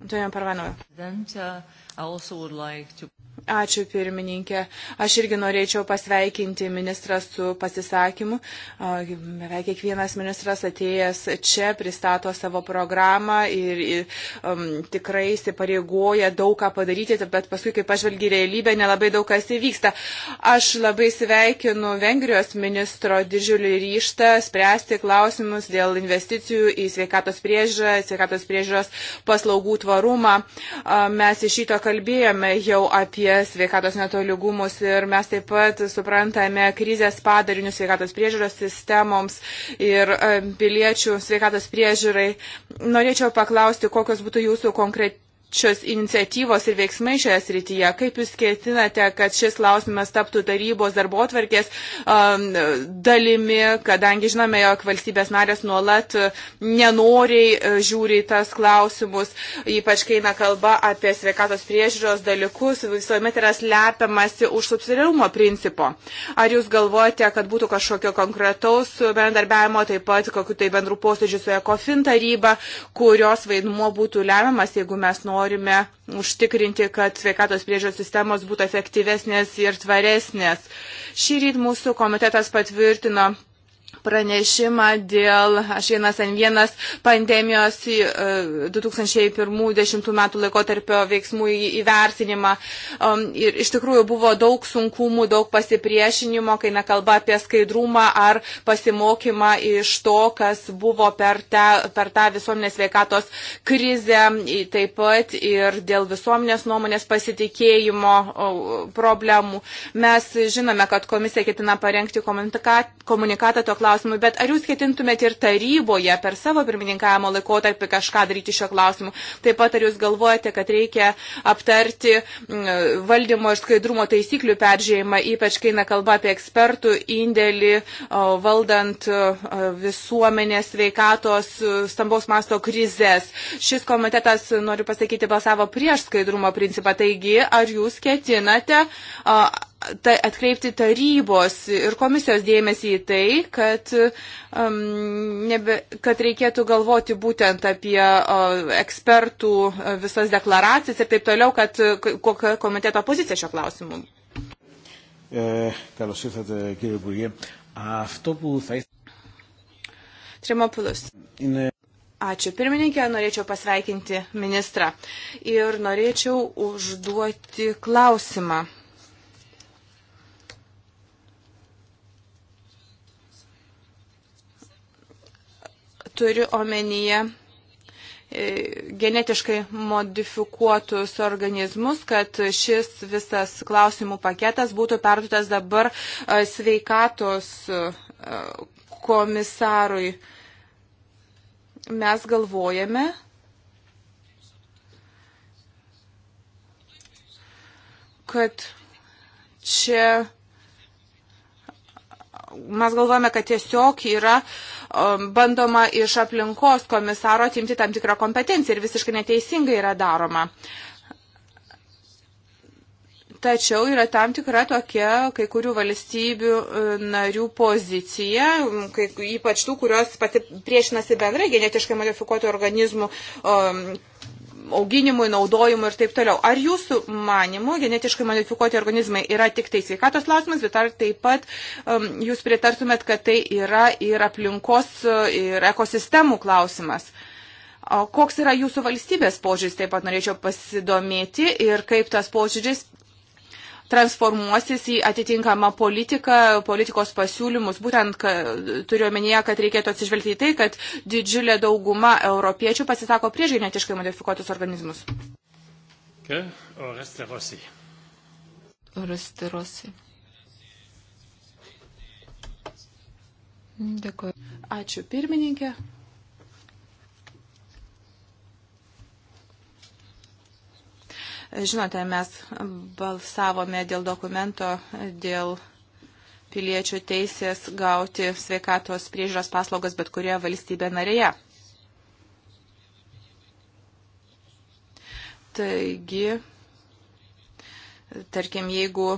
Antonio Parvanoje. Ačiū pirmininkė. Aš irgi norėčiau pasveikinti ministrą su pasisakymu. Beveik kiekvienas ministras atėjęs čia pristato savo programą ir, ir um, tikrai įsipareigoja daug ką padaryti, bet paskui, kai pažvelgi realybę, nelabai daug kas įvyksta. Aš labai sveikinu Vengrijos ministro didžiulį ryštą spręsti klausimus dėl investicijų į sveikatos priežiūrą, sveikatos priežiūros paslaugų tvarumą. Mes iš šito kalbėjome jau apie sveikatos netolygumus ir mes taip pat suprantame krizės padarinius sveikatos priežiūros sistemoms ir e, piliečių sveikatos priežiūrai. Norėčiau paklausti, kokios būtų jūsų konkrečiai šios iniciatyvos ir veiksmai šioje srityje? Kaip Jūs ketinate, kad šis klausimas taptų tarybos darbo atvarkės um, dalimi, kadangi žinome, jog valstybės narės nuolat uh, nenoriai uh, žiūri tas klausimus, ypač kai eina kalba apie sveikatos priežiūros dalykus, visuomet yra slepiamasi už subsidiarumo principo. Ar Jūs galvojate, kad būtų kažkokio konkretaus bendarbiavimo, taip pat kokiu tai bendrų posėdžių su ECOFIN taryba, kurios vaidmuo būtų lemiamas, jeigu mes norime norime užtikrinti, kad sveikatos priežiūros sistemos būtų efektyvesnės ir tvaresnės. Šį rytą mūsų komitetas patvirtino pranešimą dėl H1N1 pandemijos 2001-2010 e, metų laikotarpio veiksmų įvertinimą. Um, ir iš tikrųjų buvo daug sunkumų, daug pasipriešinimo, kai nekalba apie skaidrumą ar pasimokymą iš to, kas buvo per tą, per tą visuomenės veikatos krizę, taip pat ir dėl visuomenės nuomonės pasitikėjimo problemų. Mes žinome, kad komisija ketina parengti komunikatą to klausimą klausimu, bet ar jūs ketintumėte ir taryboje per savo pirmininkavimo laikotarpį kažką daryti šio klausimu? Taip pat ar jūs galvojate, kad reikia aptarti mm, valdymo ir skaidrumo taisyklių peržiūrėjimą, ypač kai eina kalba apie ekspertų indėlį valdant visuomenės veikatos stambaus masto krizės? Šis komitetas, noriu pasakyti, balsavo prieš skaidrumo principą. Taigi, ar jūs ketinate ta, atkreipti tarybos ir komisijos dėmesį į tai, kad, um, nebe, kad reikėtų galvoti būtent apie uh, ekspertų visas deklaracijas ir taip toliau, kad kokia komiteto pozicija šio klausimu. E, Καλώς ήρθατε κύριε Υπουργέ. Αυτό που θα ήθελα... Τριμόπουλος. Είναι... Ačiū pirmininkė, norėčiau pasveikinti ministrą ir norėčiau užduoti klausimą. turiu omenyje e, genetiškai modifikuotus organizmus, kad šis visas klausimų paketas būtų perduotas dabar e, sveikatos e, komisarui. Mes galvojame, kad čia mes galvojame, kad tiesiog yra uh, Um, bandoma iš aplinkos komisaro atimti tam tikrą kompetenciją ir visiškai neteisingai yra daroma. Tačiau yra tam tikra tokia kai kurių valstybių e, narių pozicija, kai, ypač tų, kurios pati priešinasi bendrai genetiškai modifikuotų organizmų um, auginimui, naudojimui ir taip toliau. Ar jūsų manimo genetiškai modifikuoti organizmai yra tik tai sveikatos klausimas, bet ar taip pat um, jūs pritartumėt, kad tai yra ir aplinkos, uh, ir ekosistemų klausimas? O koks yra jūsų valstybės požiūris, taip pat norėčiau pasidomėti ir kaip tas požiūris transformuosis į atitinkamą politiką, politikos pasiūlymus. Būtent turiu omenyje, kad reikėtų atsižvelgti į tai, kad didžiulė dauguma europiečių pasisako prieš genetiškai modifikuotus organizmus. Okay. Oresterosi. Oresterosi. Dėkuoju. Ačiū pirmininkė. Žinote, mes balsavome dėl dokumento, dėl piliečių teisės gauti sveikatos priežiūros paslaugas bet kurioje valstybė narėje. Taigi, tarkim, jeigu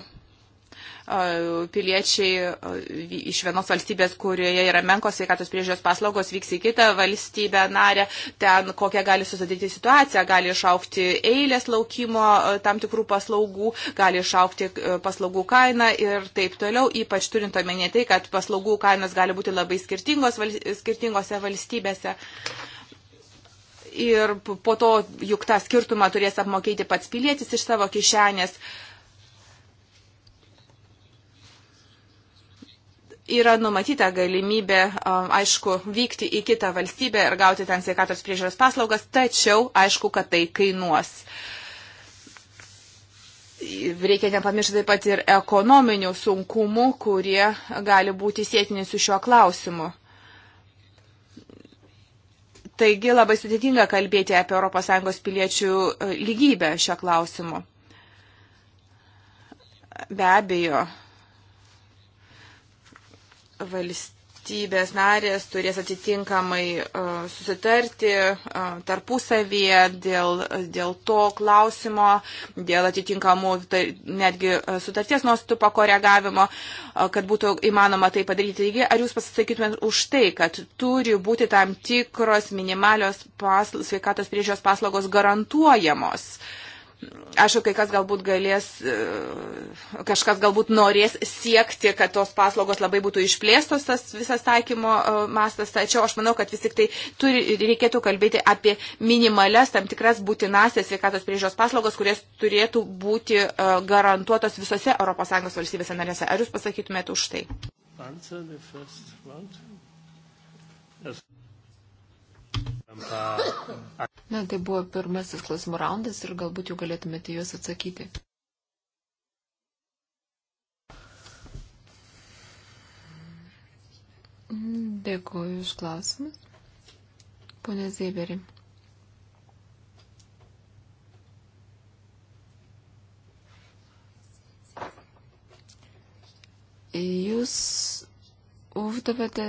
piliečiai iš vienos valstybės, kurioje yra menkos sveikatos priežiūros paslaugos, vyks į kitą valstybę narę, ten kokia gali susidaryti situacija, gali išaukti eilės laukimo tam tikrų paslaugų, gali išaukti paslaugų kaina ir taip toliau, ypač turint omenyje tai, kad paslaugų kainas gali būti labai skirtingos, skirtingose valstybėse ir po to juk tą skirtumą turės apmokėti pats pilietis iš savo kišenės. Uh, yra numatyta galimybė, um, aišku, vykti į kitą valstybę ir gauti ten sveikatos priežiūros paslaugas, tačiau aišku, kad tai kainuos. Reikia nepamiršti taip pat ir ekonominių sunkumų, kurie gali būti sėtini su šiuo klausimu. Taigi labai sudėtinga kalbėti apie ES piliečių e, lygybę šio klausimu. Be abejo, valstybės narės turės atitinkamai e, susitarti e, tarpusavyje dėl, dėl to klausimo, dėl atitinkamų netgi e, sutarties nuostatų pakoregavimo, kad būtų įmanoma tai padaryti. Taigi, ar jūs pasisakytumėt už tai, kad turi būti tam tikros minimalios pasl sveikatos priežios paslaugos garantuojamos? Uh, Aišku, kai kas galbūt galės, e, kažkas galbūt norės siekti, kad tos paslaugos labai būtų išplėstos tas visas taikymo e, mastas, tačiau aš manau, kad vis tik tai turi, reikėtų kalbėti apie minimales tam tikras būtinasias sveikatos priežiūros paslaugos, kurias turėtų būti e, garantuotos visose ES valstybėse narėse. Ar jūs pasakytumėte už tai? Answer the first round. Na, tai buvo pirmasis klausimų raundas ir galbūt jau galėtumėte juos atsakyti. Dėkuoju už klausimus. Pone Zėberi. Jūs uždavėte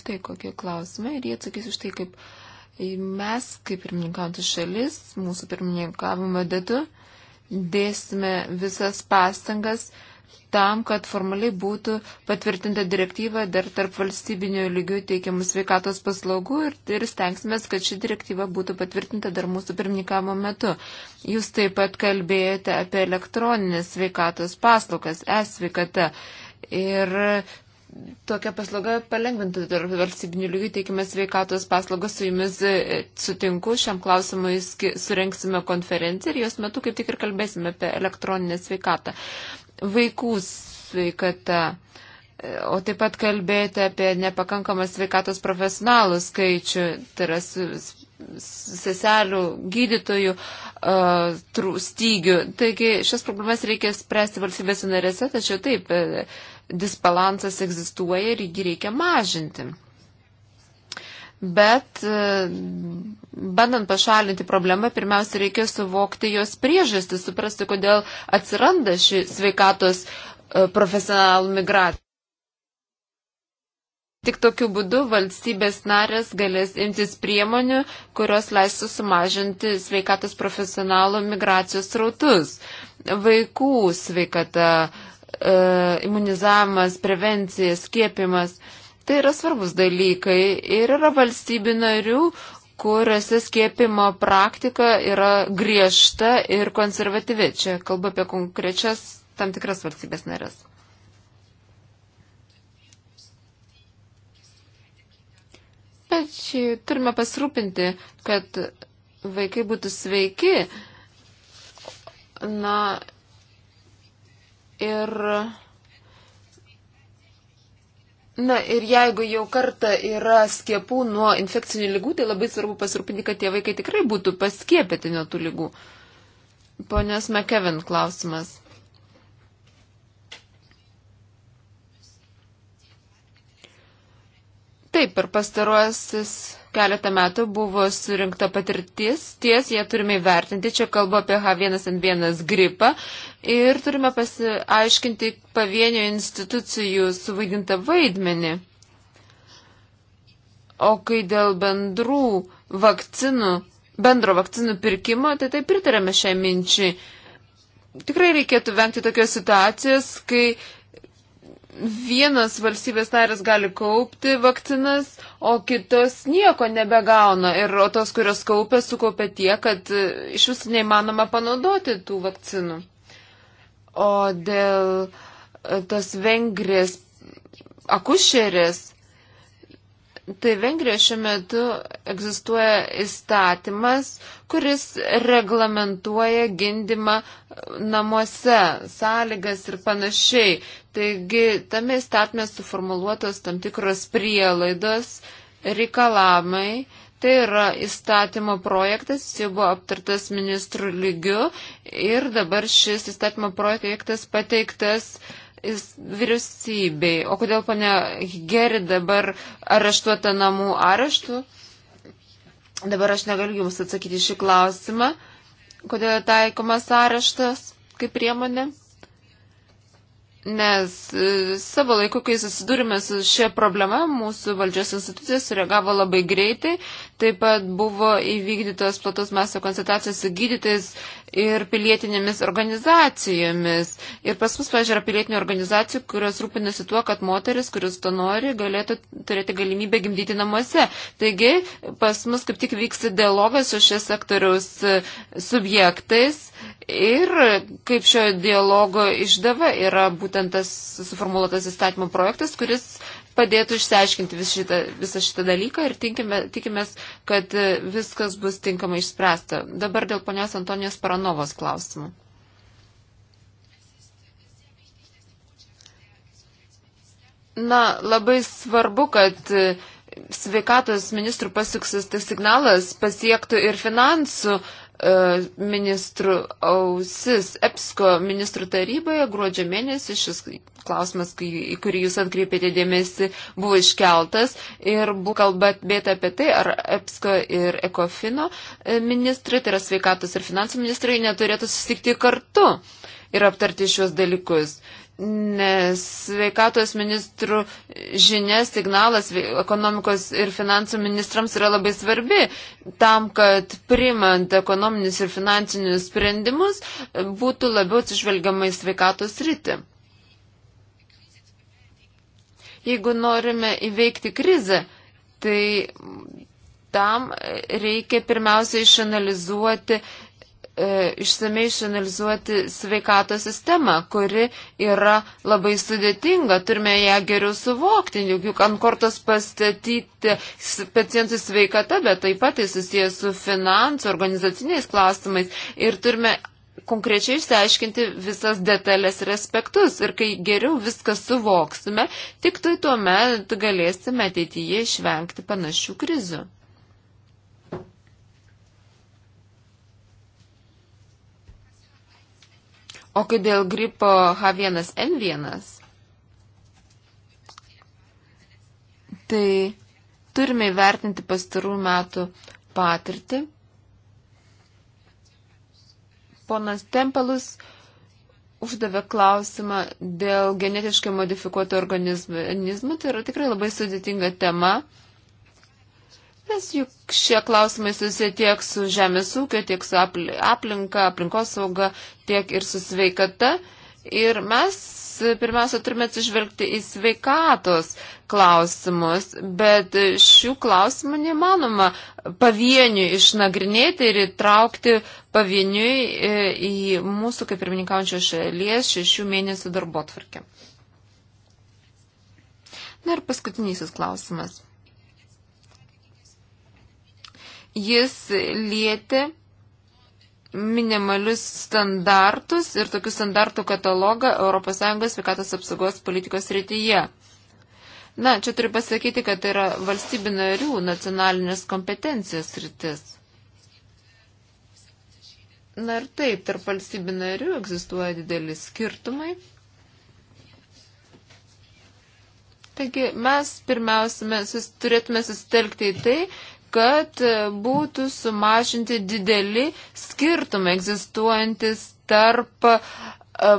štai kokį klausimą ir jie atsakys už tai, kaip Mes, kaip pirmininkantų šalis, mūsų pirmininkavimo dėdu, dėsime visas pastangas tam, kad formaliai būtų patvirtinta direktyva dar tarp valstybinių lygių teikiamų sveikatos paslaugų ir, ir stengsime, kad ši direktyva būtų patvirtinta dar mūsų pirmininkavimo metu. Jūs taip pat kalbėjote apie elektroninės sveikatos paslaugas, e-sveikata. Ir tokia paslauga palengvintų tarp valstybinių lygių teikime sveikatos paslaugas. Su jumis e, sutinku, šiam klausimui surenksime konferenciją ir jos metu kaip tik ir kalbėsime apie elektroninę sveikatą. Vaikų sveikata. E, o taip pat kalbėti apie nepakankamą sveikatos profesionalų skaičių, tai yra seselių, gydytojų uh, stygių. Taigi šias problemas reikia spręsti valstybės narėse, tačiau taip, disbalansas egzistuoja ir jį reikia mažinti. Bet e, bandant pašalinti problemą, pirmiausia, reikia suvokti jos priežastį, suprasti, kodėl atsiranda ši sveikatos e, profesionalų migracija. Tik tokiu būdu valstybės narės galės imtis priemonių, kurios leistų sumažinti sveikatos profesionalų migracijos rautus. Vaikų sveikata, E, imunizavimas, prevencija, skiepimas. Tai yra svarbus dalykai ir yra valstybių narių, kuriuose skiepimo praktika yra griežta ir konservatyvi. Čia kalba apie konkrečias tam tikras valstybės narės. Bet šį turime pasirūpinti, kad vaikai būtų sveiki. Na, Ir, na, ir jeigu jau kartą yra skiepų nuo infekcinių lygų, tai labai svarbu pasirūpinti, kad tie vaikai tikrai būtų paskiepyti nuo tų lygų. Ponios McKevin klausimas. Taip, per pastaruosius keletą metų buvo surinkta patirtis, ties jie turime įvertinti, čia kalbu apie H1N1 gripą ir turime pasiaiškinti pavienio institucijų suvaidintą vaidmenį. O kai dėl bendrų vakcinų, bendro vakcinų pirkimo, tai taip pritarėme šią minčiai. Tikrai reikėtų vengti tokios situacijos, kai vienas valstybės narės gali kaupti vakcinas, o kitos nieko nebegauna. Ir o tos, kurios kaupia, sukaupia tie, kad e, iš vis neįmanoma panaudoti tų vakcinų. O dėl e, tos vengrės akušerės, Tai Vengrijoje šiuo metu egzistuoja įstatymas, kuris reglamentuoja gindimą namuose, sąlygas ir panašiai. Taigi tame įstatymė suformuluotos tam tikros prielaidos, reikalavimai. Tai yra įstatymo projektas, jis jau buvo aptartas ministrų lygiu ir dabar šis įstatymo projektas pateiktas uh, vyriausybei. O kodėl ponia Geri dabar areštuota namų areštų? Dabar aš negaliu Jums atsakyti šį klausimą. Kodėl taikomas areštas kaip priemonė? Nes e, savo laiku, kai susidūrime su šia problema, mūsų valdžios institucijos sureagavo labai greitai. Taip pat buvo įvykdytos platos maso konsultacijos su gydytais, ir pilietinėmis organizacijomis. Ir pas mus, pažiūrėjau, yra pilietinių organizacijų, kurios rūpinasi tuo, kad moteris, kuris to nori, galėtų turėti galimybę gimdyti namuose. Taigi, pas mus kaip tik vyksta dialogas su šios sektoriaus e, subjektais. Ir kaip šio dialogo išdava yra būtent tas suformuoluotas įstatymo projektas, kuris padėtų išsiaiškinti vis šitą, visą šitą dalyką ir tinkime, tikimės, kad e, viskas bus tinkamai išspręsta. Dabar dėl ponios Antonijos Paranovos klausimų. Na, labai svarbu, kad e, sveikatos ministrų pasiuksas tas signalas pasiektų ir finansų uh, E, ministrų ausis. EPSCO ministrų taryboje gruodžio mėnesį šis klausimas, į kurį jūs atkreipėte dėmesį, buvo iškeltas ir buvo kalbėta apie tai, ar EPSCO ir ECOFINO e, ministrai, tai yra sveikatos ir finansų ministrai, neturėtų susitikti kartu ir aptarti šios dalykus nes sveikatos ministrų žinias, signalas ekonomikos ir finansų ministrams yra labai svarbi tam, kad primant ekonominius ir finansinius sprendimus būtų labiau atsižvelgiama į sveikatos rytį. Jeigu norime įveikti krizę, tai tam reikia pirmiausia išanalizuoti uh, E, išsamei išanalizuoti sveikato sistemą, kuri yra labai sudėtinga, turime ją geriau suvokti, juk ant kortos pastatyti pacientų sveikata, bet taip pat tai susijęs su finansų, organizaciniais klausimais ir turime konkrečiai išsiaiškinti visas detalės ir aspektus. Ir kai geriau viską suvoksime, tik tai tuomet galėsime ateityje išvengti panašių krizių. O kai dėl gripo H1N1, tai turime įvertinti pastarų metų patirtį. Ponas Tempelus uždavė klausimą dėl genetiškai modifikuotų organizmų. Tai yra tikrai labai sudėtinga tema. Nes juk šie klausimai susiję tiek su žemės ūkio, tiek su aplinka, aplinkosauga, tiek ir su sveikata. Ir mes pirmiausia turime atsižvelgti į sveikatos klausimus, bet šių klausimų nemanoma pavieniui išnagrinėti ir įtraukti pavieniui e, į mūsų, kaip pirmininkaujančios šalies, šešių mėnesių darbo tvarkę. Na ir paskutinysis klausimas. Jis lietė minimalius standartus ir tokių standartų katalogą ES sveikatos apsaugos politikos rytyje. Na, čia turiu pasakyti, kad tai yra valstybių narių nacionalinės kompetencijos rytis. Na ir taip, tarp valstybių narių egzistuoja dideli skirtumai. Taigi mes pirmiausia turėtume susitelkti į tai, kad būtų sumažinti dideli skirtumai egzistuojantis tarp e,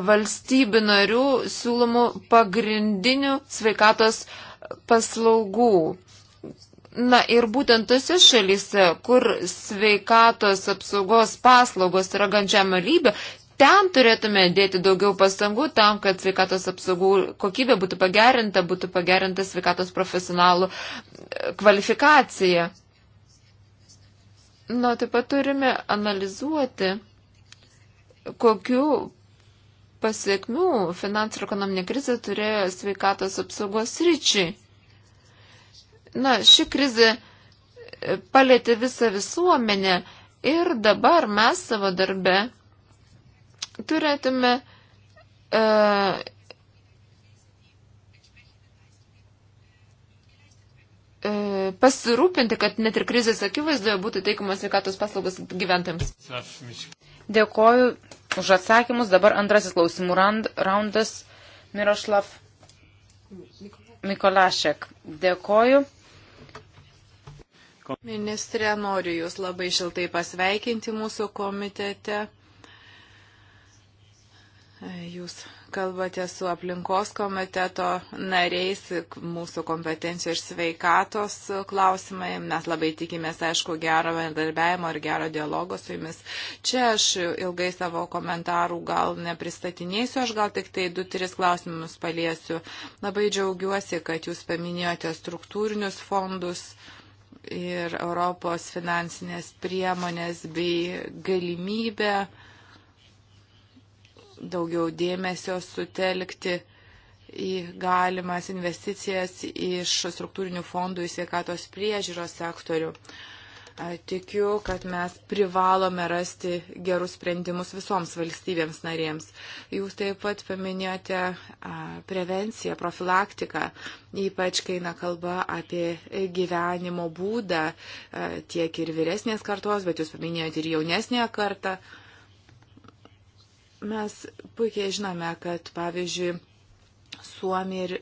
valstybių narių siūlomų pagrindinių sveikatos paslaugų. Na ir būtent tose šalyse, kur sveikatos apsaugos paslaugos yra gančiama lybė, ten turėtume dėti daugiau pastangų tam, kad sveikatos apsaugų kokybė būtų pagerinta, būtų pagerinta sveikatos profesionalų e, kvalifikacija. Nu, taip pat turime analizuoti, kokiu pasiekmių finansų ir ekonominė krizė turėjo sveikatos apsaugos ryčiai. Na, ši krizė e, palėtė visą visuomenę ir dabar mes savo darbe turėtume e, E, pasirūpinti, kad net ir krizės akivaizdoje būtų teikimas sveikatos paslaugos gyventojams. Dėkoju už atsakymus. Dabar antrasis klausimų raundas. Mirošlav Mikolašek. Dėkoju. Ministrė, noriu Jūs labai šiltai pasveikinti mūsų komitete. Jūs kalbate su aplinkos komiteto nariais, mūsų kompetencijų ir sveikatos klausimai. Mes labai tikimės, aišku, gero bendarbiavimo ir gero dialogo su jumis. Čia aš ilgai savo komentarų gal nepristatinėsiu, aš gal tik tai du, tris klausimus paliesiu. Labai džiaugiuosi, kad jūs paminėjote struktūrinius fondus ir Europos finansinės priemonės bei galimybę daugiau dėmesio sutelkti į galimas investicijas iš struktūrinių fondų į sveikatos priežiūros sektorių. Tikiu, kad mes privalome rasti gerus sprendimus visoms valstybėms narėms. Jūs taip pat paminėjote prevenciją, profilaktiką, ypač kai eina kalba apie gyvenimo būdą tiek ir vyresnės kartos, bet jūs paminėjote ir jaunesnėje kartą. Mes puikiai žinome, kad pavyzdžiui, Suomija ir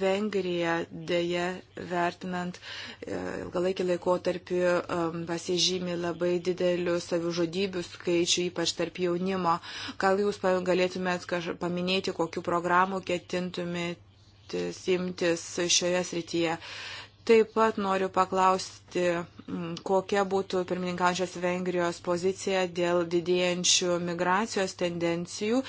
Vengrija dėje vertinant e, ilgalaikį laikotarpį um, pasižymi labai dideliu savižudybių skaičiu, ypač tarp jaunimo. Gal jūs galėtumėt paminėti, kokiu programu ketintumėt imtis šioje srityje? Uh, Taip pat noriu paklausti, kokia būtų pirmininkančios Vengrijos pozicija dėl didėjančių migracijos tendencijų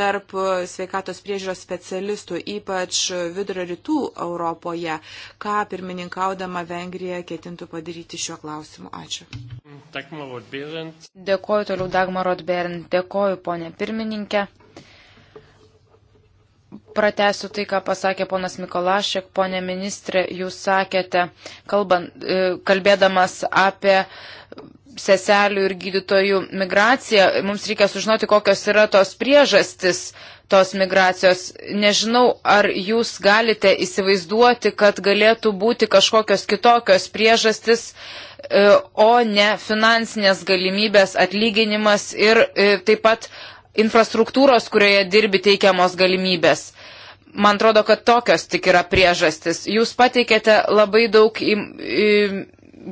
tarp sveikatos priežiūros specialistų, ypač vidurio rytų Europoje. Ką pirmininkaudama Vengrija ketintų padaryti šiuo klausimu? Ačiū. Dėkoju toliau Dagmarot Bernd. Dėkoju, ponė pirmininkė. Pratesiu tai, ką pasakė ponas Mikolašek, ponė ministrė, jūs sakėte, kalbant, e, kalbėdamas apie seselių ir gydytojų migraciją, mums reikia sužinoti, kokios yra tos priežastis tos migracijos. Nežinau, ar jūs galite įsivaizduoti, kad galėtų būti kažkokios kitokios priežastis, e, o ne finansinės galimybės, atlyginimas ir e, taip pat infrastruktūros, kurioje dirbi teikiamos galimybės. Man atrodo, kad tokios tik yra priežastis. Jūs pateikėte labai daug į, į,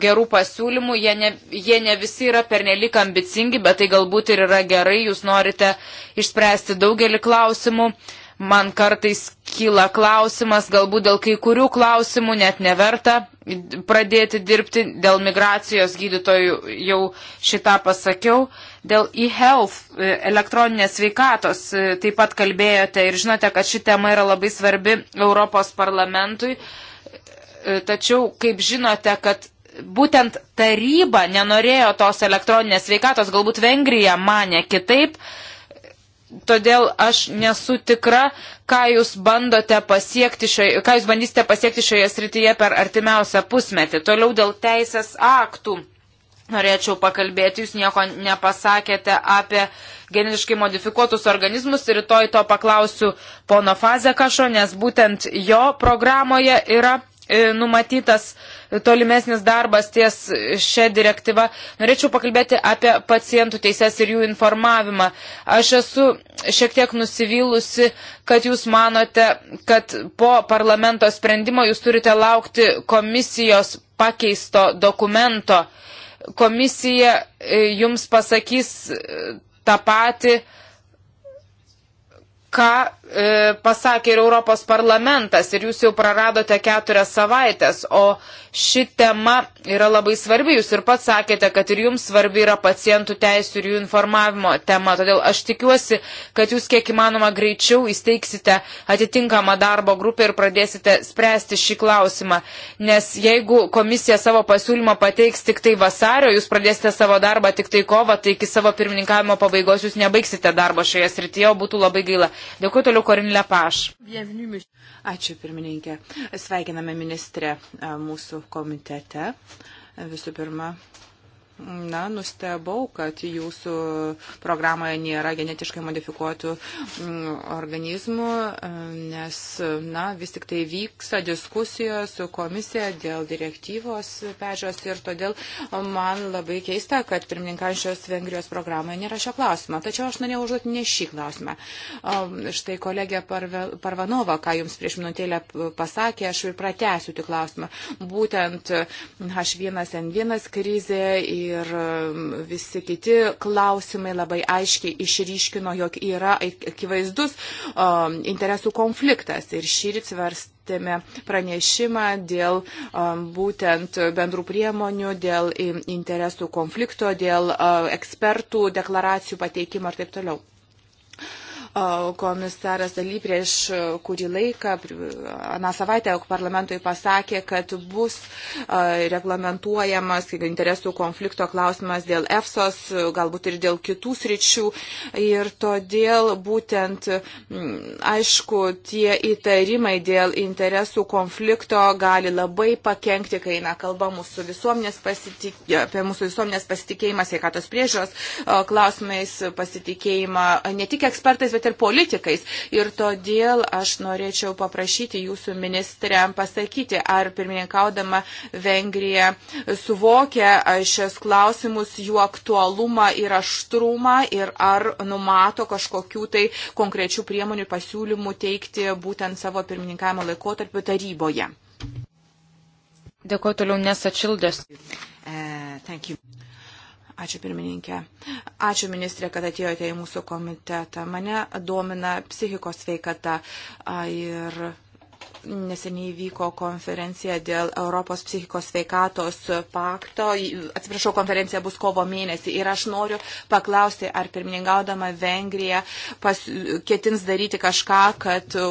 gerų pasiūlymų, jie ne, jie ne visi yra pernelik ambicingi, bet tai galbūt ir yra gerai, jūs norite išspręsti daugelį klausimų. Uh, Man kartais kyla klausimas, galbūt dėl kai kurių klausimų net neverta pradėti dirbti, dėl migracijos gydytojų jau šitą pasakiau, dėl e-health, e, elektroninės veikatos e, taip pat kalbėjote ir žinote, kad ši tema yra labai svarbi Europos parlamentui. E, tačiau, kaip žinote, kad būtent taryba nenorėjo tos elektroninės veikatos, galbūt Vengrija mane kitaip, todėl aš nesu tikra, ką jūs, šioje, ką jūs bandysite pasiekti šioje srityje per artimiausią pusmetį. Toliau dėl teisės aktų. Norėčiau pakalbėti, jūs nieko nepasakėte apie genetiškai modifikuotus organizmus ir rytoj to paklausiu pono Fazekašo, nes būtent jo programoje yra E, numatytas tolimesnis darbas ties šią direktyvą. Norėčiau pakalbėti apie pacientų teises ir jų informavimą. Aš esu šiek tiek nusivylusi, kad jūs manote, kad po parlamento sprendimo jūs turite laukti komisijos pakeisto dokumento. Komisija e, jums pasakys e, tą patį, ką E, pasakė ir Europos parlamentas ir jūs jau praradote keturias savaitės, o ši tema yra labai svarbi. Jūs ir pats sakėte, kad ir jums svarbi yra pacientų teisų ir jų informavimo tema. Todėl aš tikiuosi, kad jūs kiek įmanoma greičiau įsteigsite atitinkamą darbo grupę ir pradėsite spręsti šį klausimą. Nes jeigu komisija savo pasiūlymą pateiks tik tai vasario, jūs pradėsite savo darbą tik tai kovo, tai iki savo pirmininkavimo pabaigos jūs nebaigsite darbo šioje srityje, o būtų labai gaila. Dėkui toliau. Toliau Korin Lepaš. Ačiū pirmininkė. Sveikiname ministrę mūsų komitete. Visų pirma, Na, nustebau, kad jūsų programoje nėra genetiškai modifikuotų mm, organizmų, nes, na, vis tik tai vyksta diskusijos su komisija dėl direktyvos pežios ir todėl man labai keista, kad pirmininkančios Vengrijos programoje nėra šio klausimo. Tačiau aš norėjau užduoti ne šį klausimą. Štai kolegė Parvanova, ką jums prieš minutėlę pasakė, aš ir pratęsiu tik klausimą. Būtent H1N1 krizė ir ir um, visi kiti klausimai labai aiškiai išryškino, jog yra akivaizdus um, interesų konfliktas. Ir šį rytį svarstė matėme pranešimą dėl um, būtent bendrų priemonių, dėl interesų konflikto, dėl uh, ekspertų deklaracijų pateikimo ir taip toliau. Komisaras Daly prieš kurį laiką, aną savaitę, parlamentui pasakė, kad bus reglamentuojamas interesų konflikto klausimas dėl EFSOS, galbūt ir dėl kitų sričių. Ir todėl būtent, aišku, tie įtarimai dėl interesų konflikto gali labai pakengti, kai eina kalba mūsų visuomenės pasitik... apie mūsų visuomenės pasitikėjimą, sveikatos priežiūros klausimais, pasitikėjimą ne tik ekspertais, bet bet ir politikais. Ir todėl aš norėčiau paprašyti jūsų ministrę pasakyti, ar pirmininkaudama Vengrija suvokia šios klausimus, jų aktualumą ir aštrumą ir ar numato kažkokių tai konkrečių priemonių pasiūlymų teikti būtent savo pirmininkavimo laikotarpiu taryboje. Dėkuoju toliau nesačildės. Uh, Ačiū pirmininkė. Ačiū ministrė, kad atėjote į mūsų komitetą. Mane domina psichikos sveikata ir neseniai vyko konferencija dėl Europos psichikos sveikatos pakto. Atsiprašau, konferencija bus kovo mėnesį. Ir aš noriu paklausti, ar pirmininkaudama Vengrija pas, ketins daryti kažką, kad e,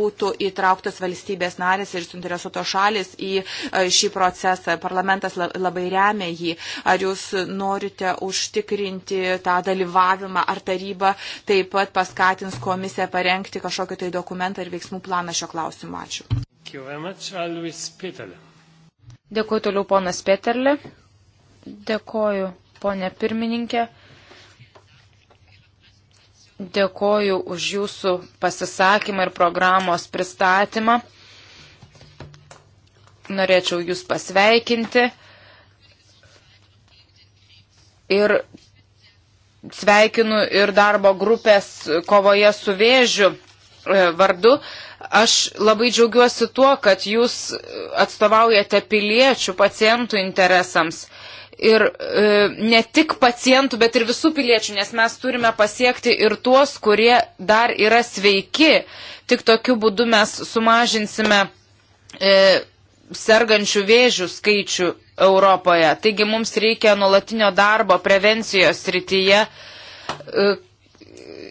būtų įtrauktos valstybės narės ir suinteresuotos šalis į e, šį procesą. Parlamentas labai remia jį. Ar jūs norite užtikrinti tą dalyvavimą, ar taryba taip pat paskatins komisiją parengti kažkokį tai dokumentą ir veiksmų planą šio klausimu? Ačiū. Dėkuoju toliau ponas Peterle. Dėkuoju ponė pirmininkė. Dėkoju už jūsų pasisakymą ir programos pristatymą. Norėčiau jūs pasveikinti ir sveikinu ir darbo grupės kovoje su vėžiu e, vardu. Aš labai džiaugiuosi tuo, kad jūs atstovaujate piliečių, pacientų interesams. Ir e, ne tik pacientų, bet ir visų piliečių, nes mes turime pasiekti ir tuos, kurie dar yra sveiki. Tik tokiu būdu mes sumažinsime e, sergančių vėžių skaičių Europoje. Taigi mums reikia nuolatinio darbo prevencijos srityje, e,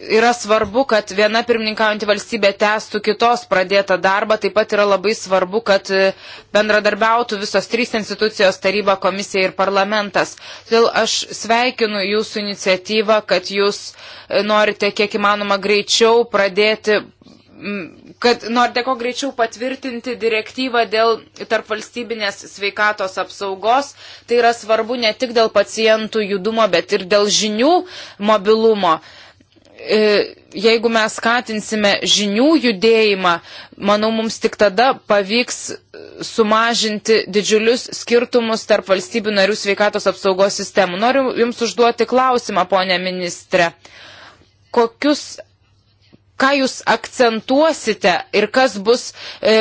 yra svarbu, kad viena pirmininkaujanti valstybė tęstų kitos pradėtą darbą, taip pat yra labai svarbu, kad e, bendradarbiautų visos trys institucijos - taryba, komisija ir parlamentas. Todėl aš sveikinu jūsų iniciatyvą, kad jūs e, norite kiek įmanoma greičiau pradėti kad norite ko greičiau patvirtinti direktyvą dėl tarp valstybinės sveikatos apsaugos. Tai yra svarbu ne tik dėl pacientų judumo, bet ir dėl žinių mobilumo. Uh, E, jeigu mes skatinsime žinių judėjimą, manau, mums tik tada pavyks sumažinti didžiulius skirtumus tarp valstybių narių sveikatos apsaugos sistemų. Noriu Jums užduoti klausimą, ponė ministrė. Kokius, ką Jūs akcentuosite ir kas bus e,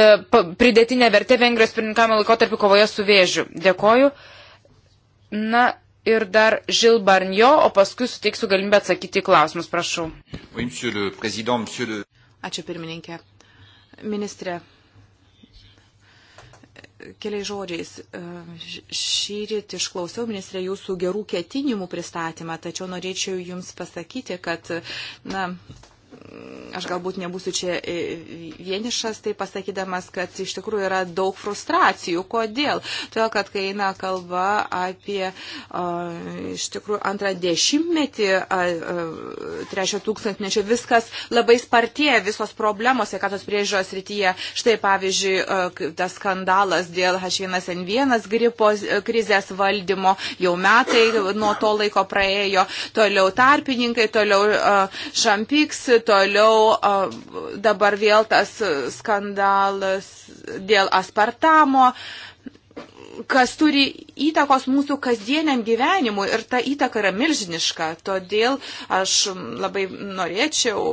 pridėtinė vertė Vengrijos pirmininkavimo laikotarpį kovoje su vėžiu? Dėkoju. Na, ir dar Žil Barnjo, o paskui suteiksiu galimybę atsakyti į klausimus, prašau. Ačiū pirmininkė. Ministrė, keliais žodžiais. E, Šyrit išklausiau, ministrė, jūsų gerų ketinimų pristatymą, tačiau norėčiau jums pasakyti, kad, na, aš galbūt nebūsiu čia e, vienišas, tai pasakydamas, kad iš tikrųjų yra daug frustracijų. Kodėl? Todėl, kad kai eina kalba apie iš tikrųjų antrą dešimtmetį, trečio tūkstantmečio, viskas labai spartėja, visos problemos sveikatos priežiūros rytyje. Štai pavyzdžiui, tas skandalas dėl H1N1 gripo e, krizės valdymo, jau metai nuo to laiko praėjo, toliau tarpininkai, toliau šampiks, toliau Toliau dabar vėl tas skandalas dėl aspartamo kas turi įtakos mūsų kasdieniam gyvenimui ir ta įtaka yra milžiniška. Todėl aš labai norėčiau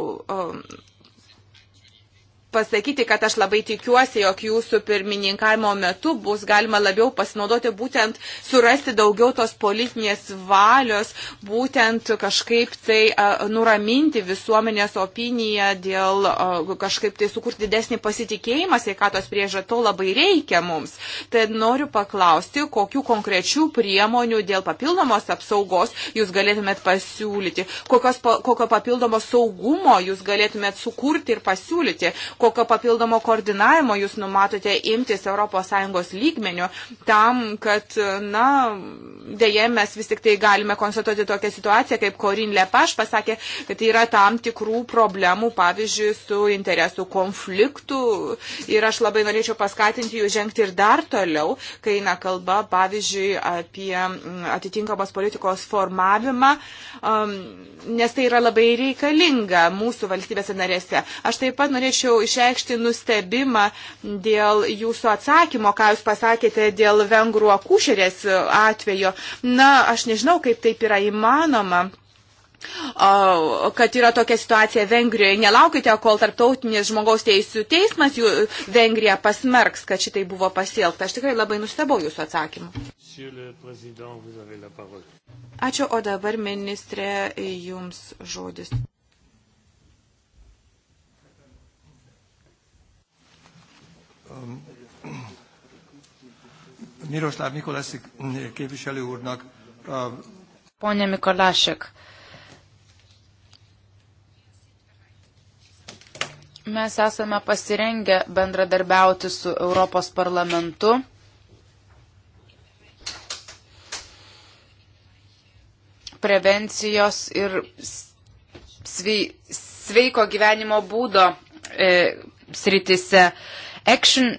pasakyti, kad aš labai tikiuosi, jog jūsų pirmininkavimo metu bus galima labiau pasinaudoti būtent surasti daugiau tos politinės valios, būtent kažkaip tai a, nuraminti visuomenės opiniją dėl a, kažkaip tai sukurti didesnį pasitikėjimą sveikatos priežą, to labai reikia mums. Tai noriu paklausti, kokiu konkrečių priemonių dėl papildomos apsaugos jūs galėtumėt pasiūlyti, kokios, kokio papildomo saugumo jūs galėtumėt sukurti ir pasiūlyti, kokio papildomo koordinavimo jūs numatote imtis ES lygmenių tam, kad, na, dėje mes vis tik tai galime konstatuoti tokią situaciją, kaip Korin Lepaš pasakė, kad yra tam tikrų problemų, pavyzdžiui, su interesų konfliktų ir aš labai norėčiau paskatinti jų žengti ir dar toliau, kai eina kalba, pavyzdžiui, apie mm, atitinkamos politikos formavimą, um, nes tai yra labai reikalinga mūsų valstybėse narėse. Aš taip pat norėčiau iš išreikšti nustebimą dėl jūsų atsakymo, ką jūs pasakėte dėl vengrų akušerės atvejo. Na, aš nežinau, kaip taip yra įmanoma kad yra tokia situacija Vengrijoje. Nelaukite, kol tarptautinis žmogaus teisų teismas jų Vengriją pasmerks, kad šitai buvo pasielgta. Aš tikrai labai nustebau jūsų atsakymu. Ačiū, o dabar ministrė, jums žodis. Um, Miroslav Mikolászik képviselő úrnak. Uh, Pone Mikolásik, mes esame pasirengę bendradarbiauti su Europos parlamentu. prevencijos ir sveiko gyvenimo būdo e, sritise. E, Action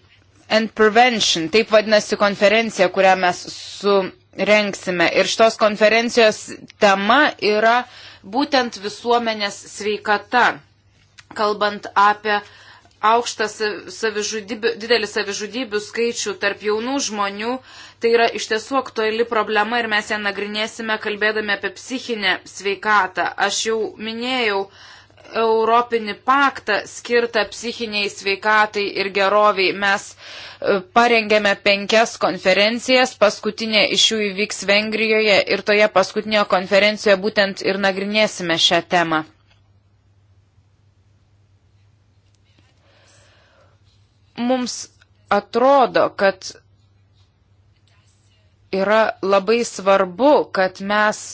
and Prevention, taip vadinasi konferencija, kurią mes surenksime. Ir šitos konferencijos tema yra būtent visuomenės sveikata, kalbant apie aukštą savižudybių, didelį savižudybių skaičių tarp jaunų žmonių, tai yra iš tiesų aktuali problema ir mes ją nagrinėsime kalbėdami apie psichinę sveikatą. Aš jau minėjau, uh, Europinį paktą skirtą psichiniai sveikatai ir geroviai mes e, parengėme penkias konferencijas, paskutinė iš jų įvyks Vengrijoje ir toje paskutinėje konferencijoje būtent ir nagrinėsime šią temą. Mums atrodo, kad yra labai svarbu, kad mes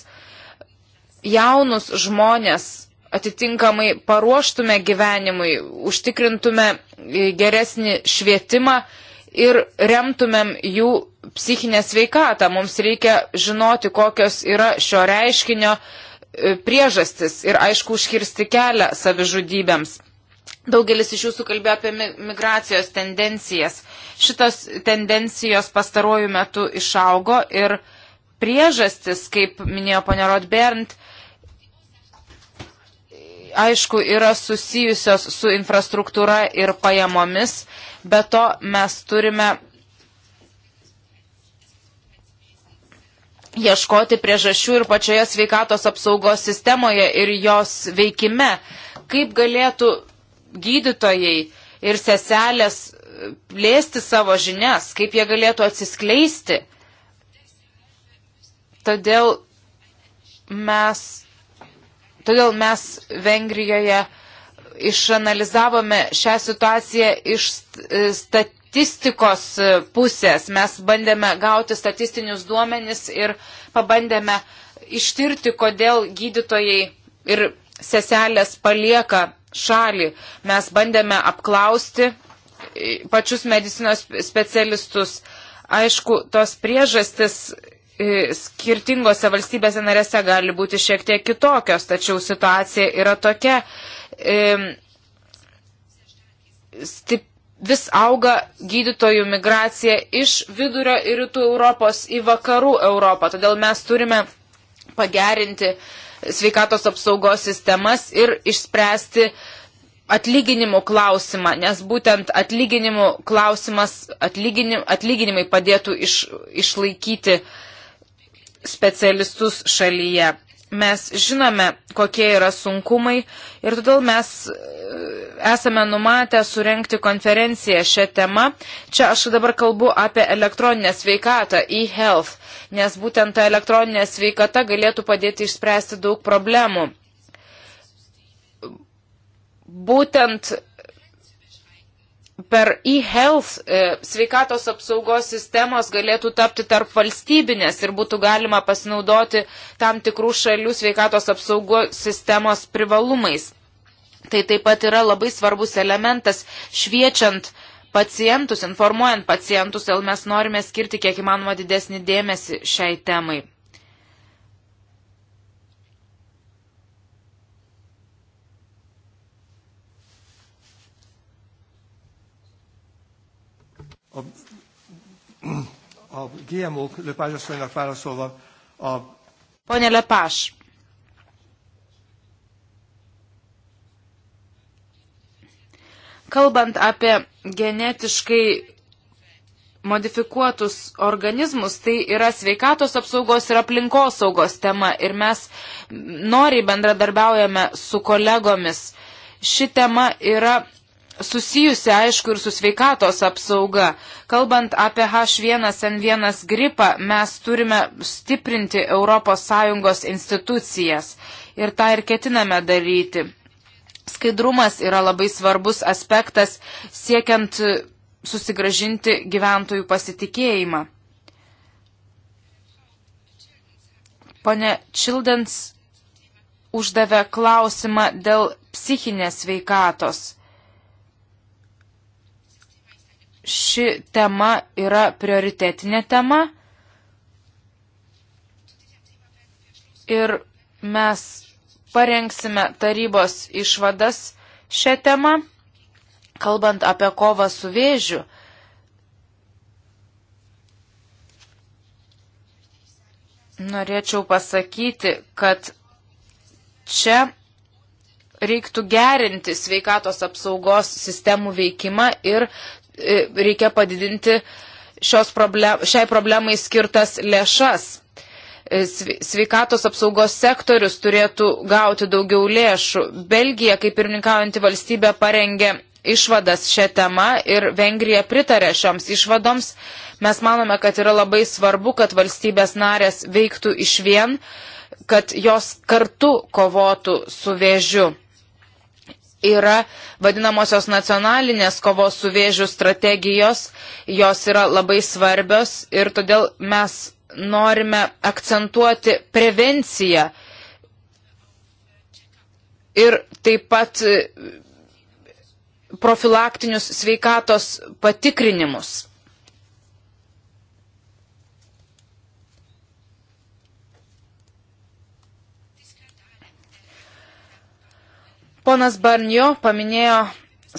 jaunus žmonės atitinkamai paruoštume gyvenimui, užtikrintume e, geresnį švietimą ir remtumėm jų psichinę sveikatą. Mums reikia žinoti, kokios yra šio reiškinio e, priežastis ir aišku užkirsti kelią savižudybėms. Daugelis iš jūsų kalbėjo apie migracijos tendencijas. Šitos tendencijos pastaruoju metu išaugo ir priežastis, kaip minėjo ponia Rodbernt, aišku, yra susijusios su infrastruktūra ir pajamomis, bet to mes turime ieškoti priežasčių ir pačioje sveikatos apsaugos sistemoje ir jos veikime, kaip galėtų gydytojai ir seselės plėsti savo žinias, kaip jie galėtų atsiskleisti. Todėl mes Todėl mes Vengrijoje išanalizavome šią situaciją iš e, statistikos pusės. Mes bandėme gauti statistinius duomenis ir pabandėme ištirti, kodėl gydytojai ir seselės palieka šalį. Mes bandėme apklausti e, pačius medicinos specialistus. Aišku, tos priežastis E, skirtingose valstybėse narėse gali būti šiek tiek kitokios, tačiau situacija yra tokia. E, stip, vis auga gydytojų migracija iš vidurio ir rytų Europos į vakarų Europą. Todėl mes turime pagerinti sveikatos apsaugos sistemas ir išspręsti atlyginimų klausimą, nes būtent atlyginimų klausimas, atlyginim, atlyginimai padėtų iš, išlaikyti uh, specialistus šalyje. Mes žinome, kokie yra sunkumai ir todėl mes e, esame numatę surenkti konferenciją šią temą. Čia aš dabar kalbu apie elektroninę sveikatą, e-health, nes būtent ta elektroninė sveikata galėtų padėti išspręsti daug problemų. Būtent per e-health e, sveikatos apsaugos sistemos galėtų tapti tarp valstybinės ir būtų galima pasinaudoti tam tikrų šalių sveikatos apsaugos sistemos privalumais. Tai taip pat yra labai svarbus elementas šviečiant pacientus, informuojant pacientus, dėl mes norime skirti kiek įmanoma didesnį dėmesį šiai temai. a, a GMO-k Löpás asszonynak válaszolva a... Pone Löpás. Kalbant apie genetiškai modifikuotus organizmus, tai yra sveikatos apsaugos ir aplinkos saugos tema ir mes noriai bendradarbiaujame su kolegomis. Ši tema yra susijusi, aišku, ir su sveikatos apsauga. Kalbant apie H1N1 gripą, mes turime stiprinti ES institucijas ir tą ir ketiname daryti. Skaidrumas yra labai svarbus aspektas siekiant susigražinti gyventojų pasitikėjimą. Pone Čildens uždavė klausimą dėl psichinės veikatos ši tema yra prioritetinė tema. Ir mes parengsime tarybos išvadas šią temą, kalbant apie kovą su vėžiu. Norėčiau pasakyti, kad čia reiktų gerinti sveikatos apsaugos sistemų veikimą ir E, reikia padidinti problem, šiai problemai skirtas lėšas. E, sveikatos apsaugos sektorius turėtų gauti daugiau lėšų. Belgija, kaip pirmininkaujanti valstybė, parengė išvadas šią temą ir Vengrija pritarė šioms išvadoms. Mes manome, kad yra labai svarbu, kad valstybės narės veiktų iš vien, kad jos kartu kovotų su vėžiu yra vadinamosios nacionalinės kovos su vėžių strategijos, jos yra labai svarbios ir todėl mes norime akcentuoti prevenciją ir taip pat e, profilaktinius sveikatos patikrinimus. Ponas Barnio paminėjo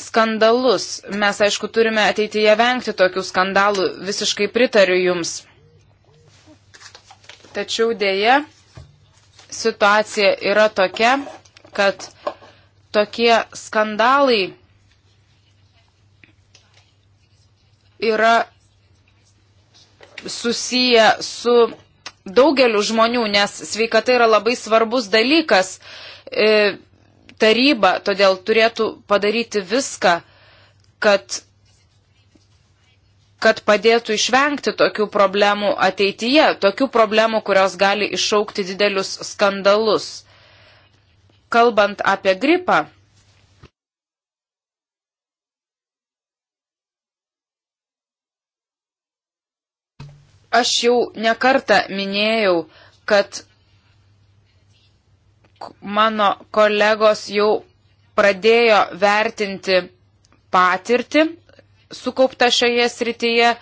skandalus. Mes, aišku, turime ateityje vengti tokių skandalų. Visiškai pritariu Jums. Tačiau dėje situacija yra tokia, kad tokie skandalai yra susiję su daugeliu žmonių, nes sveikata yra labai svarbus dalykas. E, Taryba todėl turėtų padaryti viską, kad, kad padėtų išvengti tokių problemų ateityje, tokių problemų, kurios gali iššaukti didelius skandalus. Kalbant apie gripą, aš jau nekartą minėjau, kad mano kolegos jau pradėjo vertinti patirtį sukauptą šioje srityje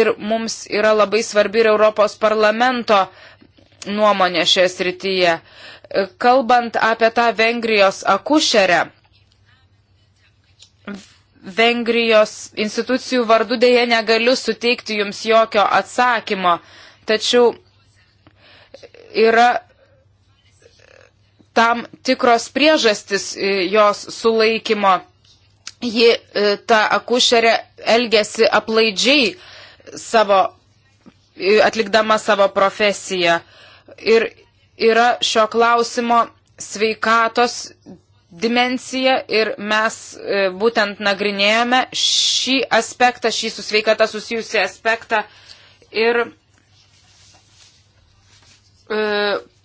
ir mums yra labai svarbi ir Europos parlamento nuomonė šioje srityje. Kalbant apie tą Vengrijos akušerę, Vengrijos institucijų vardu dėje negaliu suteikti jums jokio atsakymo, tačiau yra tam tikros priežastis e, jos sulaikymo. Ji e, ta akušerė elgėsi aplaidžiai savo, e, atlikdama savo profesiją. Ir yra šio klausimo sveikatos dimensiją ir mes būtent nagrinėjome šį aspektą, šį su sveikata susijusi aspektą ir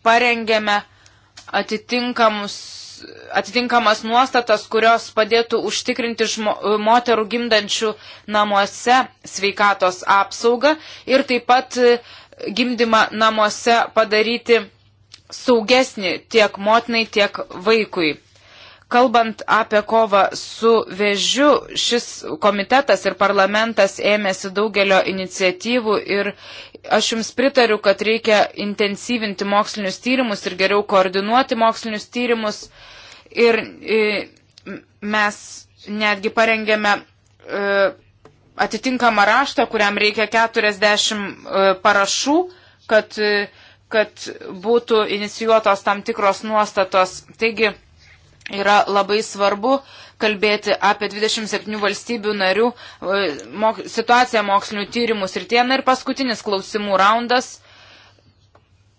parengėme atitinkamus atitinkamas nuostatas, kurios padėtų užtikrinti žmo, moterų gimdančių namuose sveikatos apsaugą ir taip pat e, gimdymą namuose padaryti saugesnį tiek motinai, tiek vaikui kalbant apie kovą su vėžiu, šis komitetas ir parlamentas ėmėsi daugelio iniciatyvų ir aš jums pritariu, kad reikia intensyvinti mokslinius tyrimus ir geriau koordinuoti mokslinius tyrimus. Ir e, mes netgi parengėme e, atitinkamą raštą, kuriam reikia 40 e, parašų, kad, kad būtų inicijuotos tam tikros nuostatos. Taigi, yra labai svarbu kalbėti apie 27 valstybių narių e, mok, situaciją mokslinių tyrimų srityje. Na ir paskutinis klausimų raundas.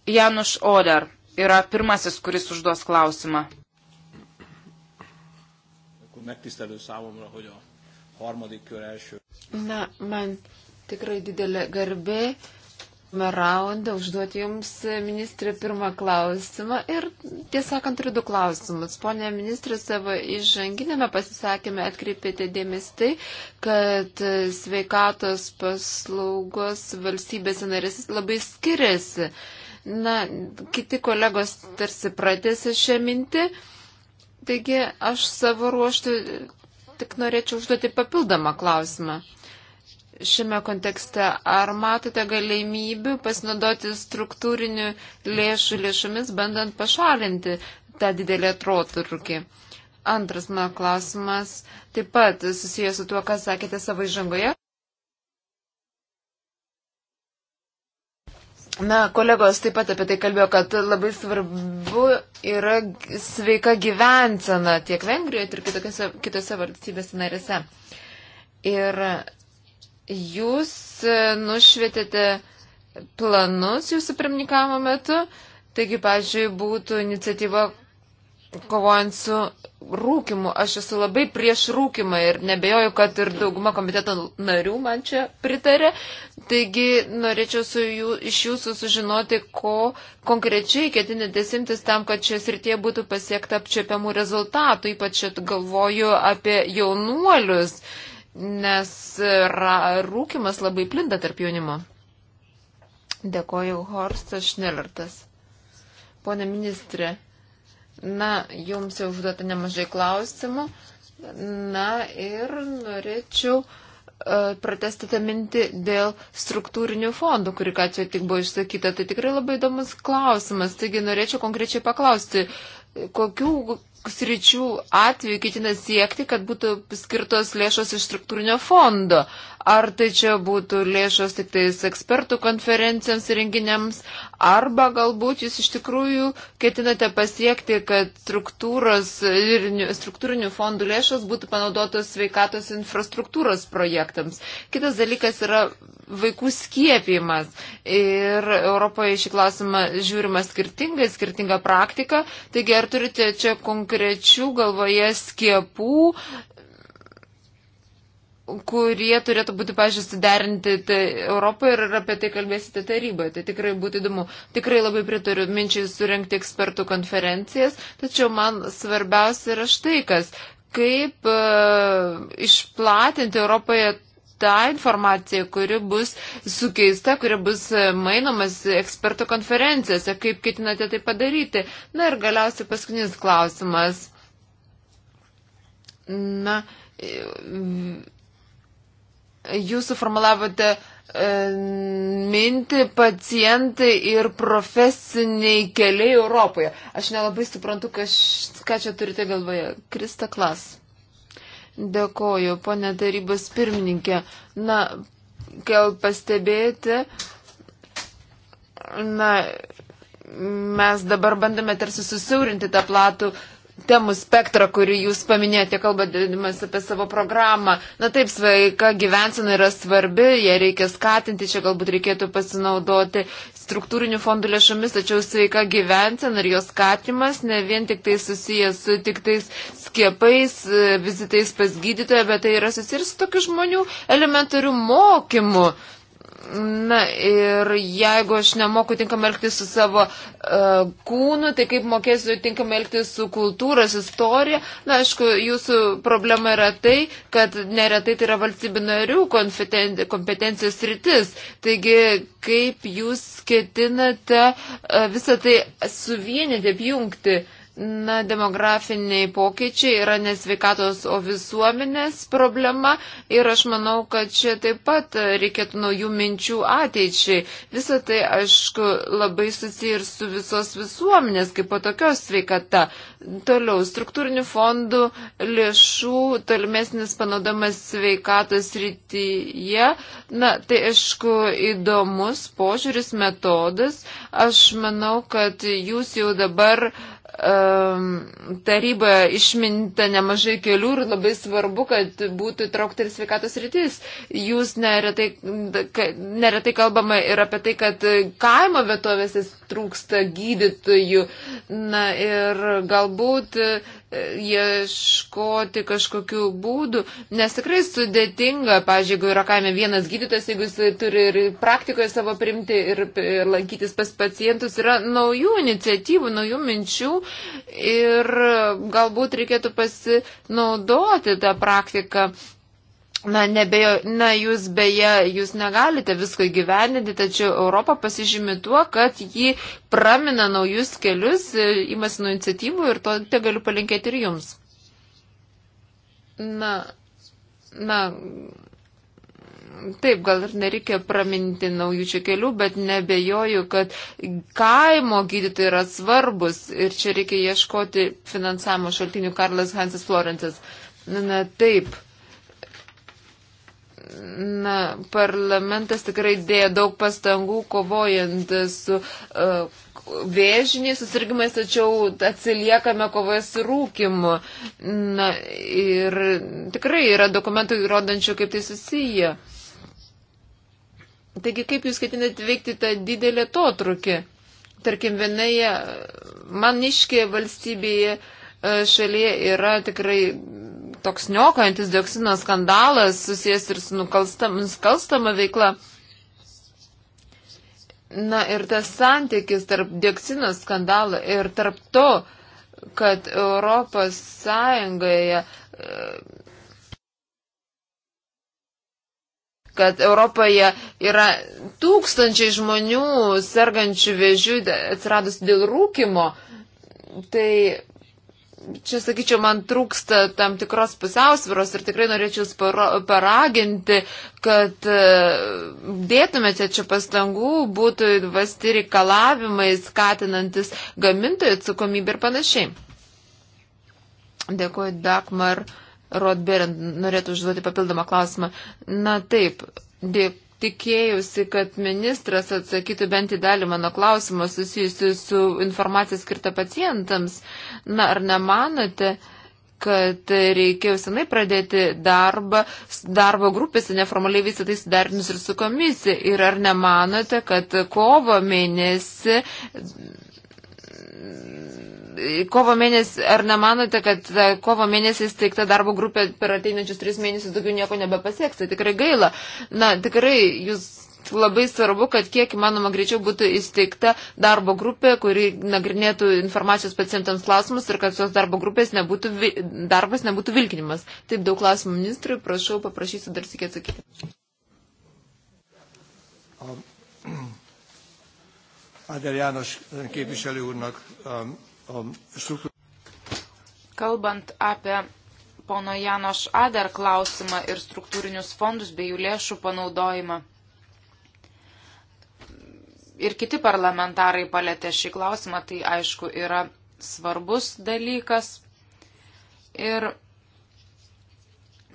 Januš Oder yra pirmasis, kuris užduos klausimą. Na, man tikrai didelė garbė raundą, užduoti Jums, e, ministrė, pirmą klausimą. Ir tiesąkant turiu du klausimus. Pone ministrė, savo įžanginėme pasisakymę atkreipėte dėmesį tai, kad e, sveikatos paslaugos valstybėse narės labai skiriasi. Na, kiti kolegos tarsi pratėsi šią mintį. Taigi aš savo ruoštų tik norėčiau užduoti papildomą klausimą šiame kontekste. Ar matote galimybių pasinaudoti struktūrinių lėšų lėšomis, bandant pašalinti tą didelį atrotrukį? Antras mano klausimas taip pat susijęs su tuo, ką sakėte savo įžangoje. Na, kolegos taip pat apie tai kalbėjo, kad labai svarbu yra sveika gyvensena tiek Vengrijoje, tiek kitose, kitose valstybėse narėse. Ir Jūs e, nušvietėte planus jūsų pirmininkavimo metu, taigi, pažiūrėjau, būtų iniciatyva kovojant su rūkimu. Aš esu labai prieš rūkimą ir nebejoju, kad ir dauguma komiteto narių man čia pritarė. Taigi norėčiau su jų, iš jūsų sužinoti, ko konkrečiai ketinate simtis tam, kad čia srityje būtų pasiekta apčiopiamų rezultatų, ypač čia galvoju apie jaunuolius. Uh, nes rūkimas labai plinda tarp jaunimo. Dėkoju, Horstas Šnelertas. Pone ministrė, na, jums jau užduota nemažai klausimų. Na ir norėčiau uh, pratesti tą mintį dėl struktūrinių fondų, kuri ką čia tik buvo išsakyta. Tai tikrai labai įdomus klausimas. Taigi norėčiau konkrečiai paklausti, kokių sričių atveju ketina siekti, kad būtų skirtos lėšos iš struktūrinio fondo. Ar tai čia būtų lėšos tik tais ekspertų konferencijoms ir renginiams, arba galbūt jūs iš tikrųjų ketinate pasiekti, kad struktūrinių fondų lėšos būtų panaudotos sveikatos infrastruktūros projektams. Kitas dalykas yra vaikų skiepimas. Ir Europoje šį klausimą žiūrima skirtingai, skirtinga praktika. Taigi ar turite čia konkrečių galvoje skiepų kurie turėtų būti, pažiūrėjau, suderinti tai Europoje ir apie tai kalbėsite taryboje. Tai tikrai būtų įdomu. Tikrai labai pritariu minčiai surenkti ekspertų konferencijas, tačiau man svarbiausia yra štai kas, kaip uh, išplatinti Europoje tą informaciją, kuri bus sukeista, kuri bus e, mainomas ekspertų konferencijose, kaip ketinate tai padaryti. Na ir galiausiai paskutinis klausimas. Na, e, jūs suformulavote e, minti pacientai ir profesiniai keliai Europoje. Aš nelabai suprantu, kaž, ką čia turite galvoje. Krista Klas. Dėkoju, ponė tarybos pirmininkė. Na, gal pastebėti, na, mes dabar bandome tarsi susiaurinti tą platų uh, temų spektrą, kurį jūs paminėjote, kalbėdamas apie savo programą. Na taip, sveika gyvensina yra svarbi, ją reikia skatinti, čia galbūt reikėtų pasinaudoti struktūrinių fondų lėšomis, tačiau sveika gyvensina ir jos skatimas ne vien tik tai susijęs su tik tais skiepais, e, vizitais pas gydytoją, bet tai yra susijęs su tokiu žmonių elementariu mokymu. Na ir jeigu aš nemoku tinkamai elgtis su savo uh, kūnu, tai kaip mokėsiu tinkamai elgtis su kultūros istorija? Na, aišku, jūsų problema yra tai, kad neretai tai yra valstybių narių kompetencijos rytis. Taigi, kaip jūs ketinate uh, visą tai suvienyti, apjungti? Uh, Na, demografiniai pokyčiai yra ne sveikatos, o visuomenės problema ir aš manau, kad čia taip pat reikėtų naujų minčių ateičiai. Visą tai, aišku, labai susiję ir su visos visuomenės, kaip po tokios sveikata. Toliau, struktūrinių fondų lėšų tolimesnis panaudamas sveikatos rytyje. Na, tai, aišku, įdomus požiūris, metodas. Aš manau, kad jūs jau dabar uh, taryboje išminta nemažai kelių ir labai svarbu, kad būtų įtraukta ir sveikatos rytis. Jūs neretai, neretai kalbama ir apie tai, kad kaimo vietovėse trūksta gydytojų. Na ir galbūt ieškoti kažkokių būdų, nes tikrai sudėtinga, pažiūrėjau, jeigu yra kaime vienas gydytojas, jeigu jis turi ir praktikoje savo primti ir lankytis pas pacientus, yra naujų iniciatyvų, naujų minčių ir galbūt reikėtų pasinaudoti tą praktiką, Na, nebejo, na, jūs beje, jūs negalite visko įgyvendinti, tačiau Europa pasižymi tuo, kad ji pramina naujus kelius, e, imasi nuo iniciatyvų ir to te galiu palinkėti ir jums. Na, na, Taip, gal ir nereikia praminti naujų čia kelių, bet nebejoju, kad kaimo gydytojai yra svarbus ir čia reikia ieškoti finansavimo šaltinių Karlas Hansas Florentas. Na, taip na, parlamentas tikrai dėjo daug pastangų kovojant su uh, vėžiniais susirgymais, tačiau atsiliekame kovoje su rūkimu. Na, ir tikrai yra dokumentų įrodančių, kaip tai susiję. Taigi, kaip jūs ketinate veikti tą didelį totrukį? Tarkim, vienoje maniškėje valstybėje e, šalyje yra tikrai toks niokojantis dioksino skandalas susijęs ir su nusikalstama veikla. Na ir tas santykis tarp dioksino skandalo ir tarp to, kad Europos Sąjungoje kad Europoje yra tūkstančiai žmonių sergančių vėžių atsiradus dėl rūkimo, tai čia, sakyčiau, man trūksta tam tikros pusiausviros ir tikrai norėčiau paraginti, kad e, dėtumėte čia pastangų, būtų įvasti reikalavimai, skatinantis gamintojų atsakomybę ir panašiai. Dėkuoju, Dagmar Rodberend, norėtų užduoti papildomą klausimą. Na taip, dėkuoju tikėjausi, kad ministras atsakytų bent į dalį mano klausimą susijusiu su informacija skirta pacientams. Na, ar nemanote, kad reikėjo senai pradėti darbą, darbo grupėse neformaliai visą tai sudarinus ir su komisija? Ir ar nemanote, kad kovo mėnesį kovo mėnesį, ar nemanote, kad kovo mėnesį steigta darbo grupė per ateinančius tris mėnesius daugiau nieko nebepasieks? Tai tikrai gaila. Na, tikrai jūs. Labai svarbu, kad kiek įmanoma greičiau būtų įsteigta darbo grupė, kuri nagrinėtų informacijos pacientams klausimus ir kad tos darbo grupės nebūtų, darbas nebūtų vilkinimas. Taip daug klausimų ministrui, prašau, paprašysiu dar sėkiai atsakyti. Áder János képviselő úrnak um, Um, Kalbant apie pono Janoš Ader klausimą ir struktūrinius fondus bei jų lėšų panaudojimą. Ir kiti parlamentarai palėtė šį klausimą, tai aišku yra svarbus dalykas. Ir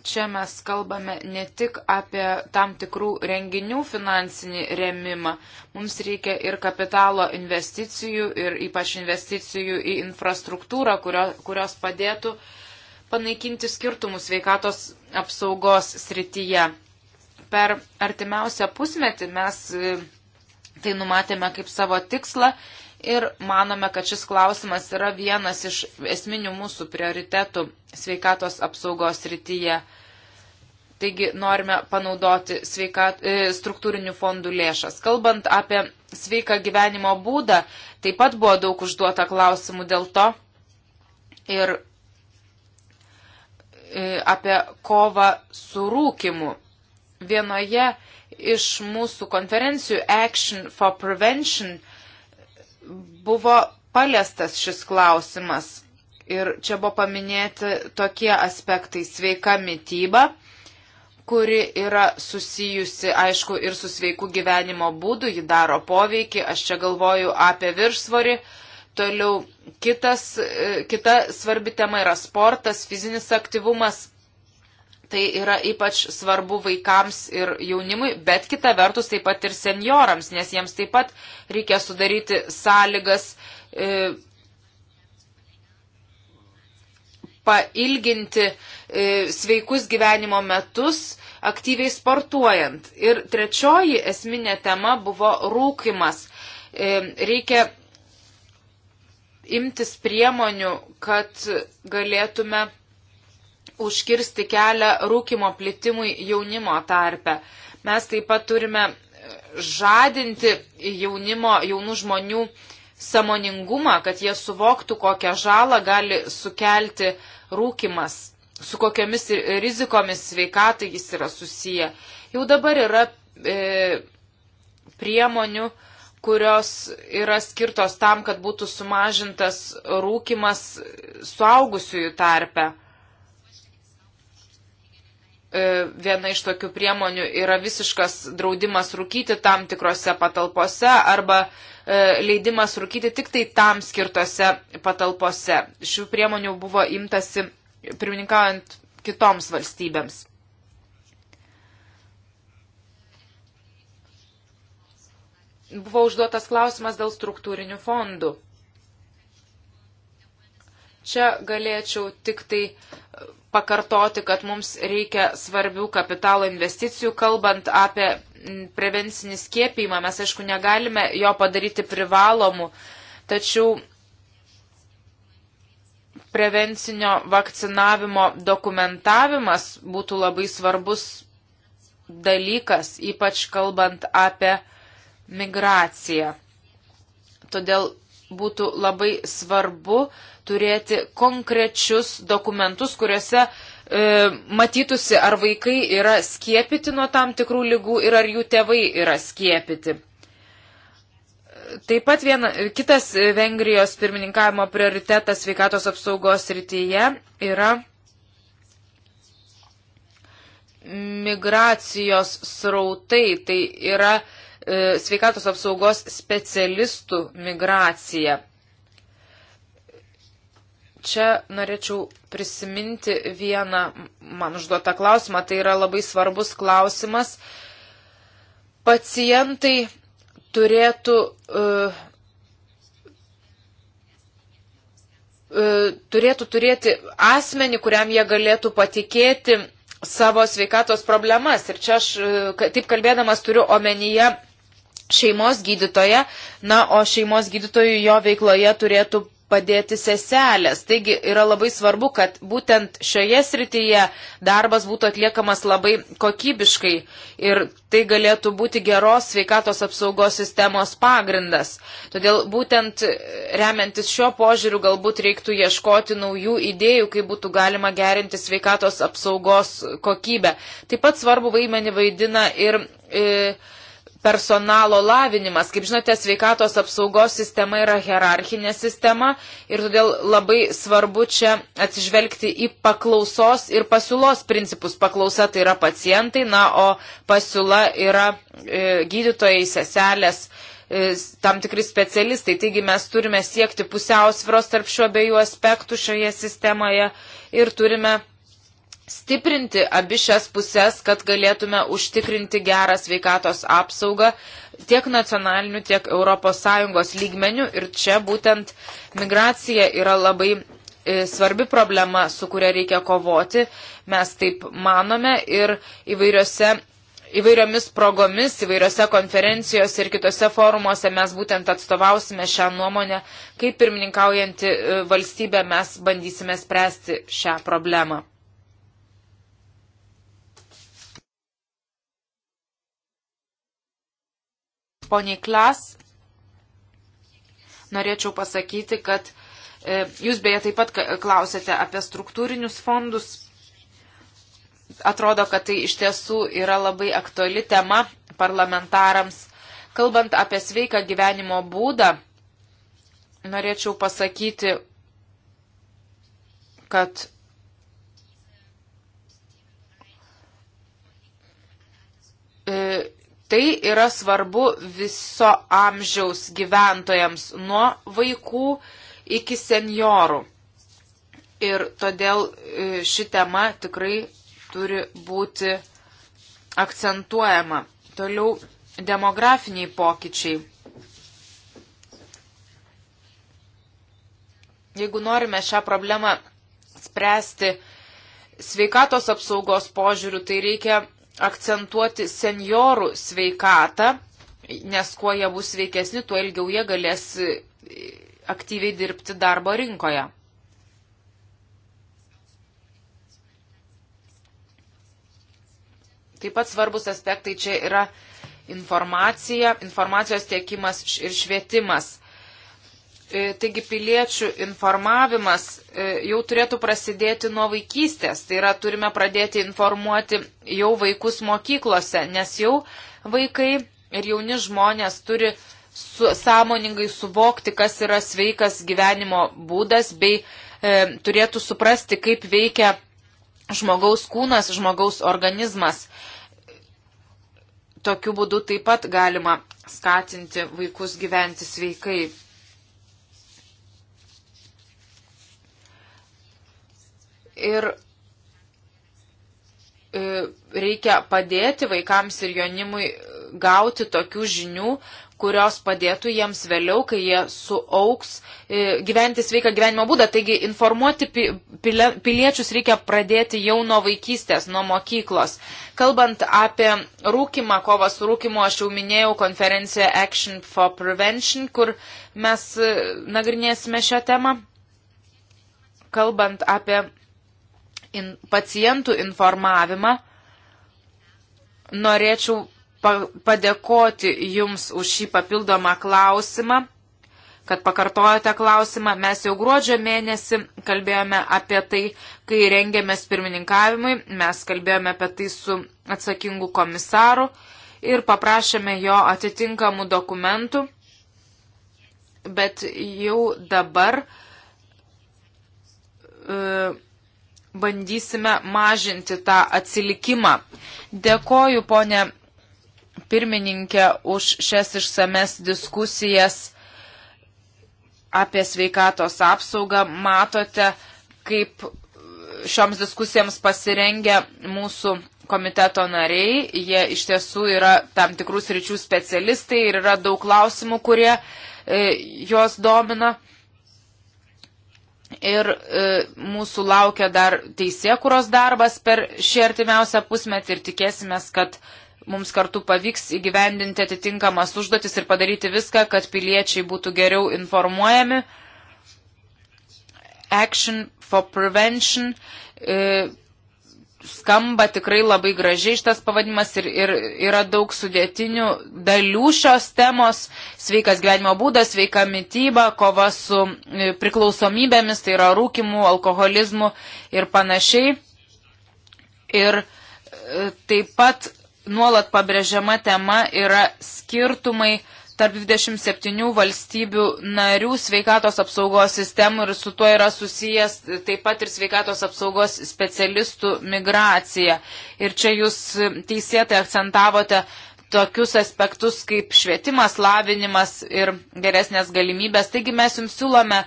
čia mes kalbame ne tik apie tam tikrų renginių finansinį remimą, mums reikia ir kapitalo investicijų, ir ypač investicijų į infrastruktūrą, kurio, kurios padėtų panaikinti skirtumus sveikatos apsaugos srityje. Per artimiausią pusmetį mes e, tai numatėme kaip savo tikslą ir manome, kad šis klausimas yra vienas iš esminių mūsų prioritetų sveikatos apsaugos rytyje. Taigi norime panaudoti sveikat, e, struktūrinių fondų lėšas. Kalbant apie sveiką gyvenimo būdą, taip pat buvo daug užduota klausimų dėl to ir e, apie kovą su rūkimu. Vienoje iš mūsų konferencijų Action for Prevention buvo paliestas šis klausimas. Ir čia buvo paminėti tokie aspektai - sveika mytyba, kuri yra susijusi, aišku, ir su sveiku gyvenimo būdu, ji daro poveikį, aš čia galvoju apie viršsvorį. Toliau kitas, e, kita svarbi tema yra sportas, fizinis aktyvumas tai yra ypač svarbu vaikams ir jaunimui, bet kita vertus taip pat ir seniorams, nes jiems taip pat reikia sudaryti sąlygas e, pailginti e, sveikus gyvenimo metus, aktyviai sportuojant. Ir trečioji esminė tema buvo rūkimas. E, reikia imtis priemonių, kad galėtume užkirsti kelią rūkimo plitimui jaunimo tarpe. Mes taip pat turime e, žadinti jaunimo, jaunų žmonių samoningumą, kad jie suvoktų, kokią žalą gali sukelti rūkimas, su kokiamis rizikomis sveikatai jis yra susiję. Jau dabar yra e, priemonių, kurios yra skirtos tam, kad būtų sumažintas rūkimas suaugusiųjų tarpe. E, viena iš tokių priemonių yra visiškas draudimas rūkyti tam tikrose patalpose arba e, leidimas rūkyti tik tai tam skirtose patalpose. Šių priemonių buvo imtasi pirmininkaujant kitoms valstybėms. Buvo užduotas klausimas dėl struktūrinių fondų. Čia galėčiau tik tai e, pakartoti, kad mums reikia svarbių kapitalo investicijų, kalbant apie prevencinį skiepijimą. Mes, aišku, negalime jo padaryti privalomu, tačiau prevencinio vakcinavimo dokumentavimas būtų labai svarbus dalykas, ypač kalbant apie migraciją. Todėl būtų labai svarbu turėti konkrečius dokumentus, kuriuose e, matytųsi, ar vaikai yra skiepyti nuo tam tikrų lygų ir ar jų tėvai yra skiepyti. Taip pat viena, kitas Vengrijos pirmininkavimo prioritetas sveikatos apsaugos rytyje yra migracijos srautai. Tai yra E, sveikatos apsaugos specialistų migraciją. Čia norėčiau prisiminti vieną man užduotą klausimą, tai yra labai svarbus klausimas. Pacientai turėtų uh, turėtų turėti asmenį, kuriam jie galėtų patikėti savo sveikatos problemas. Ir čia aš taip kalbėdamas turiu omenyje šeimos gydytoje, na, o šeimos gydytojų jo veikloje turėtų padėti seselės. Taigi yra labai svarbu, kad būtent šioje srityje darbas būtų atliekamas labai kokybiškai ir tai galėtų būti geros sveikatos apsaugos sistemos pagrindas. Todėl būtent e, remiantis šio požiūriu galbūt reiktų ieškoti naujų idėjų, kaip būtų galima gerinti sveikatos apsaugos kokybę. Taip pat svarbu vaidmenį vaidina ir. ir e, personalo lavinimas. Kaip žinote, sveikatos apsaugos sistema yra hierarchinė sistema ir todėl labai svarbu čia atsižvelgti į paklausos ir pasiūlos principus. Paklausa tai yra pacientai, na, o pasiūla yra e, gydytojai, seselės e, tam tikri specialistai. Taigi mes turime siekti pusiausvros tarp šių abiejų aspektų šioje sistemoje ir turime stiprinti abi šias pusės, kad galėtume užtikrinti gerą sveikatos apsaugą tiek nacionaliniu, tiek ES lygmeniu. Ir čia būtent migracija yra labai e, svarbi problema, su kuria reikia kovoti. Mes taip manome ir įvairiose įvairiomis progomis, įvairiose konferencijose ir kitose forumuose mes būtent atstovausime šią nuomonę, kaip pirmininkaujanti e, valstybė mes bandysime spręsti šią problemą. poniai Klas, norėčiau pasakyti, kad e, jūs beje taip pat klausėte apie struktūrinius fondus. Atrodo, kad tai iš tiesų yra labai aktuali tema parlamentarams. Kalbant apie sveiką gyvenimo būdą, norėčiau pasakyti, kad e, Tai yra svarbu viso amžiaus gyventojams nuo vaikų iki seniorų. Ir todėl e, ši tema tikrai turi būti akcentuojama. Toliau demografiniai pokyčiai. Jeigu norime šią problemą spręsti sveikatos apsaugos požiūrių, tai reikia akcentuoti seniorų sveikatą, nes kuo jie bus sveikesni, tuo ilgiau jie galės e, aktyviai dirbti darbo rinkoje. Taip pat svarbus aspektai čia yra informacija, informacijos tiekimas ir švietimas. E, taigi piliečių informavimas e, jau turėtų prasidėti nuo vaikystės. Tai yra, turime pradėti informuoti jau vaikus mokyklose, nes jau vaikai ir jauni žmonės turi su, sąmoningai suvokti, kas yra sveikas gyvenimo būdas, bei e, turėtų suprasti, kaip veikia žmogaus kūnas, žmogaus organizmas. Tokiu būdu taip pat galima skatinti vaikus gyventi sveikai. ir e, reikia padėti vaikams ir jaunimui gauti tokių žinių, kurios padėtų jiems vėliau, kai jie suauks, e, gyventi sveiką gyvenimo būdą. Taigi informuoti piliečius reikia pradėti jau nuo vaikystės, nuo mokyklos. Kalbant apie rūkimą, kovą su rūkimu, aš jau minėjau konferenciją Action for Prevention, kur mes e, nagrinėsime šią temą. Kalbant apie in, pacientų informavimą, norėčiau pa, padėkoti Jums už šį papildomą klausimą, kad pakartojate klausimą. Mes jau gruodžio mėnesį kalbėjome apie tai, kai rengėmės pirmininkavimui, mes kalbėjome apie tai su atsakingu komisaru ir paprašėme jo atitinkamų dokumentų, bet jau dabar. Uh, e, bandysime mažinti tą atsilikimą. Dėkoju, ponė pirmininkė, už šias išsames diskusijas apie sveikatos apsaugą. Matote, kaip šioms diskusijams pasirengia mūsų komiteto nariai. Jie iš tiesų yra tam tikrus ryčių specialistai ir yra daug klausimų, kurie e, juos domina. Ir e, mūsų laukia dar teisėkuros darbas per šį artimiausią pusmetį ir tikėsime, kad mums kartu pavyks įgyvendinti atitinkamas užduotis ir padaryti viską, kad piliečiai būtų geriau informuojami. Action for Prevention e, skamba tikrai labai gražiai šitas pavadimas ir, ir yra daug sudėtinių dalių šios temos. Sveikas gyvenimo būdas, sveika mytyba, kova su e, priklausomybėmis, tai yra rūkimu, alkoholizmu ir panašiai. Ir e, taip pat nuolat pabrėžiama tema yra skirtumai tarp 27 valstybių narių sveikatos apsaugos sistemų ir su tuo yra susijęs taip pat ir sveikatos apsaugos specialistų migracija. Ir čia jūs teisėtai akcentavote tokius aspektus kaip švietimas, lavinimas ir geresnės galimybės. Taigi mes jums siūlome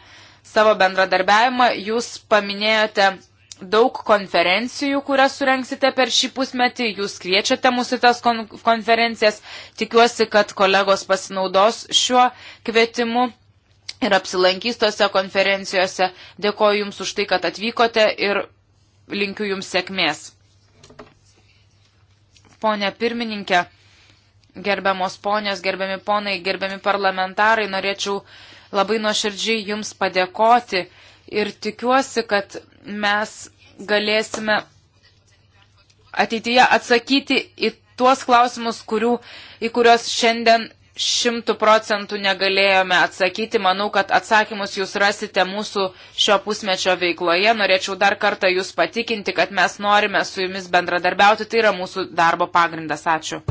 savo bendradarbiavimą. Jūs paminėjote daug konferencijų, kurias surenksite per šį pusmetį. Jūs kviečiate mus į tas kon konferencijas. Tikiuosi, kad kolegos pasinaudos šiuo kvietimu ir apsilankys tose konferencijose. Dėkoju Jums už tai, kad atvykote ir linkiu Jums sėkmės. Pone pirmininkė, gerbiamos ponios, gerbiami ponai, gerbiami parlamentarai, norėčiau labai nuoširdžiai Jums padėkoti ir tikiuosi, kad mes galėsime ateityje atsakyti į tuos klausimus, kurių, į kuriuos šiandien šimtų procentų negalėjome atsakyti. Manau, kad atsakymus jūs rasite mūsų šio pusmečio veikloje. Norėčiau dar kartą jūs patikinti, kad mes norime su jumis bendradarbiauti. Tai yra mūsų darbo pagrindas. Ačiū.